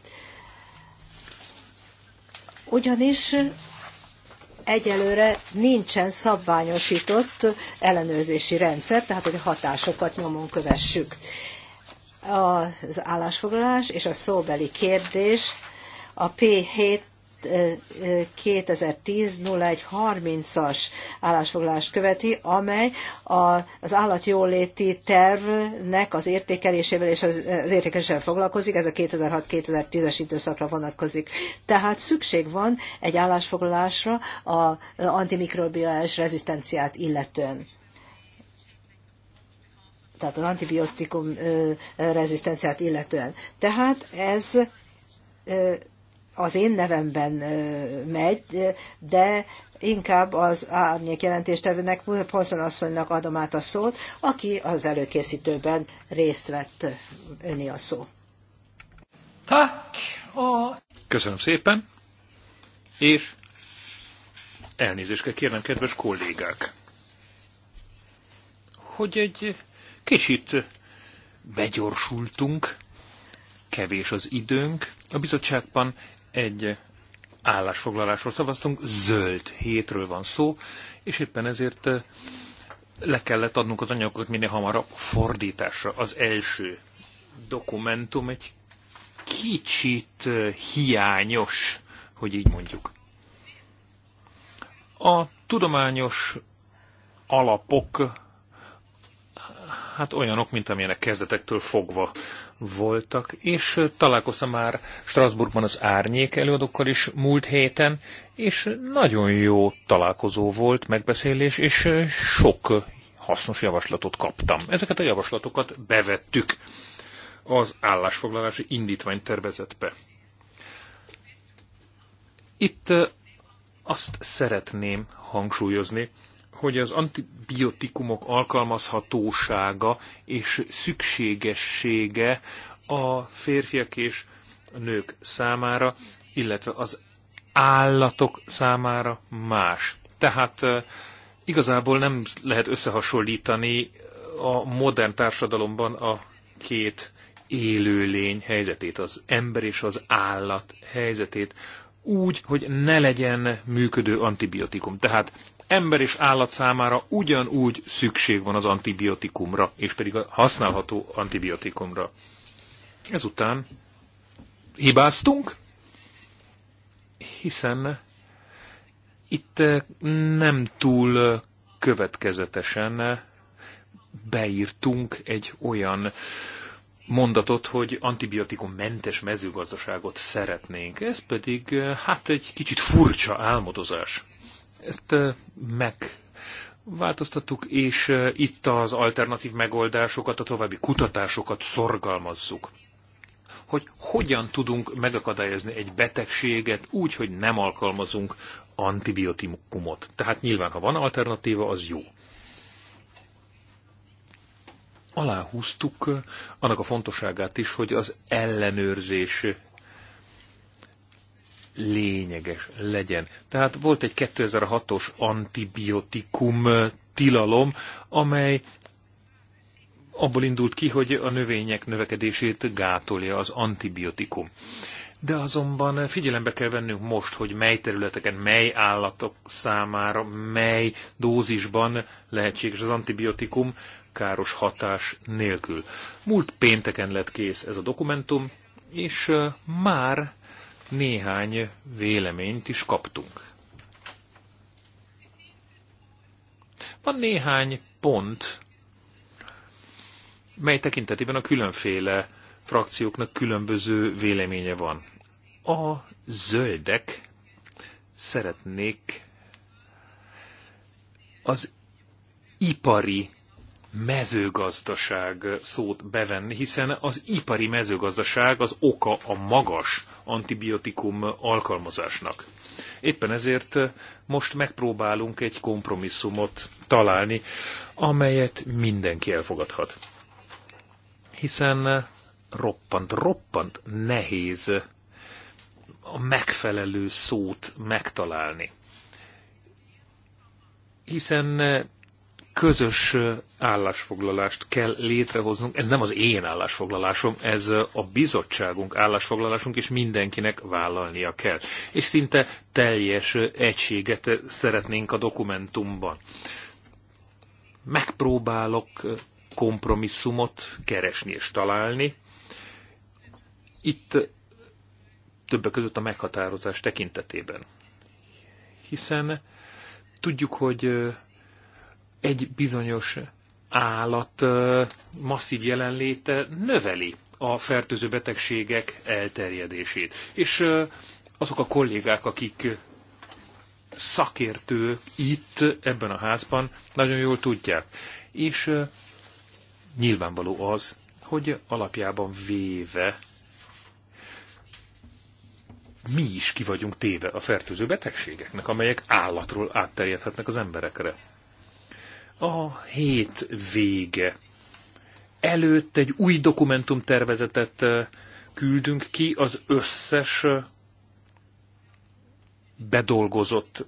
Ugyanis egyelőre nincsen szabványosított ellenőrzési rendszer, tehát hogy a hatásokat nyomon kövessük. Az állásfoglalás és a szóbeli kérdés a P7 2010 as állásfoglalást követi, amely az állatjóléti tervnek az értékelésével és az értékelésével foglalkozik, ez a 2006-2010-es időszakra vonatkozik. Tehát szükség van egy állásfoglalásra az antimikrobiális rezisztenciát illetően tehát az antibiotikum rezisztenciát illetően. Tehát ez az én nevemben megy, de inkább az árnyék jelentéstevőnek, Ponson asszonynak adom át a szót, aki az előkészítőben részt vett öni a szó. Tak. Köszönöm szépen, és elnézést kell kérnem, kedves kollégák, hogy egy kicsit begyorsultunk, kevés az időnk. A bizottságban egy állásfoglalásról szavaztunk, zöld hétről van szó, és éppen ezért eh, le kellett adnunk az anyagokat minél hamarabb fordításra. Az első dokumentum egy kicsit eh, hiányos, hogy így mondjuk. A tudományos alapok hát olyanok, mint amilyenek kezdetektől fogva voltak, és találkoztam már Strasbourgban az árnyék előadókkal is múlt héten, és nagyon jó találkozó volt, megbeszélés, és sok hasznos javaslatot kaptam. Ezeket a javaslatokat bevettük az állásfoglalási indítvány tervezetbe. Itt azt szeretném hangsúlyozni, hogy az antibiotikumok alkalmazhatósága és szükségessége a férfiak és a nők számára, illetve az állatok számára más. Tehát igazából nem lehet összehasonlítani a modern társadalomban a két élőlény helyzetét, az ember és az állat helyzetét, úgy, hogy ne legyen működő antibiotikum. Tehát ember és állat számára ugyanúgy szükség van az antibiotikumra, és pedig a használható antibiotikumra. Ezután hibáztunk, hiszen itt eh, nem túl következetesen beírtunk egy olyan mondatot, hogy antibiotikummentes mezőgazdaságot szeretnénk. Ez pedig eh, hát egy kicsit furcsa álmodozás. Ezt megváltoztattuk, és itt az alternatív megoldásokat, a további kutatásokat szorgalmazzuk hogy hogyan tudunk megakadályozni egy betegséget úgy, hogy nem alkalmazunk antibiotikumot. Tehát nyilván, ha van alternatíva, az jó. Aláhúztuk annak a fontosságát is, hogy az ellenőrzés lényeges legyen. Tehát volt egy 2006-os antibiotikum eh, tilalom, amely abból indult ki, hogy a növények növekedését gátolja az antibiotikum. De azonban figyelembe kell vennünk most, hogy mely területeken, mely állatok számára, mely dózisban lehetséges az antibiotikum káros hatás nélkül. Múlt pénteken lett kész ez a dokumentum, és eh, már néhány véleményt is kaptunk. Van néhány pont, mely tekintetében a különféle frakcióknak különböző véleménye van. A zöldek szeretnék az ipari mezőgazdaság szót bevenni, hiszen az ipari mezőgazdaság az oka a magas antibiotikum alkalmazásnak. Éppen ezért most megpróbálunk egy kompromisszumot találni, amelyet mindenki elfogadhat. Hiszen roppant, roppant nehéz a megfelelő szót megtalálni. Hiszen közös állásfoglalást kell létrehoznunk. Ez nem az én állásfoglalásom, ez a bizottságunk állásfoglalásunk, és mindenkinek vállalnia kell. És szinte teljes egységet szeretnénk a dokumentumban. Megpróbálok kompromisszumot keresni és találni. Itt többek között a meghatározás tekintetében. Hiszen tudjuk, hogy egy bizonyos állat masszív jelenléte növeli a fertőző betegségek elterjedését. És azok a kollégák, akik szakértő itt, ebben a házban, nagyon jól tudják. És nyilvánvaló az, hogy alapjában véve mi is ki vagyunk téve a fertőző betegségeknek, amelyek állatról átterjedhetnek az emberekre a hét vége előtt egy új dokumentumtervezetet eh, küldünk ki az összes eh, bedolgozott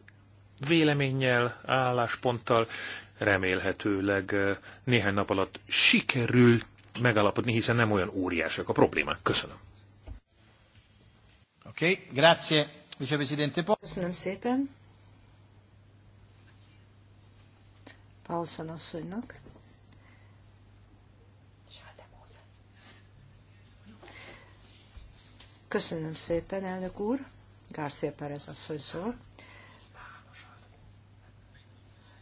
véleménnyel, állásponttal, remélhetőleg eh, néhány nap alatt sikerül megalapodni, hiszen nem olyan óriásak a problémák. Köszönöm. Oké, okay, grazie, vicepresidente. Köszönöm szépen. Paulson asszonynak. Köszönöm szépen, elnök úr. García Perez asszony szól.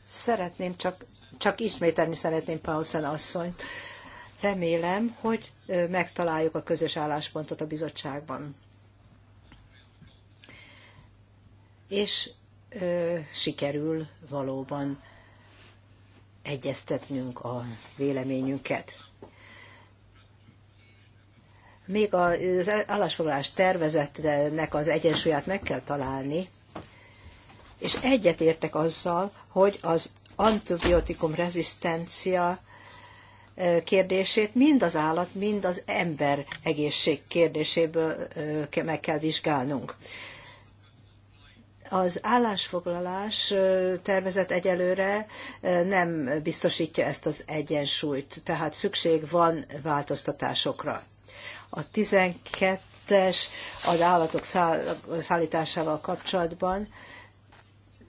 Szeretném csak, csak ismételni szeretném Paulsen asszonyt. Remélem, hogy megtaláljuk a közös álláspontot a bizottságban. És ö, sikerül valóban egyeztetnünk a véleményünket. Még az állásfoglalás tervezetnek az egyensúlyát meg kell találni, és egyetértek azzal, hogy az antibiotikum rezisztencia e, kérdését mind az állat, mind az ember egészség kérdéséből e, meg kell vizsgálnunk. Az állásfoglalás tervezet egyelőre nem biztosítja ezt az egyensúlyt, tehát szükség van változtatásokra. A 12-es az állatok szállításával kapcsolatban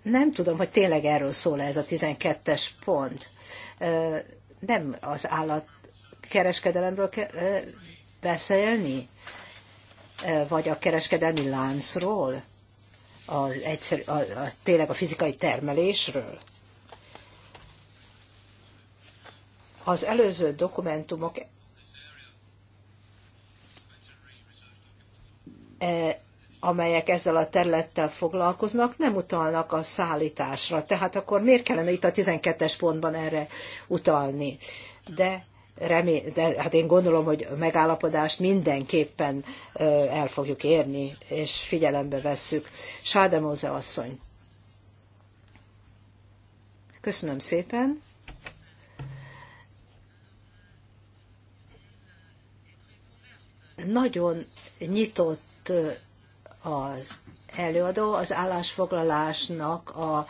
nem tudom, hogy tényleg erről szól ez a 12-es pont. Nem az állatkereskedelemről kell beszélni, vagy a kereskedelmi láncról az egyszerű, a, a, tényleg a fizikai termelésről. Az előző dokumentumok e, amelyek ezzel a területtel foglalkoznak, nem utalnak a szállításra. Tehát akkor miért kellene itt a 12-es pontban erre utalni? De Remé, de hát én gondolom, hogy a megállapodást mindenképpen el fogjuk érni, és figyelembe vesszük. Sádemóze asszony. Köszönöm szépen. Nagyon nyitott az előadó az állásfoglalásnak a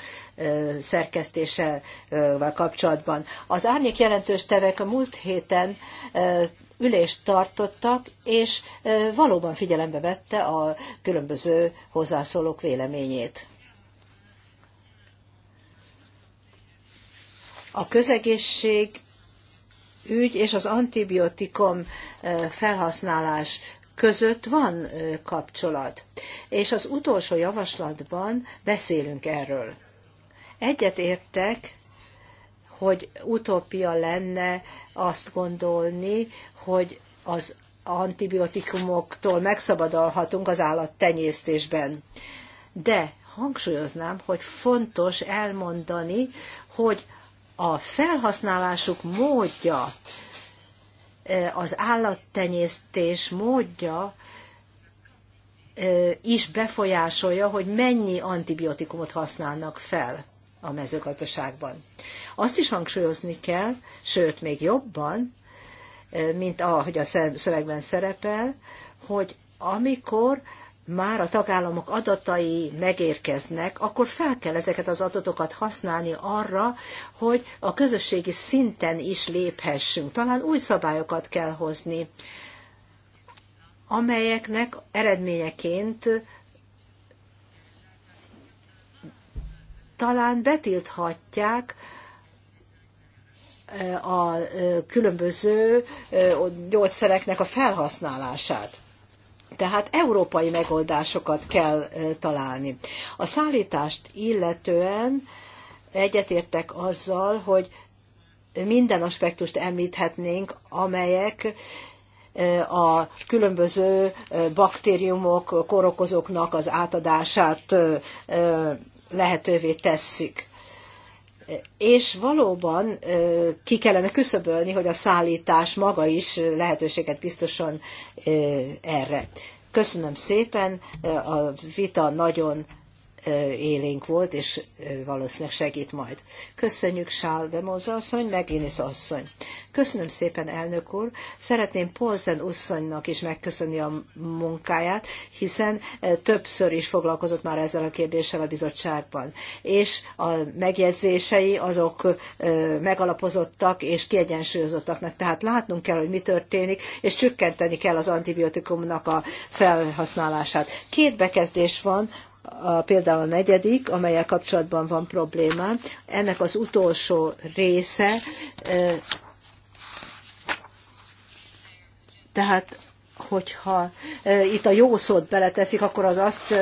szerkesztésevel kapcsolatban. Az árnyék jelentős tevek a múlt héten ülést tartottak, és valóban figyelembe vette a különböző hozzászólók véleményét. A közegészség ügy és az antibiotikum felhasználás között van kapcsolat. És az utolsó javaslatban beszélünk erről. Egyet értek, hogy utópia lenne azt gondolni, hogy az antibiotikumoktól megszabadalhatunk az állattenyésztésben. De hangsúlyoznám, hogy fontos elmondani, hogy a felhasználásuk módja Eh, az állattenyésztés módja eh, is befolyásolja, hogy mennyi antibiotikumot használnak fel a mezőgazdaságban. Azt is hangsúlyozni kell, sőt, még jobban, eh, mint ahogy a szövegben szerepel, hogy amikor már a tagállamok adatai megérkeznek, akkor fel kell ezeket az adatokat használni arra, hogy a közösségi szinten is léphessünk. Talán új szabályokat kell hozni, amelyeknek eredményeként talán betilthatják eh, a eh, különböző eh, gyógyszereknek a felhasználását. Tehát európai megoldásokat kell találni. A szállítást illetően egyetértek azzal, hogy minden aspektust említhetnénk, amelyek a különböző baktériumok, korokozóknak az átadását lehetővé teszik és valóban ki kellene küszöbölni, hogy a szállítás maga is lehetőséget biztosan erre. Köszönöm szépen, a vita nagyon élénk volt, és valószínűleg segít majd. Köszönjük Sál Demóza asszony, meg Inis asszony. Köszönöm szépen, elnök úr. Szeretném Polzen asszonynak is megköszönni a munkáját, hiszen többször is foglalkozott már ezzel a kérdéssel a bizottságban. És a megjegyzései azok megalapozottak és kiegyensúlyozottaknak. Tehát látnunk kell, hogy mi történik, és csökkenteni kell az antibiotikumnak a felhasználását. Két bekezdés van, a, például a negyedik, amelyel kapcsolatban van problémám, ennek az utolsó része, tehát hogyha itt a jó szót beleteszik, akkor az azt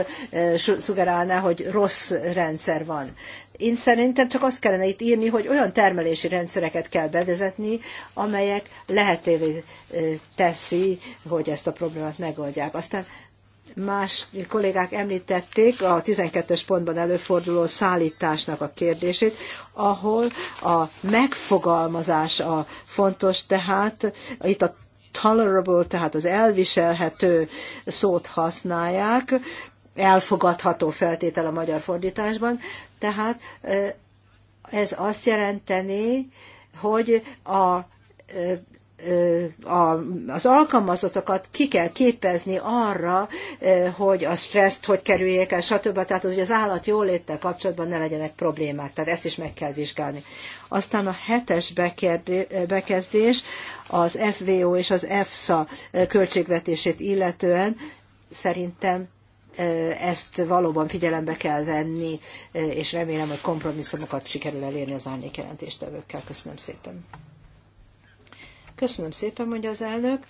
szugerálná, hogy rossz rendszer van. Én szerintem csak azt kellene itt írni, hogy olyan termelési rendszereket kell bevezetni, amelyek lehetővé teszi, hogy ezt a problémát megoldják. Aztán Más kollégák említették a 12-es pontban előforduló szállításnak a kérdését, ahol a megfogalmazás a fontos, tehát itt a tolerable, tehát az elviselhető szót használják, elfogadható feltétel a magyar fordításban, tehát ez azt jelenteni, hogy a az alkalmazottakat ki kell képezni arra, hogy a stresszt hogy kerüljék el, stb. Tehát az, hogy az állat jóléttel kapcsolatban ne legyenek problémák. Tehát ezt is meg kell vizsgálni. Aztán a hetes bekezdés az FVO és az EFSA költségvetését illetően szerintem ezt valóban figyelembe kell venni, és remélem, hogy kompromisszumokat sikerül elérni az árnyékjelentéstevőkkel. Köszönöm szépen. Köszönöm szépen, mondja az elnök.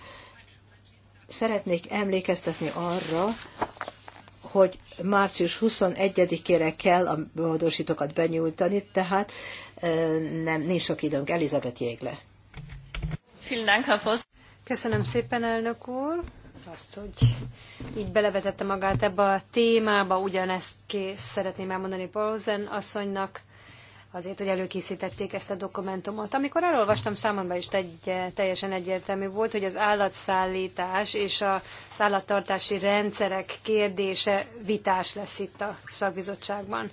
Szeretnék emlékeztetni arra, hogy március 21-ére kell a módosítókat benyújtani, tehát nem, nincs sok időnk. Elizabeth Jégle. Köszönöm szépen, elnök úr, azt, hogy így belevetette magát ebbe a témába, ugyanezt ké szeretném elmondani Pauzen asszonynak azért, hogy előkészítették ezt a dokumentumot. Amikor elolvastam, számomra is egy, teljesen egyértelmű volt, hogy az állatszállítás és a szállattartási rendszerek kérdése vitás lesz itt a szakbizottságban.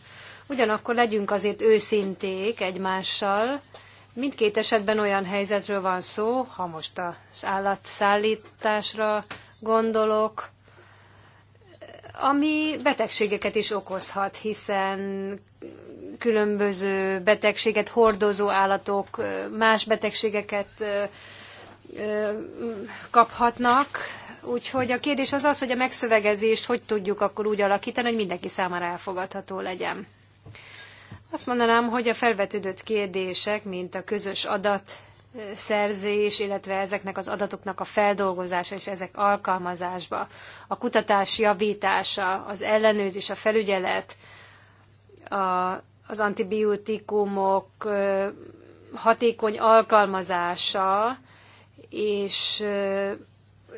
Ugyanakkor legyünk azért őszinték egymással, Mindkét esetben olyan helyzetről van szó, ha most az állatszállításra gondolok, ami betegségeket is okozhat, hiszen különböző betegséget hordozó állatok más betegségeket kaphatnak. Úgyhogy a kérdés az az, hogy a megszövegezést hogy tudjuk akkor úgy alakítani, hogy mindenki számára elfogadható legyen. Azt mondanám, hogy a felvetődött kérdések, mint a közös adat szerzés, illetve ezeknek az adatoknak a feldolgozása és ezek alkalmazásba, a kutatás javítása, az ellenőrzés, a felügyelet, a az antibiotikumok hatékony alkalmazása, és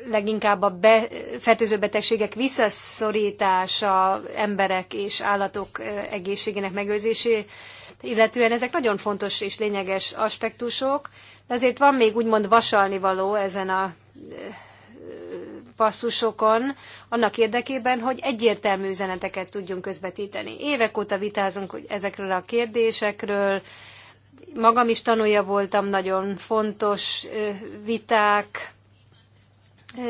leginkább a be, fertőző betegségek visszaszorítása emberek és állatok egészségének megőrzésé, illetően ezek nagyon fontos és lényeges aspektusok, de azért van még úgymond vasalnivaló ezen a passzusokon, annak érdekében, hogy egyértelmű üzeneteket tudjunk közvetíteni. Évek óta vitázunk hogy ezekről a kérdésekről, magam is tanulja voltam nagyon fontos viták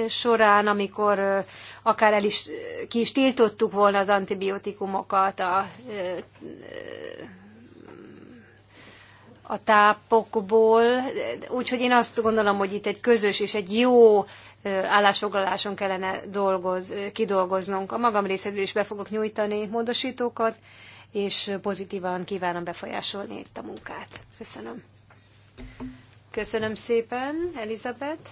során, amikor akár el is, ki is tiltottuk volna az antibiotikumokat a, a tápokból. Úgyhogy én azt gondolom, hogy itt egy közös és egy jó állásfoglaláson kellene dolgoz, kidolgoznunk. A magam részéről is be fogok nyújtani módosítókat, és pozitívan kívánom befolyásolni itt a munkát. Köszönöm. Köszönöm szépen, Elizabeth.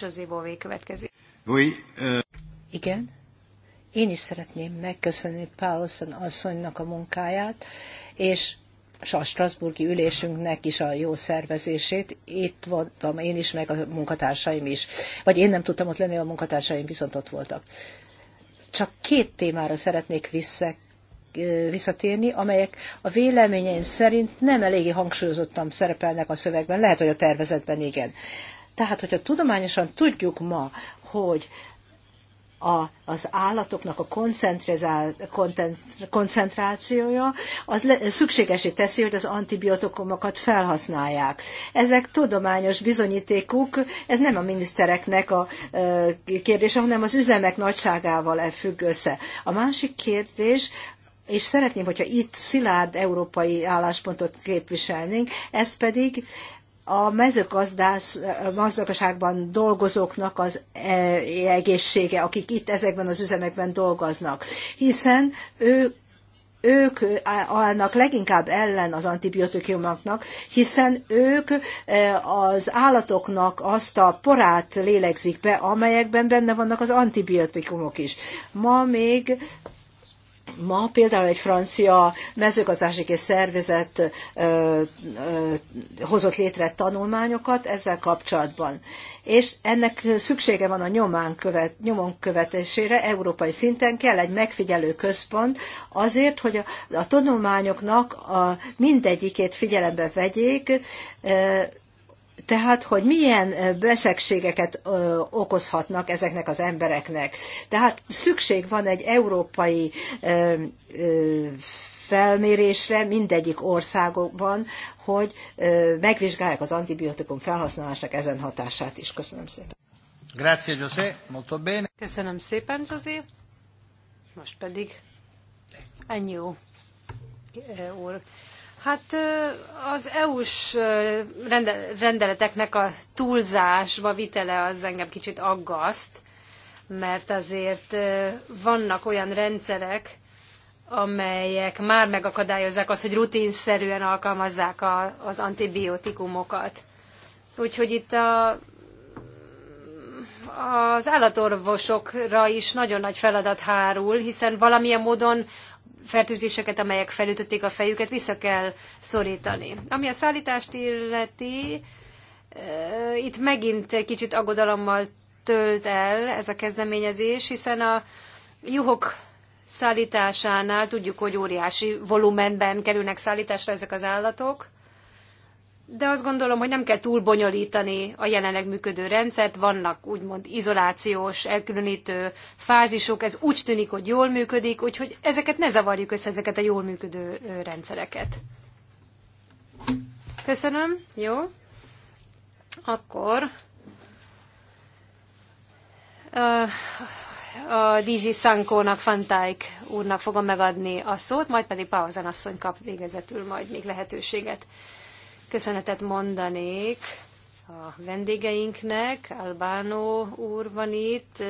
José Bové következik. Oui, uh... Igen. Én is szeretném megköszönni Paulson asszonynak a munkáját, és és a Strasburgi ülésünknek is a jó szervezését. Itt voltam én is, meg a munkatársaim is. Vagy én nem tudtam ott lenni, a munkatársaim viszont ott voltak. Csak két témára szeretnék vissza, visszatérni, amelyek a véleményeim szerint nem eléggé hangsúlyozottan szerepelnek a szövegben, lehet, hogy a tervezetben igen. Tehát, hogyha tudományosan tudjuk ma, hogy a, az állatoknak a koncentrációja az le, szükségesé teszi, hogy az antibiotikumokat felhasználják. Ezek tudományos bizonyítékuk, ez nem a minisztereknek a kérdése, hanem az üzemek nagyságával e függ össze. A másik kérdés, és szeretném, hogyha itt szilárd európai álláspontot képviselnénk, ez pedig a mezőgazdaságban dolgozóknak az e, egészsége, akik itt ezekben az üzemekben dolgoznak, hiszen ők ők állnak leginkább ellen az antibiotikumoknak, hiszen ők e, az állatoknak azt a porát lélegzik be, amelyekben benne vannak az antibiotikumok is. Ma még Ma például egy francia mezőgazdasági szervezet ö, ö, hozott létre tanulmányokat ezzel kapcsolatban. És ennek szüksége van a nyomán követ, nyomon követésére európai szinten kell egy megfigyelő központ azért, hogy a, a tanulmányoknak a mindegyikét figyelembe vegyék, ö, tehát, hogy milyen beszegségeket okozhatnak ezeknek az embereknek. Tehát szükség van egy európai felmérésre mindegyik országokban, hogy megvizsgálják az antibiotikum felhasználásnak ezen hatását is. Köszönöm szépen. Grazie, José. Molto bene. Köszönöm szépen, José. Most pedig Enyó úr Hát az EU-s rendeleteknek a túlzásba vitele az engem kicsit aggaszt, mert azért vannak olyan rendszerek, amelyek már megakadályozzák azt, hogy rutinszerűen alkalmazzák a, az antibiotikumokat. Úgyhogy itt a, az állatorvosokra is nagyon nagy feladat hárul, hiszen valamilyen módon fertőzéseket, amelyek felütötték a fejüket, vissza kell szorítani. Ami a szállítást illeti, itt megint egy kicsit aggodalommal tölt el ez a kezdeményezés, hiszen a juhok szállításánál tudjuk, hogy óriási volumenben kerülnek szállításra ezek az állatok, de azt gondolom, hogy nem kell túl bonyolítani a jelenleg működő rendszert, vannak úgymond izolációs, elkülönítő fázisok, ez úgy tűnik, hogy jól működik, úgyhogy ezeket ne zavarjuk össze, ezeket a jól működő rendszereket. Köszönöm, jó. Akkor a DG Sankónak, Fantáik úrnak fogom megadni a szót, majd pedig Pauzan asszony kap végezetül majd még lehetőséget köszönetet mondanék a vendégeinknek. Albánó úr van itt,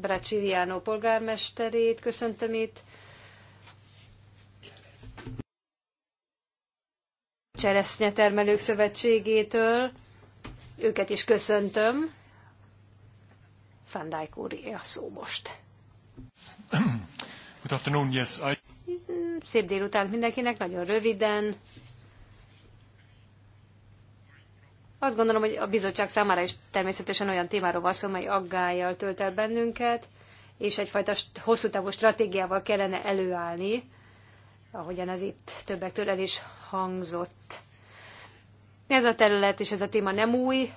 Braciliano polgármesterét köszöntöm itt. Cseresznyetermelők Szövetségétől. Őket is köszöntöm. Van Dijk úr, a szó most. Good afternoon, yes, I... Szép délután mindenkinek, nagyon röviden. Azt gondolom, hogy a bizottság számára is természetesen olyan témáról van szó, mely aggájjal tölt el bennünket, és egyfajta hosszú távú stratégiával kellene előállni, ahogyan ez itt többektől el is hangzott. Ez a terület és ez a téma nem új,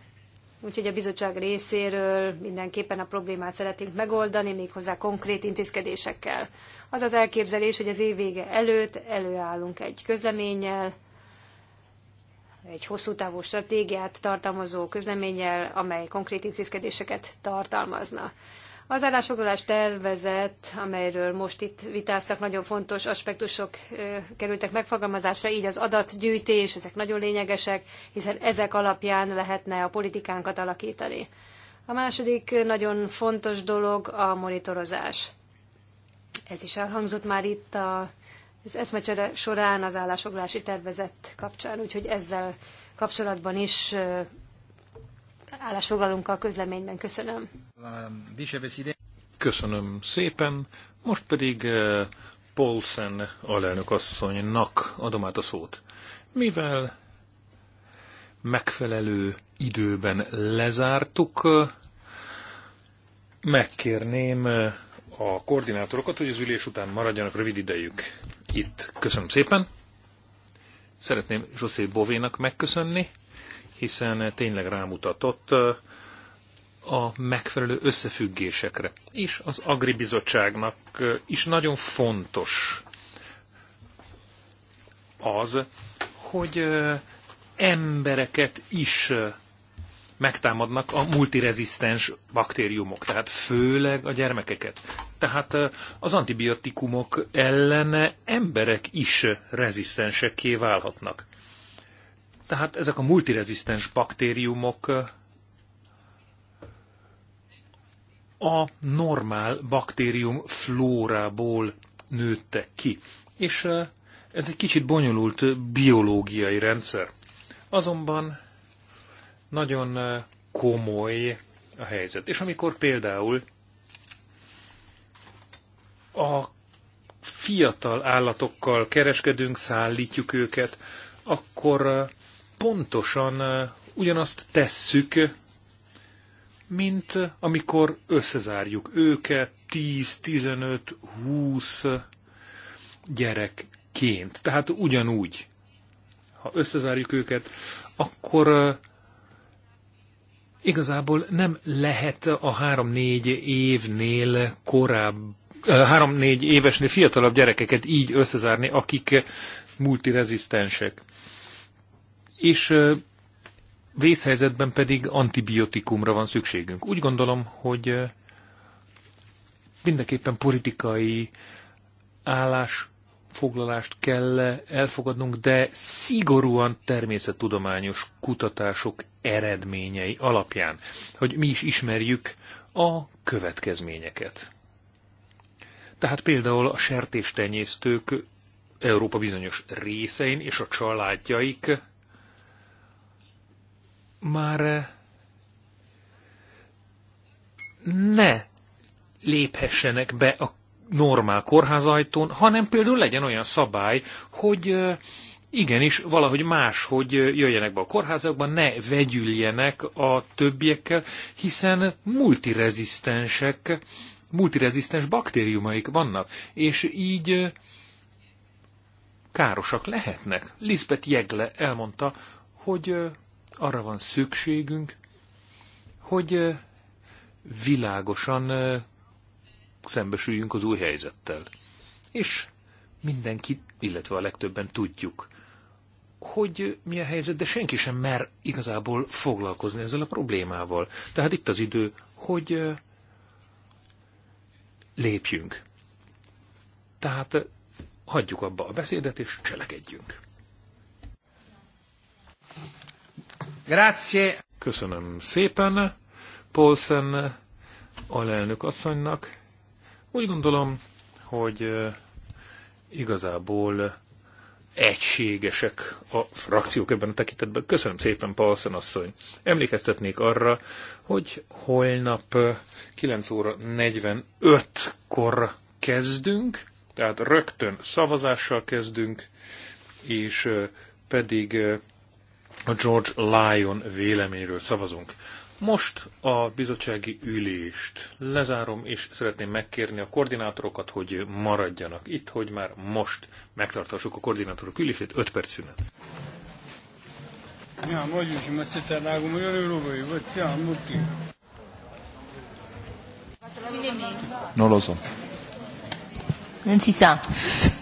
úgyhogy a bizottság részéről mindenképpen a problémát szeretnénk megoldani, méghozzá konkrét intézkedésekkel. Az az elképzelés, hogy az év vége előtt előállunk egy közleménnyel, egy hosszú távú stratégiát tartalmazó közleménnyel, amely konkrét intézkedéseket tartalmazna. Az állásfoglalás tervezet, amelyről most itt vitáztak, nagyon fontos aspektusok kerültek megfogalmazásra, így az adatgyűjtés, ezek nagyon lényegesek, hiszen ezek alapján lehetne a politikánkat alakítani. A második nagyon fontos dolog a monitorozás. Ez is elhangzott már itt a az eszmecsere során az állásfoglalási tervezet kapcsán, úgyhogy ezzel kapcsolatban is a közleményben köszönöm. Köszönöm szépen, most pedig Paulsen alelnök asszonynak adom át a szót. Mivel megfelelő időben lezártuk, megkérném a koordinátorokat, hogy az ülés után maradjanak rövid idejük itt. Köszönöm szépen. Szeretném José Bovénak megköszönni, hiszen tényleg rámutatott a megfelelő összefüggésekre. És az agribizottságnak is nagyon fontos az, hogy embereket is megtámadnak a multirezisztens baktériumok, tehát főleg a gyermekeket. Tehát eh, az antibiotikumok ellen emberek is rezisztensekké válhatnak. Tehát ezek a multirezisztens baktériumok eh, a normál baktérium flórából nőttek ki. És eh, ez egy kicsit bonyolult biológiai rendszer. Azonban nagyon komoly a helyzet. És amikor például a fiatal állatokkal kereskedünk, szállítjuk őket, akkor pontosan ugyanazt tesszük, mint amikor összezárjuk őket 10, 15, 20 gyerekként. Tehát ugyanúgy, ha összezárjuk őket, akkor Igazából nem lehet a három-négy évnél korább három-négy évesnél fiatalabb gyerekeket így összezárni, akik multirezisztensek. És vészhelyzetben pedig antibiotikumra van szükségünk. Úgy gondolom, hogy mindenképpen politikai állás állásfoglalást kell elfogadnunk, de szigorúan természettudományos kutatások eredményei alapján, hogy mi is ismerjük a következményeket. Tehát például a sertéstenyésztők Európa bizonyos részein és a családjaik már ne léphessenek be a normál kórházajtón, hanem például legyen olyan szabály, hogy igenis valahogy más, hogy jöjjenek be a kórházakban, ne vegyüljenek a többiekkel, hiszen multirezisztensek, multirezisztens baktériumaik vannak, és így károsak lehetnek. Lisbeth Jegle elmondta, hogy arra van szükségünk, hogy világosan szembesüljünk az új helyzettel. És mindenki, illetve a legtöbben tudjuk, hogy mi a helyzet, de senki sem mer igazából foglalkozni ezzel a problémával. Tehát itt az idő, hogy lépjünk. Tehát hagyjuk abba a beszédet, és cselekedjünk. Grazie. Köszönöm szépen Paulsen alelnök asszonynak. Úgy gondolom, hogy igazából egységesek a frakciók ebben a tekintetben. Köszönöm szépen, Paulsen asszony. Emlékeztetnék arra, hogy holnap 9 óra 45-kor kezdünk, tehát rögtön szavazással kezdünk, és pedig a George Lyon véleményről szavazunk. Most a bizottsági ülést lezárom, és szeretném megkérni a koordinátorokat, hogy maradjanak itt, hogy már most megtartassuk a koordinátorok ülését, 5 perc szünet. Ja, mondjuk, hogy Non lo so. Non si sa.